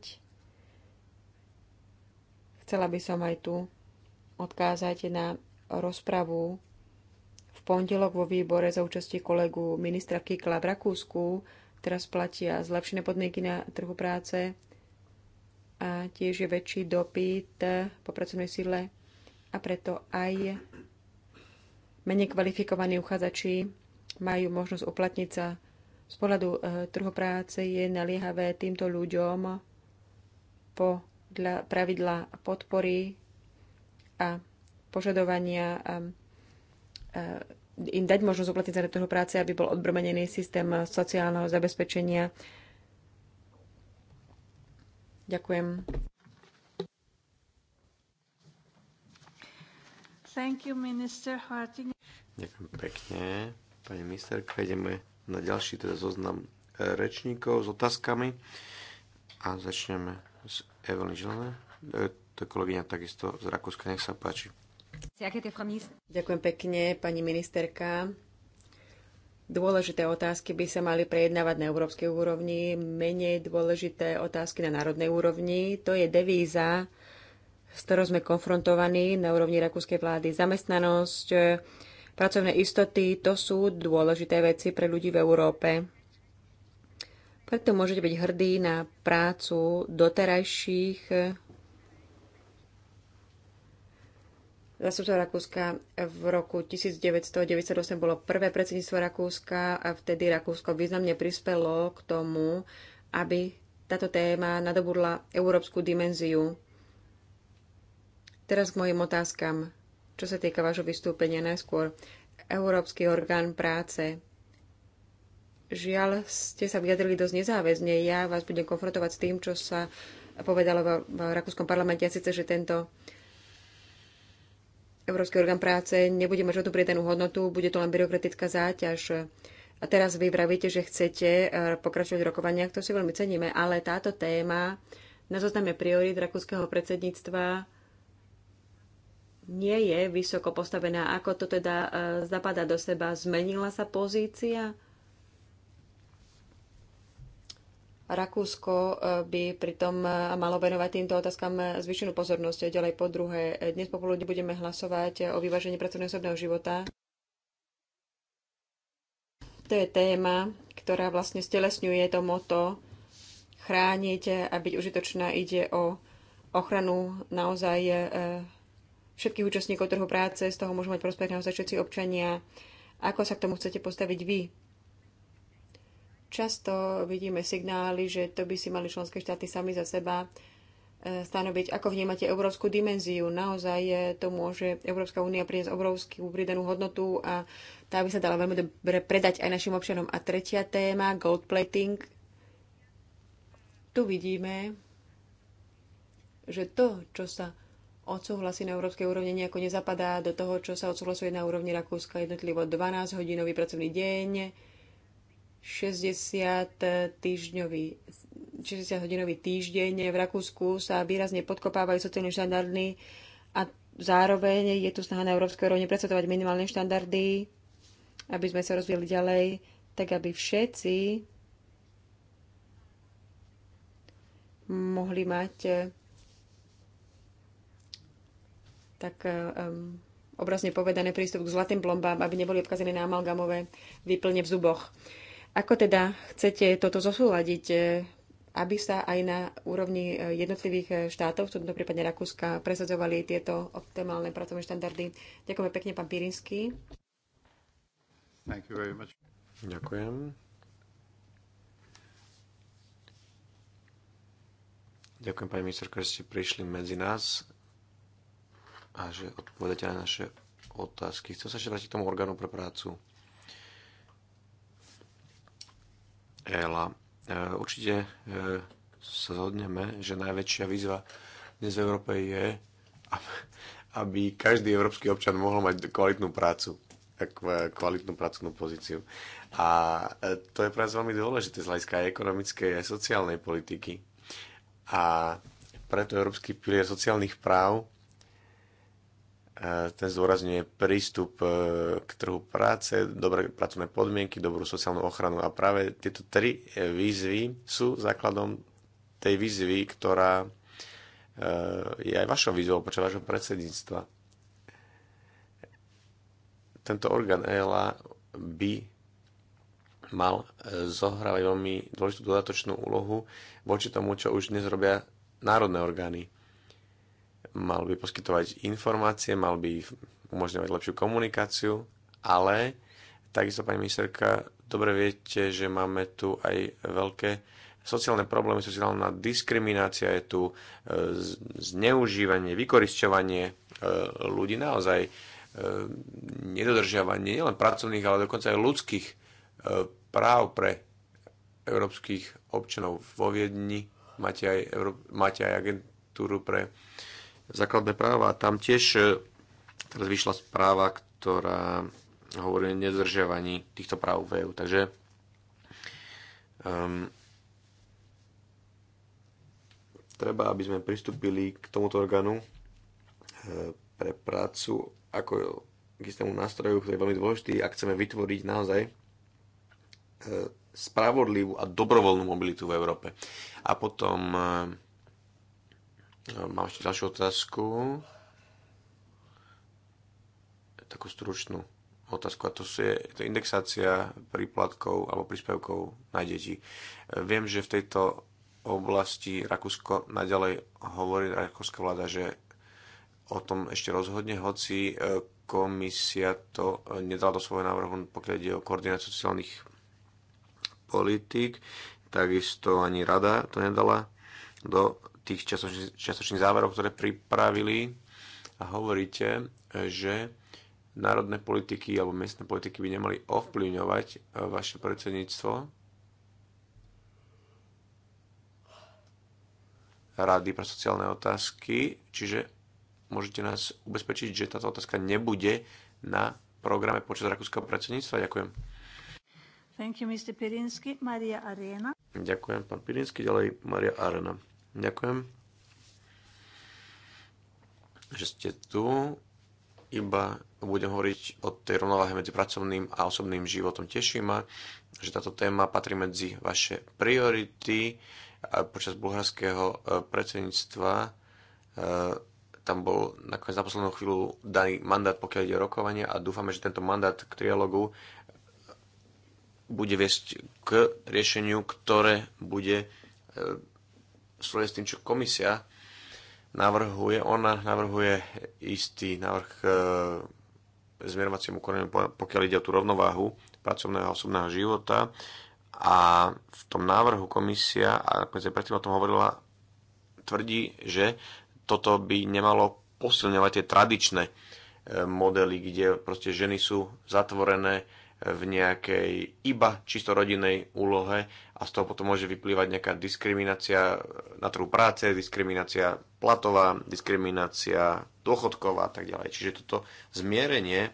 Chcela by som aj tu odkázať na rozpravu v pondelok vo výbore za účasti kolegu ministra Kikla v Rakúsku. Teraz platia zlepšené podmienky na trhu práce a tiež je väčší dopyt po pracovnej sile a preto aj menej kvalifikovaní uchádzači majú možnosť uplatniť sa. Z pohľadu e, trhu práce je naliehavé týmto ľuďom podľa pravidla podpory a požadovania e, im dať možnosť uplatniť sa do trhu práce, aby bol odbromenený systém sociálneho zabezpečenia. Ďakujem. Thank you, minister Harting. Ďakujem pekne. Pani ministerka, ideme na ďalší teda zoznam e, rečníkov s otázkami a začneme s Evelyn Žilné. E, to je kolegyňa takisto z Rakúska, nech sa páči. Ďakujem pekne, pani ministerka. Dôležité otázky by sa mali prejednávať na európskej úrovni, menej dôležité otázky na národnej úrovni. To je devíza, s ktorou sme konfrontovaní na úrovni rakúskej vlády. Zamestnanosť, pracovné istoty, to sú dôležité veci pre ľudí v Európe. Preto môžete byť hrdí na prácu doterajších Zastupcov Rakúska v roku 1998 bolo prvé predsedníctvo Rakúska a vtedy Rakúsko významne prispelo k tomu, aby táto téma nadobudla európsku dimenziu. Teraz k mojim otázkam čo sa týka vášho vystúpenia najskôr. Európsky orgán práce. Žiaľ, ste sa vyjadrili dosť nezáväzne. Ja vás budem konfrontovať s tým, čo sa povedalo v Rakúskom parlamente, a síce, že tento Európsky orgán práce nebude mať žiadnu pridanú hodnotu, bude to len byrokratická záťaž. A teraz vy vravíte, že chcete eh, pokračovať v rokovaniach, to si veľmi ceníme, ale táto téma na zozname priorít rakúskeho predsedníctva nie je vysoko postavená. Ako to teda e, zapadá do seba? Zmenila sa pozícia? Rakúsko e, by pritom e, malo venovať týmto otázkam zvyšenú pozornosť. Ďalej po druhé, dnes popoludne budeme hlasovať o vyvážení pracovného osobného života. To je téma, ktorá vlastne stelesňuje to moto chrániť a byť užitočná. Ide o ochranu naozaj všetkých účastníkov trhu práce, z toho môžu mať prospech naozaj všetci občania. Ako sa k tomu chcete postaviť vy? Často vidíme signály, že to by si mali členské štáty sami za seba e, stanoviť, ako vnímate európsku dimenziu. Naozaj je, to môže Európska únia priniesť obrovskú pridanú hodnotu a tá by sa dala veľmi dobre predať aj našim občanom. A tretia téma, gold plating. Tu vidíme, že to, čo sa odsúhlasí na európskej úrovni nejako nezapadá do toho, čo sa odsúhlasuje na úrovni Rakúska jednotlivo 12-hodinový pracovný deň, 60 týždňový 60-hodinový týždeň v Rakúsku sa výrazne podkopávajú sociálne štandardy a zároveň je tu snaha na európskej úrovni predstavovať minimálne štandardy, aby sme sa rozvíjali ďalej, tak aby všetci mohli mať tak um, obrazne povedané prístup k zlatým plombám, aby neboli obkazené na amalgamové výplne v zuboch. Ako teda chcete toto zosúľadiť, eh, aby sa aj na úrovni eh, jednotlivých štátov, v tomto prípade Rakúska, presadzovali tieto optimálne pracovné štandardy? Ďakujeme pekne, pán Pirinsky. Ďakujem. Ďakujem, pani ministerka, že ste prišli medzi nás a že odpovedáte na naše otázky. Chcem sa ešte vrátiť k tomu orgánu pre prácu. Ela. E, určite e, sa zhodneme, že najväčšia výzva dnes v Európe je, aby každý európsky občan mohol mať kvalitnú prácu e, kvalitnú pracovnú pozíciu. A to je pre nás veľmi dôležité z hľadiska ekonomickej a sociálnej politiky. A preto Európsky pilier sociálnych práv ten zdôrazňuje prístup e, k trhu práce, dobré pracovné podmienky, dobrú sociálnu ochranu a práve tieto tri e, výzvy sú základom tej výzvy, ktorá e, je aj vašou výzvou počas vašho predsedníctva. Tento orgán ELA by mal zohrávať veľmi dôležitú dodatočnú úlohu voči tomu, čo už dnes robia národné orgány mal by poskytovať informácie, mal by umožňovať lepšiu komunikáciu, ale takisto, pani ministerka, dobre viete, že máme tu aj veľké sociálne problémy, sociálna diskriminácia je tu, e, zneužívanie, vykorisťovanie e, ľudí, naozaj e, nedodržiavanie nielen pracovných, ale dokonca aj ľudských práv pre európskych občanov vo Viedni. Máte aj, máte aj agentúru pre základné práva. Tam tiež e, teraz vyšla správa, ktorá hovorí o nedržiavaní týchto práv v EU. Takže um, treba, aby sme pristúpili k tomuto orgánu e, pre prácu ako k istému nástroju, ktorý je veľmi dôležitý, ak chceme vytvoriť naozaj e, spravodlivú a dobrovoľnú mobilitu v Európe. A potom Mám ešte ďalšiu otázku. Takú stručnú otázku, a to je to indexácia príplatkov alebo príspevkov na deti. Viem, že v tejto oblasti Rakúsko naďalej hovorí rakúska vláda, že o tom ešte rozhodne, hoci e, komisia to nedala do svojho návrhu, pokiaľ ide o koordináciu sociálnych politík, takisto ani rada to nedala do tých čiastočných záverov, ktoré pripravili a hovoríte, že národné politiky alebo miestne politiky by nemali ovplyvňovať eh, vaše predsedníctvo Rady pre sociálne otázky, čiže môžete nás ubezpečiť, že táto otázka nebude na programe počas rakúskeho predsedníctva. Ďakujem. Thank you, Mr. Pirinsky. Maria Arena. Ďakujem, pán Pirinsky. Ďalej Maria Arena. Ďakujem, že ste tu. Iba budem hovoriť o tej rovnováhe medzi pracovným a osobným životom. Teší ma, že táto téma patrí medzi vaše priority. A počas bulharského e, predsedníctva e, tam bol nakoniec na poslednú chvíľu daný mandát, pokiaľ ide o rokovanie a dúfame, že tento mandát k trialogu bude viesť k riešeniu, ktoré bude e, súlade s tým, čo komisia navrhuje. Ona navrhuje istý návrh e, zmierovaciemu konaniu, pokiaľ ide o tú rovnováhu pracovného a osobného života. A v tom návrhu komisia, a nakoniec sa predtým o tom hovorila, tvrdí, že toto by nemalo posilňovať tie tradičné e, modely, kde proste ženy sú zatvorené v nejakej iba čisto rodinnej úlohe a z toho potom môže vyplývať nejaká diskriminácia na trhu práce, diskriminácia platová, diskriminácia dôchodková a tak ďalej. Čiže toto zmierenie,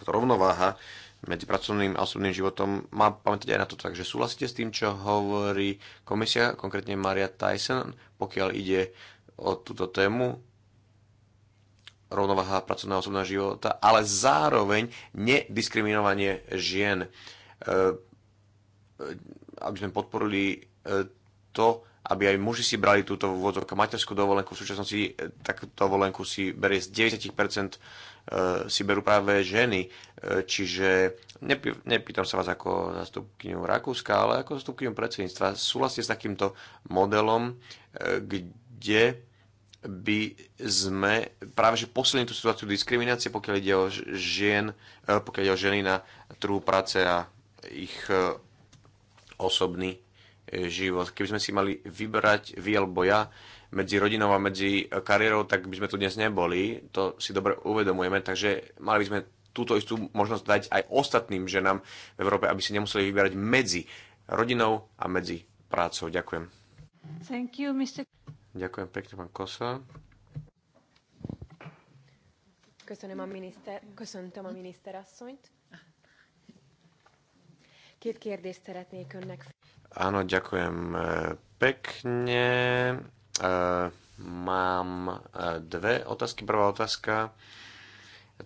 táto rovnováha medzi pracovným a osobným životom má pamätať aj na to. Takže súhlasíte s tým, čo hovorí komisia, konkrétne Maria Tyson, pokiaľ ide o túto tému, rovnováha pracovného a osobného života, ale zároveň nediskriminovanie žien. E, E, aby sme podporili e, to, aby aj muži si brali túto vôdzok materskú dovolenku. V súčasnosti e, takú dovolenku si berie z 90% si berú práve ženy. Čiže nepý, nepýtam sa vás ako zastupkyňu Rakúska, ale ako zastupkyňu predsedníctva. Súhlasíte s takýmto modelom, kde by sme práve že posilnili tú situáciu diskriminácie, pokiaľ ide o žien, pokiaľ ide o ženy na trhu práce a ich osobný e, život. Keby sme si mali vybrať vy alebo ja medzi rodinou a medzi kariérou, tak by sme tu dnes neboli. To si dobre uvedomujeme, takže mali by sme túto istú možnosť dať aj ostatným ženám v Európe, aby si nemuseli vyberať medzi rodinou a medzi prácou. Ďakujem. Thank you, Mr. Ďakujem pekne, pán Kosa. Köszönöm a miniszter, köszöntöm a asszonyt. Két kérdést szeretnék önnek. Áno, ďakujem e, pekne. E, mám e, dve otázky. Prvá otázka.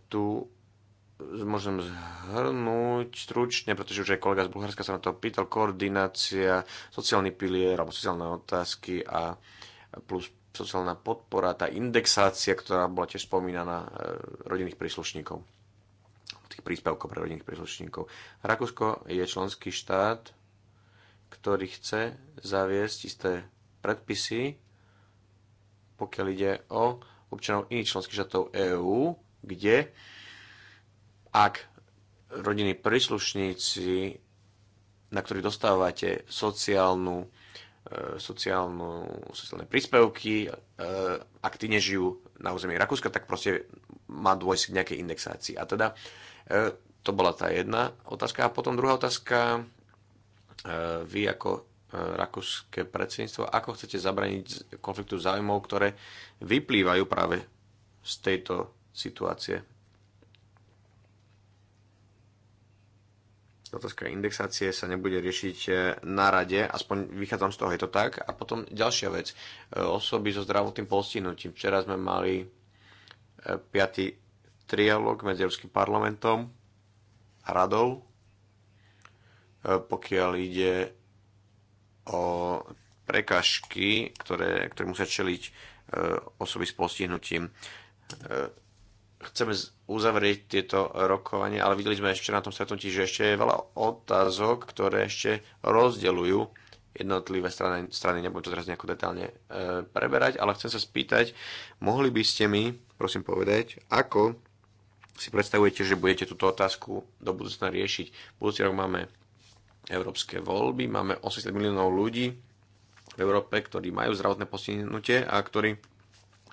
Tu môžem zhrnúť stručne, pretože už aj kolega z Bulharska sa na to pýtal, koordinácia, sociálny pilier alebo sociálne otázky a plus sociálna podpora, tá indexácia, ktorá bola tiež spomínaná rodinných príslušníkov tých príspevkov pre rodinných príslušníkov. Rakúsko je členský štát, ktorý chce zaviesť isté predpisy, pokiaľ ide o občanov iných členských štátov EÚ, kde ak rodiny príslušníci, na ktorých dostávate sociálnu, e, sociálnu, sociálne príspevky, e, ak tí nežijú na území Rakúska, tak proste má dôjsť k nejakej indexácii. A teda E, to bola tá jedna otázka. A potom druhá otázka. E, vy ako e, rakúske predsedníctvo, ako chcete zabraniť konfliktu záujmov, ktoré vyplývajú práve z tejto situácie? Otázka indexácie sa nebude riešiť na rade, aspoň vychádzam z toho, je to tak. A potom ďalšia vec, osoby so zdravotným postihnutím. Včera sme mali 5 trialog medzi Európskym parlamentom a radou, e, pokiaľ ide o prekažky, ktoré, ktoré musia čeliť e, osoby s postihnutím. E, chceme uzavrieť tieto rokovanie, ale videli sme ešte na tom stretnutí, že ešte je veľa otázok, ktoré ešte rozdeľujú jednotlivé strany, strany nebudem to teraz nejako detálne e, preberať, ale chcem sa spýtať, mohli by ste mi, prosím povedať, ako si predstavujete, že budete túto otázku do budúcna riešiť. Budúci rok máme európske voľby, máme 80 miliónov ľudí v Európe, ktorí majú zdravotné postihnutie a ktorí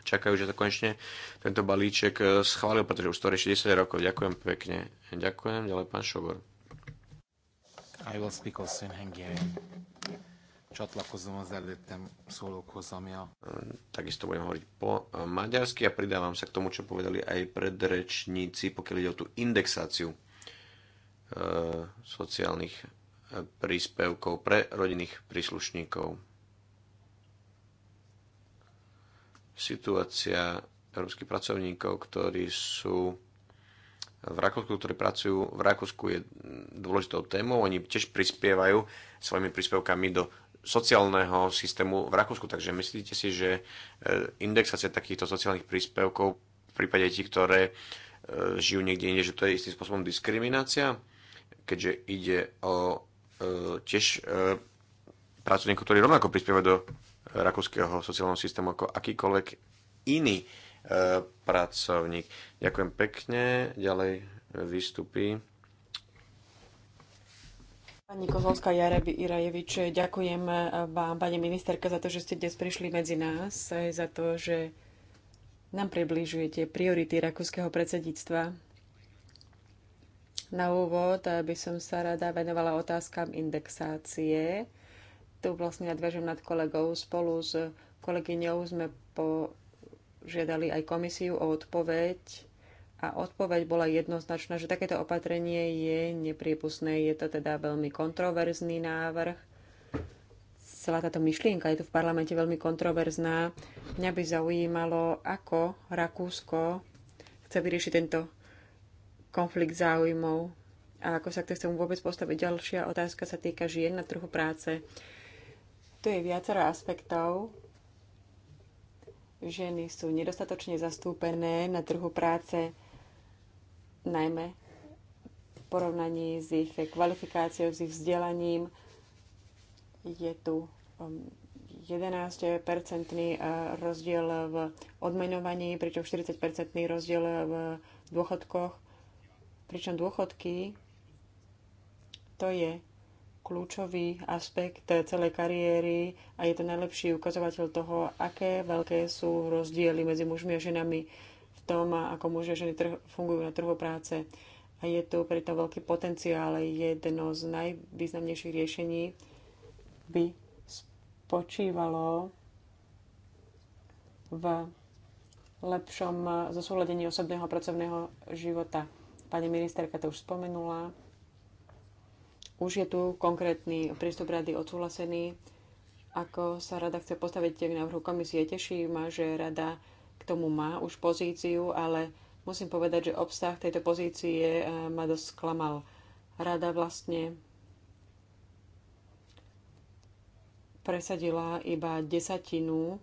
čakajú, že to konečne tento balíček e, schválil, pretože už to rieši 10 rokov. Ďakujem pekne. Ďakujem, ďalej pán Šobor. I will speak also in Hungarian csatlakozom az előttem szólókhoz, ami a... Takisto budem hovoriť po maďarsky a pridávam sa k tomu, čo povedali aj predrečníci, pokiaľ ide o tú indexáciu e, sociálnych eh, príspevkov pre rodinných príslušníkov. Situácia európskych pracovníkov, ktorí sú v Rakúsku, ktorí pracujú v Rakúsku je dôležitou témou. Oni tiež prispievajú svojimi príspevkami do sociálneho systému v Rakúsku. Takže myslíte si, že e, indexácia takýchto sociálnych príspevkov v prípade tých, ktoré e, žijú niekde inde, že to je istým spôsobom diskriminácia, keďže ide o e, tiež e, pracovníkov, ktorí rovnako prispievajú do rakúskeho sociálneho systému ako akýkoľvek iný e, pracovník. Ďakujem pekne. Ďalej vystupí Pani Kozlovská Jareby Irajevič, ďakujem eh, vám, pani ministerka, za to, že ste dnes prišli medzi nás, aj za to, že nám približujete priority rakúskeho predsedníctva. Na úvod by som sa rada venovala otázkam indexácie. Tu vlastne nadvežem nad kolegov. Spolu s kolegyňou sme požiadali aj komisiu o odpoveď a odpoveď bola jednoznačná, že takéto opatrenie je nepriepustné. Je to teda veľmi kontroverzný návrh. Celá táto myšlienka je tu v parlamente veľmi kontroverzná. Mňa by zaujímalo, ako Rakúsko chce vyriešiť tento konflikt záujmov a ako sa k tomu vôbec postaviť. Ďalšia otázka sa týka žien na trhu práce. Tu je viacero aspektov. Ženy sú nedostatočne zastúpené na trhu práce najmä v porovnaní s ich kvalifikáciou, s ich vzdelaním. Je tu 11-percentný um, uh, rozdiel v odmenovaní, pričom 40-percentný rozdiel v dôchodkoch, pričom dôchodky to je kľúčový aspekt celej kariéry a je to najlepší ukazovateľ toho, aké veľké sú rozdiely medzi mužmi a ženami tom, ako muži a ženy trh, fungujú na trhu práce. A je tu preto veľký potenciál. Jedno z najvýznamnejších riešení by spočívalo v lepšom zosúladení osobného a pracovného života. Pani ministerka to už spomenula. Už je tu konkrétny prístup rady odsúhlasený, ako sa rada chce postaviť k návrhu komisie. Teší ma, že rada k tomu má už pozíciu, ale musím povedať, že obsah tejto pozície eh, ma dosť sklamal. Rada vlastne presadila iba desatinu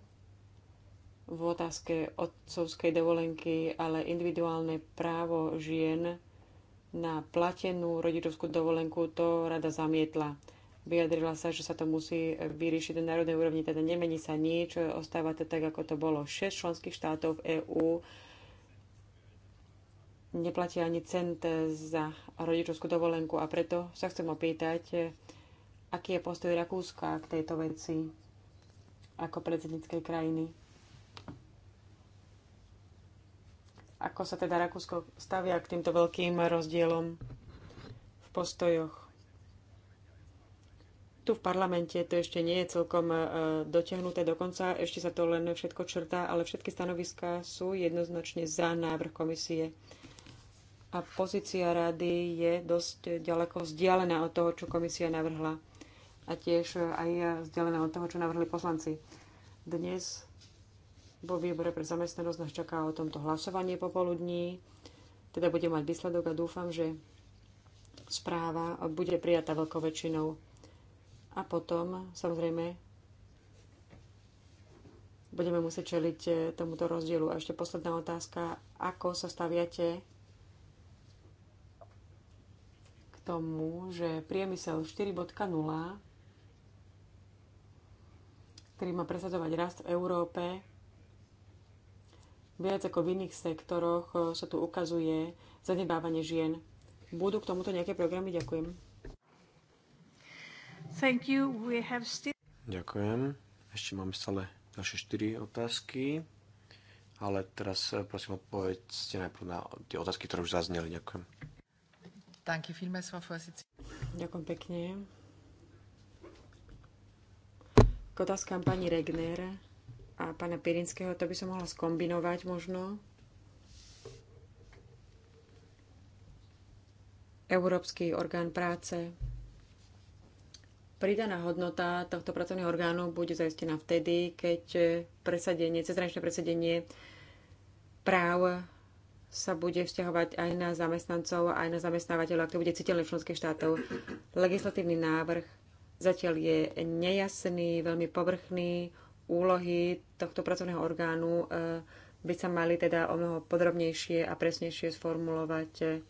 v otázke otcovskej dovolenky, ale individuálne právo žien na platenú rodičovskú dovolenku to rada zamietla. Vyjadrila sa, že sa to musí vyriešiť na národnej úrovni, teda nemení sa nič, ostáva to tak, ako to bolo. 6 členských štátov v EÚ neplatia ani cent za rodičovskú dovolenku a preto sa chcem opýtať, aký je postoj Rakúska k tejto veci ako predsedníckej krajiny. Ako sa teda Rakúsko stavia k týmto veľkým rozdielom v postojoch? tu v parlamente to ešte nie je celkom e, dotiahnuté dokonca, ešte sa to len všetko črtá, ale všetky stanoviská sú jednoznačne za návrh komisie. A pozícia rady je dosť ďaleko vzdialená od toho, čo komisia navrhla. A tiež e, aj vzdialená od toho, čo navrhli poslanci. Dnes vo výbore pre zamestnanosť nás čaká o tomto hlasovanie popoludní. Teda bude mať výsledok a dúfam, že správa bude prijatá veľkou väčšinou. A potom, samozrejme, budeme musieť čeliť eh, tomuto rozdielu. A ešte posledná otázka. Ako sa staviate k tomu, že priemysel 4.0, ktorý má presadzovať rast v Európe, viac ako v iných sektoroch eh, sa tu ukazuje zanedbávanie žien. Budú k tomuto nejaké programy? Ďakujem. Thank you. We have still... Ďakujem. Ešte máme stále ďalšie 4 otázky. Ale teraz eh, prosím odpovedzte najprv na tie otázky, ktoré už zazneli. Ďakujem. Ďakujem pekne. K otázkám pani Regner a pána Pirinského, to by som mohla skombinovať možno. Európsky orgán práce, Pridaná hodnota tohto pracovného orgánu bude zaistená vtedy, keď presadenie, cezhraničné presadenie práv sa bude vzťahovať aj na zamestnancov, aj na zamestnávateľov, ak to bude citeľné v členských štátov. Legislatívny návrh zatiaľ je nejasný, veľmi povrchný. Úlohy tohto pracovného orgánu eh, by sa mali teda o mnoho podrobnejšie a presnejšie sformulovať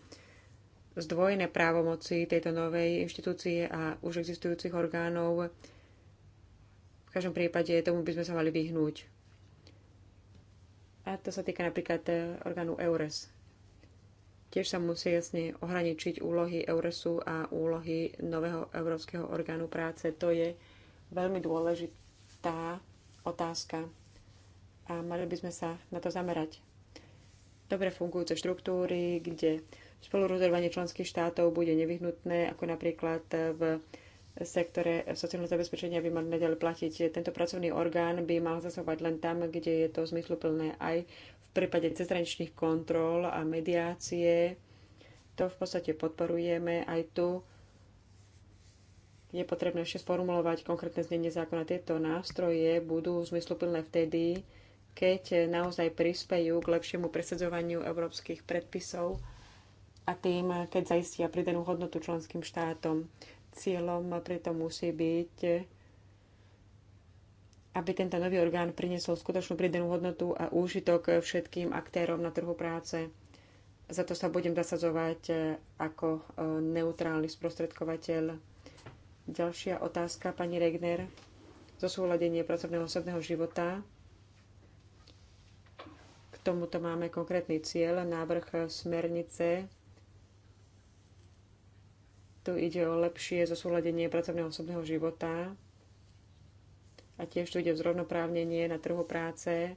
zdvojené právomoci tejto novej inštitúcie a už existujúcich orgánov. V každom prípade tomu by sme sa mali vyhnúť. A to sa týka napríklad eh, orgánu EURES. Tiež sa musí jasne ohraničiť úlohy EURESu a úlohy nového Európskeho orgánu práce. To je veľmi dôležitá otázka a mali by sme sa na to zamerať. Dobre fungujúce štruktúry, kde Spolurozhodovanie členských štátov bude nevyhnutné, ako napríklad v sektore sociálneho zabezpečenia by mali nadalej platiť. Tento pracovný orgán by mal zasahovať len tam, kde je to zmysluplné aj v prípade cezhraničných kontrol a mediácie. To v podstate podporujeme aj tu je potrebné ešte sformulovať konkrétne znenie zákona. Tieto nástroje budú zmysluplné vtedy, keď naozaj prispejú k lepšiemu presadzovaniu európskych predpisov a tým, keď zaistia pridanú hodnotu členským štátom. Cieľom preto musí byť, aby tento nový orgán priniesol skutočnú pridanú hodnotu a úžitok všetkým aktérom na trhu práce. Za to sa budem zasadzovať eh, ako eh, neutrálny sprostredkovateľ. Ďalšia otázka, pani Regner. súhľadenie pracovného osobného života K tomuto máme konkrétny cieľ, návrh smernice tu ide o lepšie zosúladenie pracovného osobného života a tiež tu ide o zrovnoprávnenie na trhu práce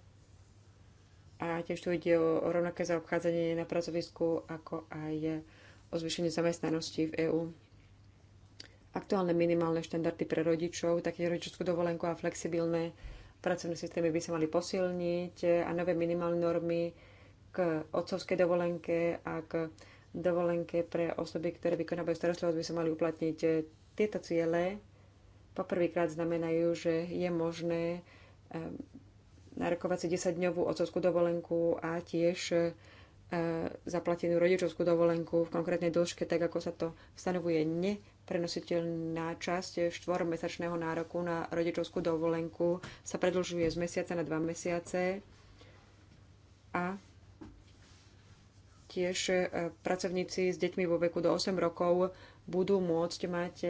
a tiež tu ide o rovnaké zaobchádzanie na pracovisku, ako aj o zvýšenie zamestnanosti v EÚ. Aktuálne minimálne štandardy pre rodičov, také rodičovskú dovolenku a flexibilné pracovné systémy by sa mali posilniť a nové minimálne normy k otcovskej dovolenke a k dovolenke pre osoby, ktoré vykonávajú starostlivosť, by sa mali uplatniť. Eh, tieto ciele poprvýkrát znamenajú, že je možné eh, narokovať si 10-dňovú otcovskú dovolenku a tiež eh, zaplatenú rodičovskú dovolenku v konkrétnej dĺžke, tak ako sa to stanovuje neprenositeľná časť štvormesačného nároku na rodičovskú dovolenku sa predlžuje z mesiaca na dva mesiace a Tiež e, pracovníci s deťmi vo veku do 8 rokov budú môcť mať e,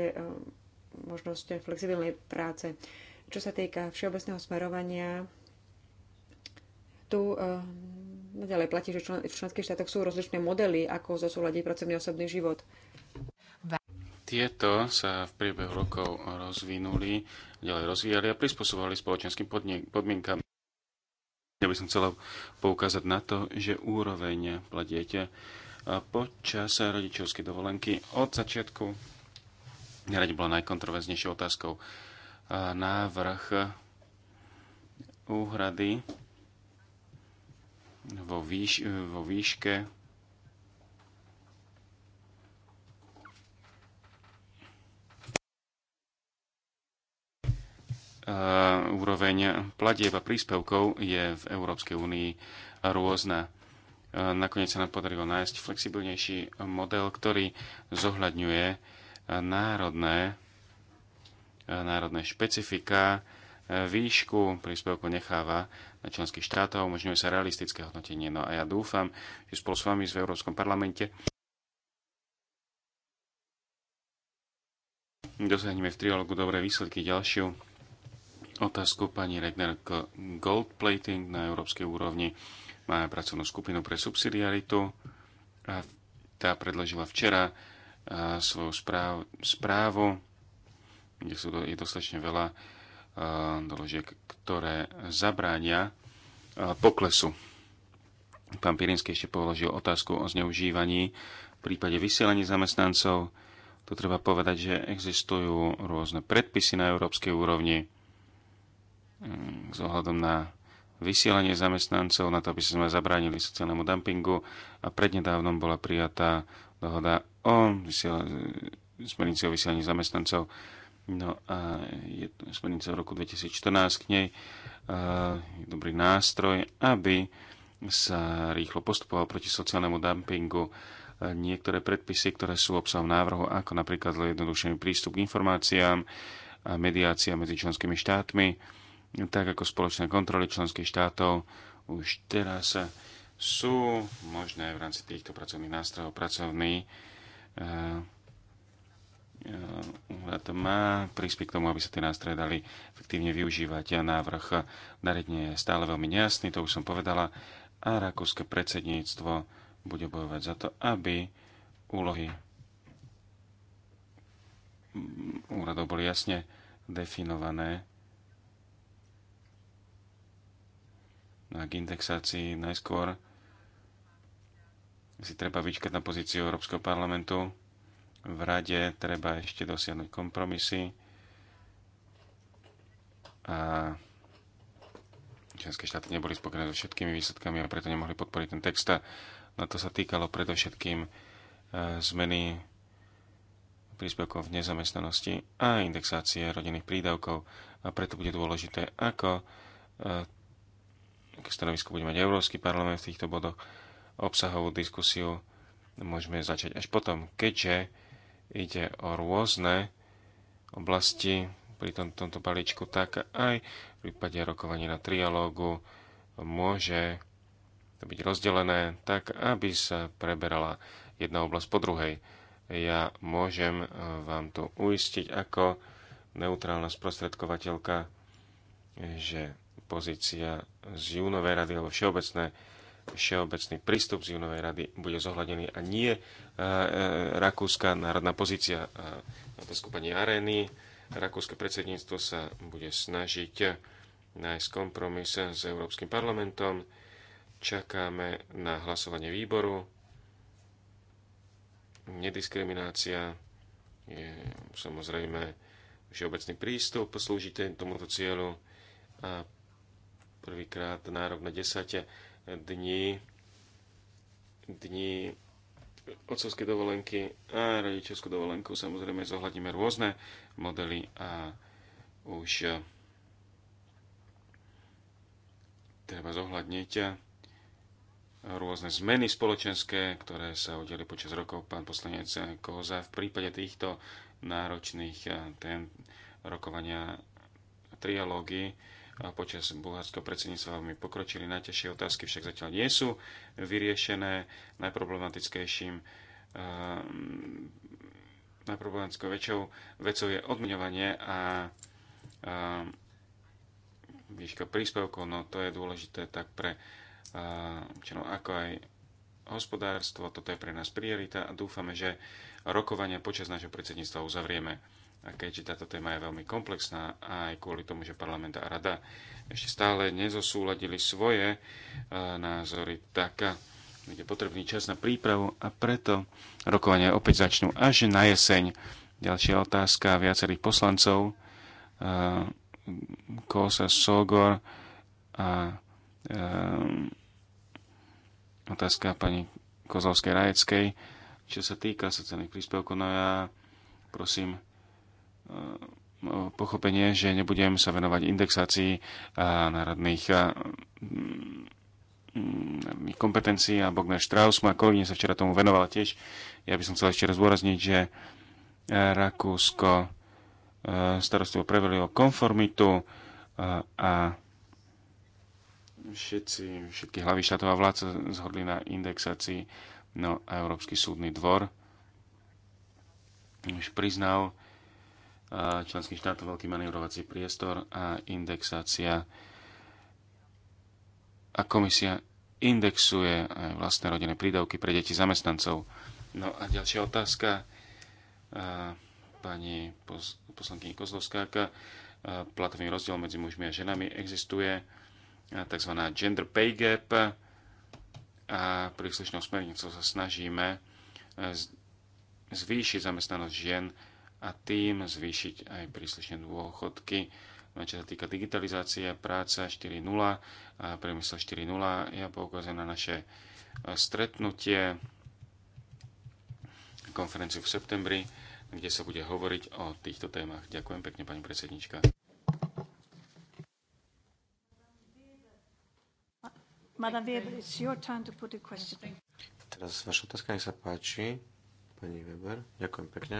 možnosť flexibilnej práce. Čo sa týka všeobecného smerovania, tu e, naďalej platí, že v členských štátoch sú rozličné modely, ako zosúľadiť pracovný osobný život. Tieto sa v priebehu rokov rozvinuli, ďalej rozvíjali a prispôsobovali spoločenským podmienkam. Ja by som chcela poukázať na to, že úroveň platiete eh, počas rodičovskej dovolenky od začiatku neradi bola najkontroverznejšou otázkou eh, návrh eh, úhrady vo, výš- vo výške úroveň platieb a príspevkov je v Európskej únii rôzna. Nakoniec sa nám podarilo nájsť flexibilnejší model, ktorý zohľadňuje národné, národné špecifika, výšku príspevku necháva na členských štátov, umožňuje sa realistické hodnotenie. No a ja dúfam, že spolu s vami v Európskom parlamente dosiahneme v trialogu dobré výsledky. Ďalšiu otázku pani Regner k gold plating na európskej úrovni. Máme pracovnú skupinu pre subsidiaritu a tá predložila včera svoju správ, správu, kde sú do, je dostatečne veľa doložiek, ktoré zabránia poklesu. Pán Pirinsky ešte položil otázku o zneužívaní v prípade vysielania zamestnancov. tu treba povedať, že existujú rôzne predpisy na európskej úrovni, Mm, s ohľadom na vysielanie zamestnancov, na to, aby sme zabránili sociálnemu dumpingu a prednedávnom bola prijatá dohoda o smernici o vysielaní zamestnancov. No a je to smernica roku 2014 k nej je dobrý nástroj, aby sa rýchlo postupoval proti sociálnemu dumpingu. Niektoré predpisy, ktoré sú obsahom návrhu, ako napríklad zjednodušený prístup k informáciám a mediácia medzi členskými štátmi, tak ako spoločné kontroly členských štátov už teraz sú možné v rámci týchto pracovných nástrojov pracovný eh, eh, úrad má prispieť k tomu, aby sa tie nástroje dali efektívne využívať. A návrh nariadenia je stále veľmi nejasný, to už som povedala, a rakúske predsedníctvo bude bojovať za to, aby úlohy úradov boli jasne definované k indexácii najskôr si treba vyčkať na pozíciu Európskeho parlamentu. V rade treba ešte dosiahnuť kompromisy a členské štáty neboli spokojné so všetkými výsledkami a preto nemohli podporiť ten text. Na to sa týkalo predovšetkým e, zmeny príspevkov v nezamestnanosti a indexácie rodinných prídavkov a preto bude dôležité, ako e, aké stanovisko bude mať Európsky parlament v týchto bodoch, obsahovú diskusiu môžeme začať až potom, keďže ide o rôzne oblasti pri tom, tomto balíčku, tak aj v prípade rokovania na trialógu môže to byť rozdelené tak, aby sa preberala jedna oblasť po druhej. Ja môžem e, vám tu uistiť ako neutrálna sprostredkovateľka, že pozícia z júnovej rady alebo všeobecné, všeobecný prístup z júnovej rady bude zohľadený a nie e, e, rakúska národná pozícia e, a otázku Arény. Rakúske predsedníctvo sa bude snažiť nájsť kompromis s Európskym parlamentom. Čakáme na hlasovanie výboru. Nediskriminácia je samozrejme všeobecný prístup slúži tomuto cieľu a prvýkrát nárok na 10 dní, dní otcovskej dovolenky a rodičovskú dovolenku. Samozrejme zohľadíme rôzne modely a už treba zohľadniť rôzne zmeny spoločenské, ktoré sa udeli počas rokov. Pán poslanec Koza v prípade týchto náročných eh, rokovania trialógy počas bulharského predsedníctva veľmi pokročili. Najťažšie otázky však zatiaľ nie sú vyriešené. Najproblematickejším ehm, najproblematickou väčšou vecou je odmňovanie a, a ehm, výška príspevkov, no to je dôležité tak pre ehm, občanov ako aj hospodárstvo, toto je pre nás priorita a dúfame, že rokovania počas nášho predsedníctva uzavrieme. A keďže táto téma je veľmi komplexná a aj kvôli tomu, že parlament a rada ešte stále nezosúladili svoje e, názory, tak bude potrebný čas na prípravu a preto rokovania opäť začnú až na jeseň. Ďalšia otázka viacerých poslancov. E, Kosa, Sogor a e, otázka pani Kozlovskej Rajeckej. Čo sa týka sociálnych príspevkov, no ja prosím, Eh, pochopenie, že nebudem sa venovať indexácii eh, národných eh, mm, kompetencií a Bogner Strauss, moja kolegyňa sa včera tomu venovala tiež. Ja by som chcel ešte raz zdôrazniť, že Rakúsko starostlivo prevelilo konformitu a všetci, všetky hlavy štátov a vlád sa zhodli na indexácii. No a Európsky súdny dvor už priznal, členských štátov veľký manevrovací priestor a indexácia. A komisia indexuje aj vlastné rodinné prídavky pre deti zamestnancov. No a ďalšia otázka pani poslankyni Kozlovskáka. Platový rozdiel medzi mužmi a ženami existuje tzv. gender pay gap a príslušnou smernicou sa snažíme zvýšiť zamestnanosť žien a tým zvýšiť aj príslušne dôchodky. No, čo sa týka digitalizácie, práca 4.0 a priemysel 4.0, ja poukazujem na naše e, stretnutie, konferenciu v septembri, kde sa bude hovoriť o týchto témach. Ďakujem pekne, pani predsednička. Teraz vaša otázka, nech sa páči, pani Weber. Ďakujem pekne.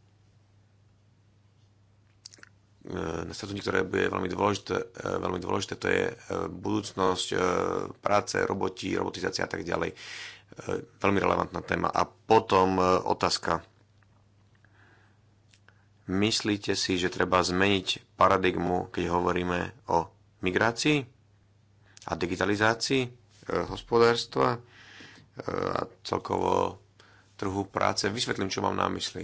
E, stretnutí, ktoré bude veľmi dôležité, e, veľmi dôležité, to je e, budúcnosť práce, roboti, robotizácia a tak ďalej. Veľmi relevantná téma. A potom otázka. Myslíte si, že treba zmeniť paradigmu, keď hovoríme o migrácii a digitalizácii hospodárstva a celkovo trhu práce? Vysvetlím, čo mám na mysli.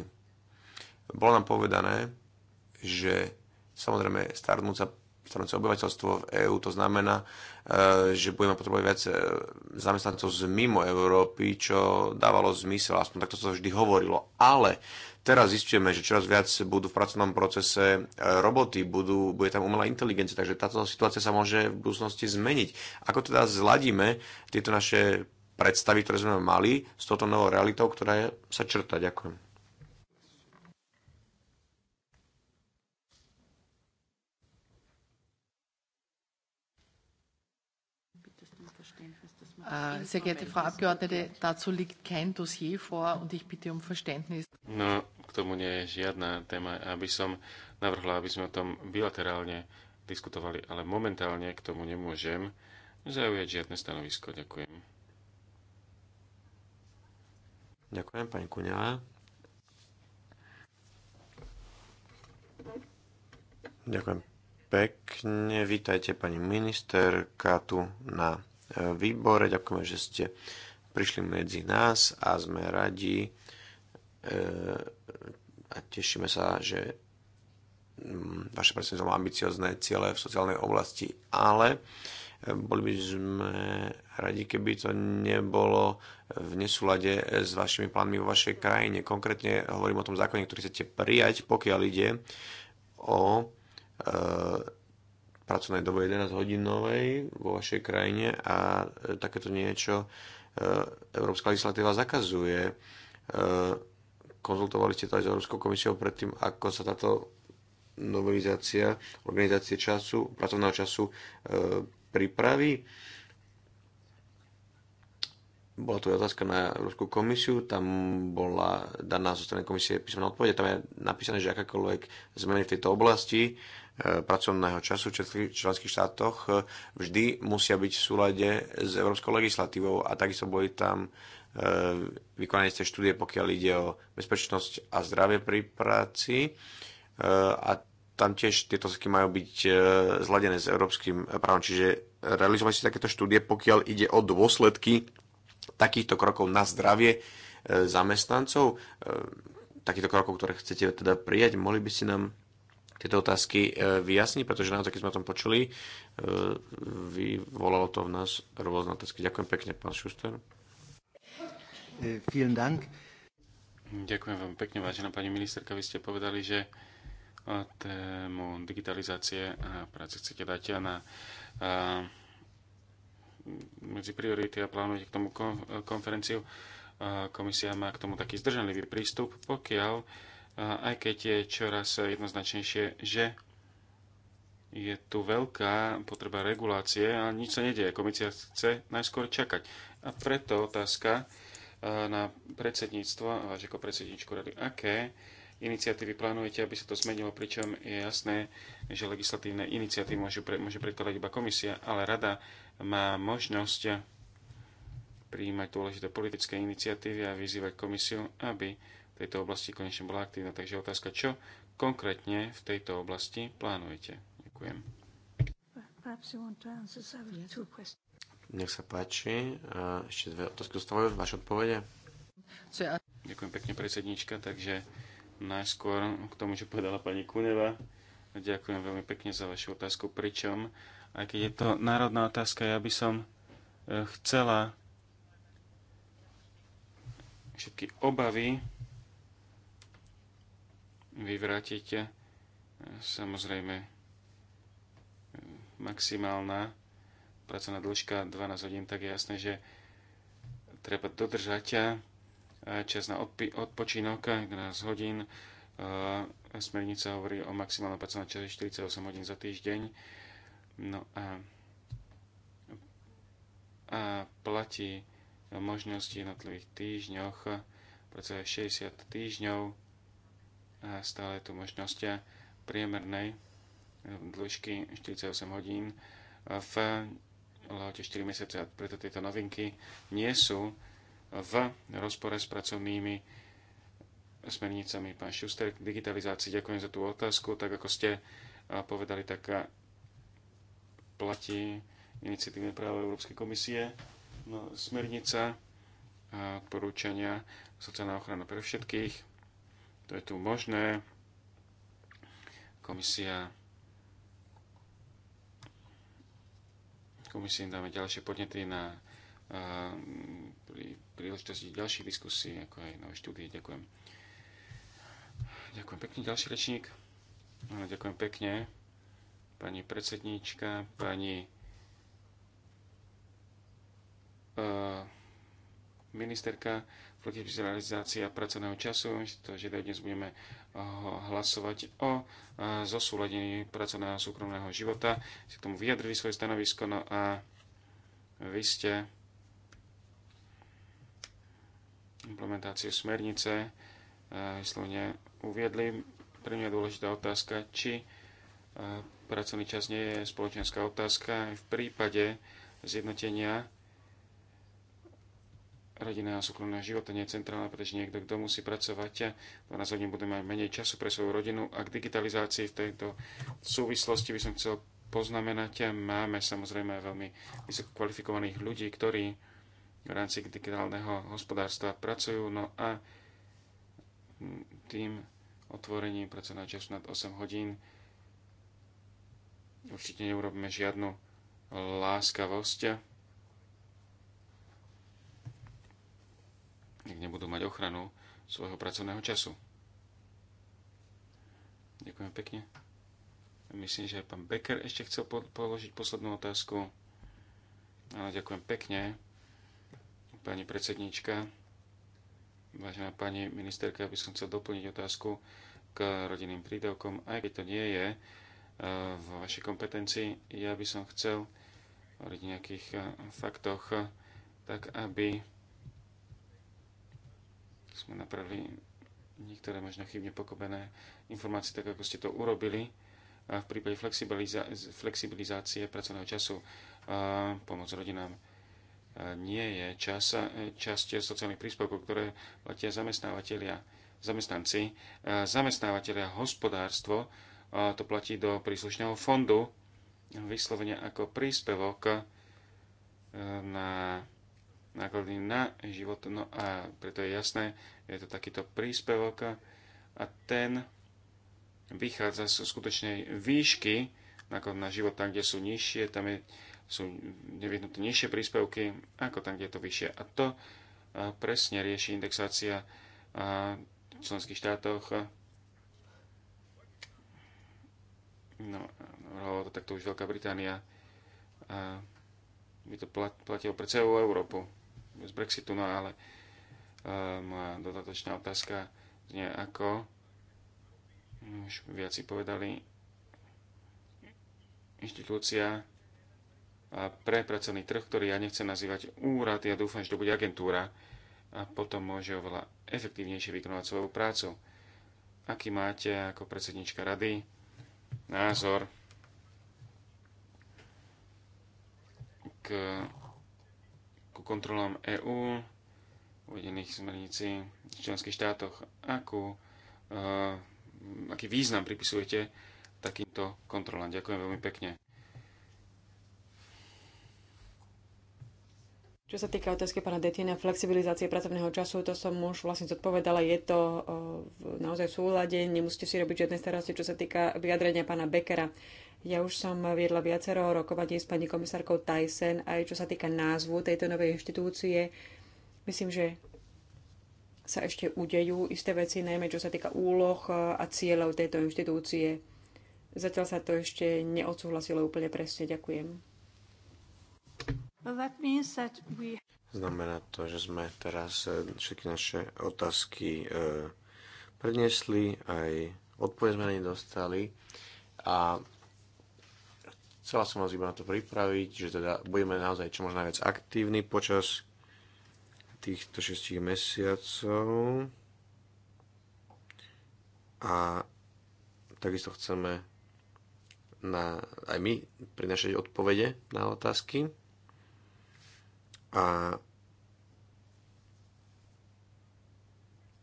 Bolo nám povedané, že Samozrejme, starnúca starnúce obyvateľstvo v EÚ, to znamená, e, že budeme potrebovať viac e, zamestnancov z mimo Európy, čo dávalo zmysel, aspoň takto sa vždy hovorilo. Ale teraz zistujeme, že čoraz viac budú v pracovnom procese e, roboty, budú, bude tam umelá inteligencia, takže táto situácia sa môže v budúcnosti zmeniť. Ako teda zladíme tieto naše predstavy, ktoré sme mali s touto novou realitou, ktorá sa črta? Ďakujem. Äh, sehr geehrte Frau Abgeordnete, dazu liegt kein Dossier vor und ich bitte um Verständnis. No, k tomu nie je žiadna téma, aby som navrhla, aby sme o tom bilaterálne diskutovali, ale momentálne k tomu nemôžem zaujať žiadne stanovisko. Ďakujem. Ďakujem, pani Kuňová. Ďakujem pekne. Vítajte, pani ministerka, tu na výbore. Ďakujeme, že ste prišli medzi nás a sme radi e, a tešíme sa, že mm, vaše predstavenie má ambiciozne ciele v sociálnej oblasti, ale e, boli by sme radi, keby to nebolo v nesúlade s vašimi plánmi vo vašej krajine. Konkrétne hovorím o tom zákone, ktorý chcete prijať, pokiaľ ide o e, pracovnej dobe 11 hodinovej vo vašej krajine a e, takéto niečo e, európska legislatíva zakazuje. E, konzultovali ste to aj s Európskou komisiou predtým, ako sa táto novelizácia organizácie času, pracovného času pripraví. Bola tu otázka na Európsku komisiu, tam bola daná zo strany komisie písomná odpoveď, tam je napísané, že akákoľvek zmeny v tejto oblasti Eh, pracovného času v členských štátoch eh, vždy musia byť v súlade s európskou legislatívou a takisto boli tam eh, vykonanie tej štúdie, pokiaľ ide o bezpečnosť a zdravie pri práci a tam tiež tieto sky majú byť zladené s európskym právom, čiže realizovať si takéto štúdie, pokiaľ ide o dôsledky takýchto krokov na zdravie zamestnancov, takýchto krokov, ktoré chcete teda prijať, mohli by si nám tieto otázky e, vyjasní, pretože naozaj, keď sme o tom počuli, e, vyvolalo to v nás rôzne otázky. Ďakujem pekne, pán Šuster. E, vielen Dank. Ďakujem veľmi pekne, vážená pani ministerka. Vy ste povedali, že tému digitalizácie a práce chcete dať a na medzi priority a plánujete k tomu konferenciu. Komisia má k tomu taký zdržanlivý prístup, pokiaľ aj keď je čoraz jednoznačnejšie, že je tu veľká potreba regulácie a nič sa nedieje. Komisia chce najskôr čakať. A preto otázka e, na predsedníctvo, a ako predsedničku rady, aké iniciatívy plánujete, aby sa to zmenilo, pričom je jasné, že legislatívne iniciatívy pre, môže predkladať iba komisia, ale rada má možnosť prijímať dôležité politické iniciatívy a vyzývať komisiu, aby tejto oblasti konečne bola aktívna. Takže otázka, čo konkrétne v tejto oblasti plánujete? Ďakujem. Nech sa páči. Ešte dve otázky zostávajú v vašej odpovede. Uh, Ďakujem pekne, predsednička. Takže najskôr k tomu, čo povedala pani Kuneva. Ďakujem veľmi pekne za vašu otázku. Pričom, aj keď je to národná otázka, ja by som eh, chcela všetky obavy vyvrátiť. Samozrejme, maximálna pracovná dĺžka 12 hodín, tak je jasné, že treba dodržať eh, čas na odpočinok 11 hodín. Eh, smernica hovorí o maximálnom pracovnom čase 48 hodín za týždeň. No a, a platí možnosti jednotlivých týždňoch, pracuje 60 týždňov a stále je tu možnosť priemernej dĺžky 48 hodín v lehote 4 mesiace a preto tieto novinky nie sú v rozpore s pracovnými smernicami. Pán Šuster, k digitalizácii ďakujem za tú otázku. Tak ako ste povedali, tak platí iniciatívne právo Európskej komisie, no, smernica a odporúčania sociálna ochrana pre všetkých to je tu možné. Komisia komisii dáme ďalšie podnety na pri príležitosti ďalších diskusí, ako aj nové štúdie. Ďakujem. Ďakujem pekne, ďalší rečník. No, ďakujem pekne, pani predsedníčka, pani ministerka, a pracovného času, takže dnes budeme eh, hlasovať o eh, zosúladení pracovného a súkromného života. Si tomu vyjadrili svoje stanovisko, no a vy ste implementáciu smernice eh, vyslovne uviedli. Pre mňa je dôležitá otázka, či pracovný čas nie je spoločenská otázka v prípade zjednotenia a súkromné života nie je centrálna, pretože niekto, kto musí pracovať, 12 hodín bude mať menej času pre svoju rodinu a k digitalizácii v tejto súvislosti by som chcel poznamenať, máme samozrejme veľmi vysoko kvalifikovaných ľudí, ktorí v rámci digitálneho hospodárstva pracujú, no a tým otvorením pracovného času nad 8 hodín určite neurobíme žiadnu láskavosť ak nebudú mať ochranu svojho pracovného času. Ďakujem pekne. Myslím, že aj pán Becker ešte chcel položiť poslednú otázku. Áno, ďakujem pekne. Pani predsednička, vážená pani ministerka, aby som chcel doplniť otázku k rodinným prídavkom, aj keď to nie je eh, v vašej kompetencii. Ja by som chcel hovoriť o nejakých eh, faktoch, eh, tak aby sme napravili niektoré možno chybne pokopené informácie, tak ako ste to urobili v prípade flexibilizá- flexibilizácie pracovného času pomoc rodinám e, nie je čas, e, časť sociálnych príspevkov, ktoré platia zamestnávateľia, zamestnanci, e, zamestnávateľia, hospodárstvo, to platí do príslušného fondu, vyslovene ako príspevok na náklady na život. No a preto je jasné, je to takýto príspevok a ten vychádza z skutočnej výšky náklad na život, tam, kde sú nižšie, tam je, sú nevyhnuté nižšie príspevky, ako tam, kde je to vyššie. A to presne rieši indexácia v členských štátoch. No, to takto už Veľká Británia. A by to platilo pre celú Európu z Brexitu, no ale e, moja dodatočná otázka znie ako, už viaci povedali, inštitúcia e, pre pracovný trh, ktorý ja nechcem nazývať úrad, ja dúfam, že to bude agentúra a potom môže oveľa efektívnejšie vykonovať svoju prácu. Aký máte ako predsednička rady názor k ku kontrolám EÚ, uvedených smernici v členských štátoch, akú, uh, aký význam pripisujete takýmto kontrolám. Ďakujem veľmi pekne. Čo sa týka otázky pána Detina, flexibilizácie pracovného času, to som už vlastne zodpovedala, je to eh, naozaj v súlade, nemusíte si robiť žiadne starosti, čo sa týka vyjadrenia pána Bekera. Ja už som viedla viacero rokovanie s pani komisárkou Tyson, aj čo sa týka názvu tejto novej inštitúcie. Myslím, že sa ešte udejú isté veci, najmä čo sa týka úloh a cieľov tejto inštitúcie. Zatiaľ sa to ešte neodsúhlasilo úplne presne. Ďakujem. Znamená to, že sme teraz eh, všetky naše otázky eh, predniesli, aj odpovedzme na ne dostali a Chcela som vás iba na to pripraviť, že teda budeme naozaj čo možno najviac aktívni počas týchto 6 mesiacov. A takisto chceme na, aj my prinašať odpovede na otázky. A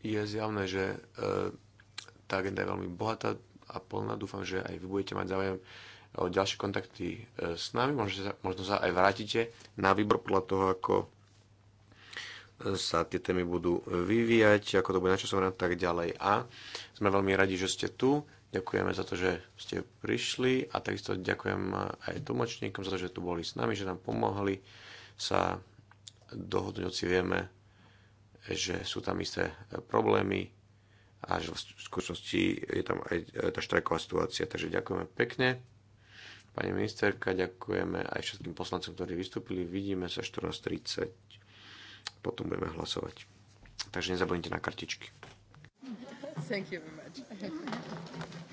je zjavné, že e, tá agenda je veľmi bohatá a plná. Dúfam, že aj vy budete mať záujem o ďalšie kontakty e, s nami. Možno sa, možno sa aj vrátite na výbor podľa toho, ako e, sa tie témy budú vyvíjať, ako to bude načasované a tak ďalej. A sme veľmi radi, že ste tu. Ďakujeme za to, že ste prišli a takisto ďakujem aj tlmočníkom za to, že tu boli s nami, že nám pomohli sa dohodnúť, si vieme, že sú tam isté problémy a že v skutočnosti je tam aj e, tá štrajková situácia. Takže ďakujeme pekne. Pani ministerka, ďakujeme aj všetkým poslancom, ktorí vystúpili. Vidíme sa 14.30. Potom budeme hlasovať. Takže nezabudnite na kartičky. Thank you very much.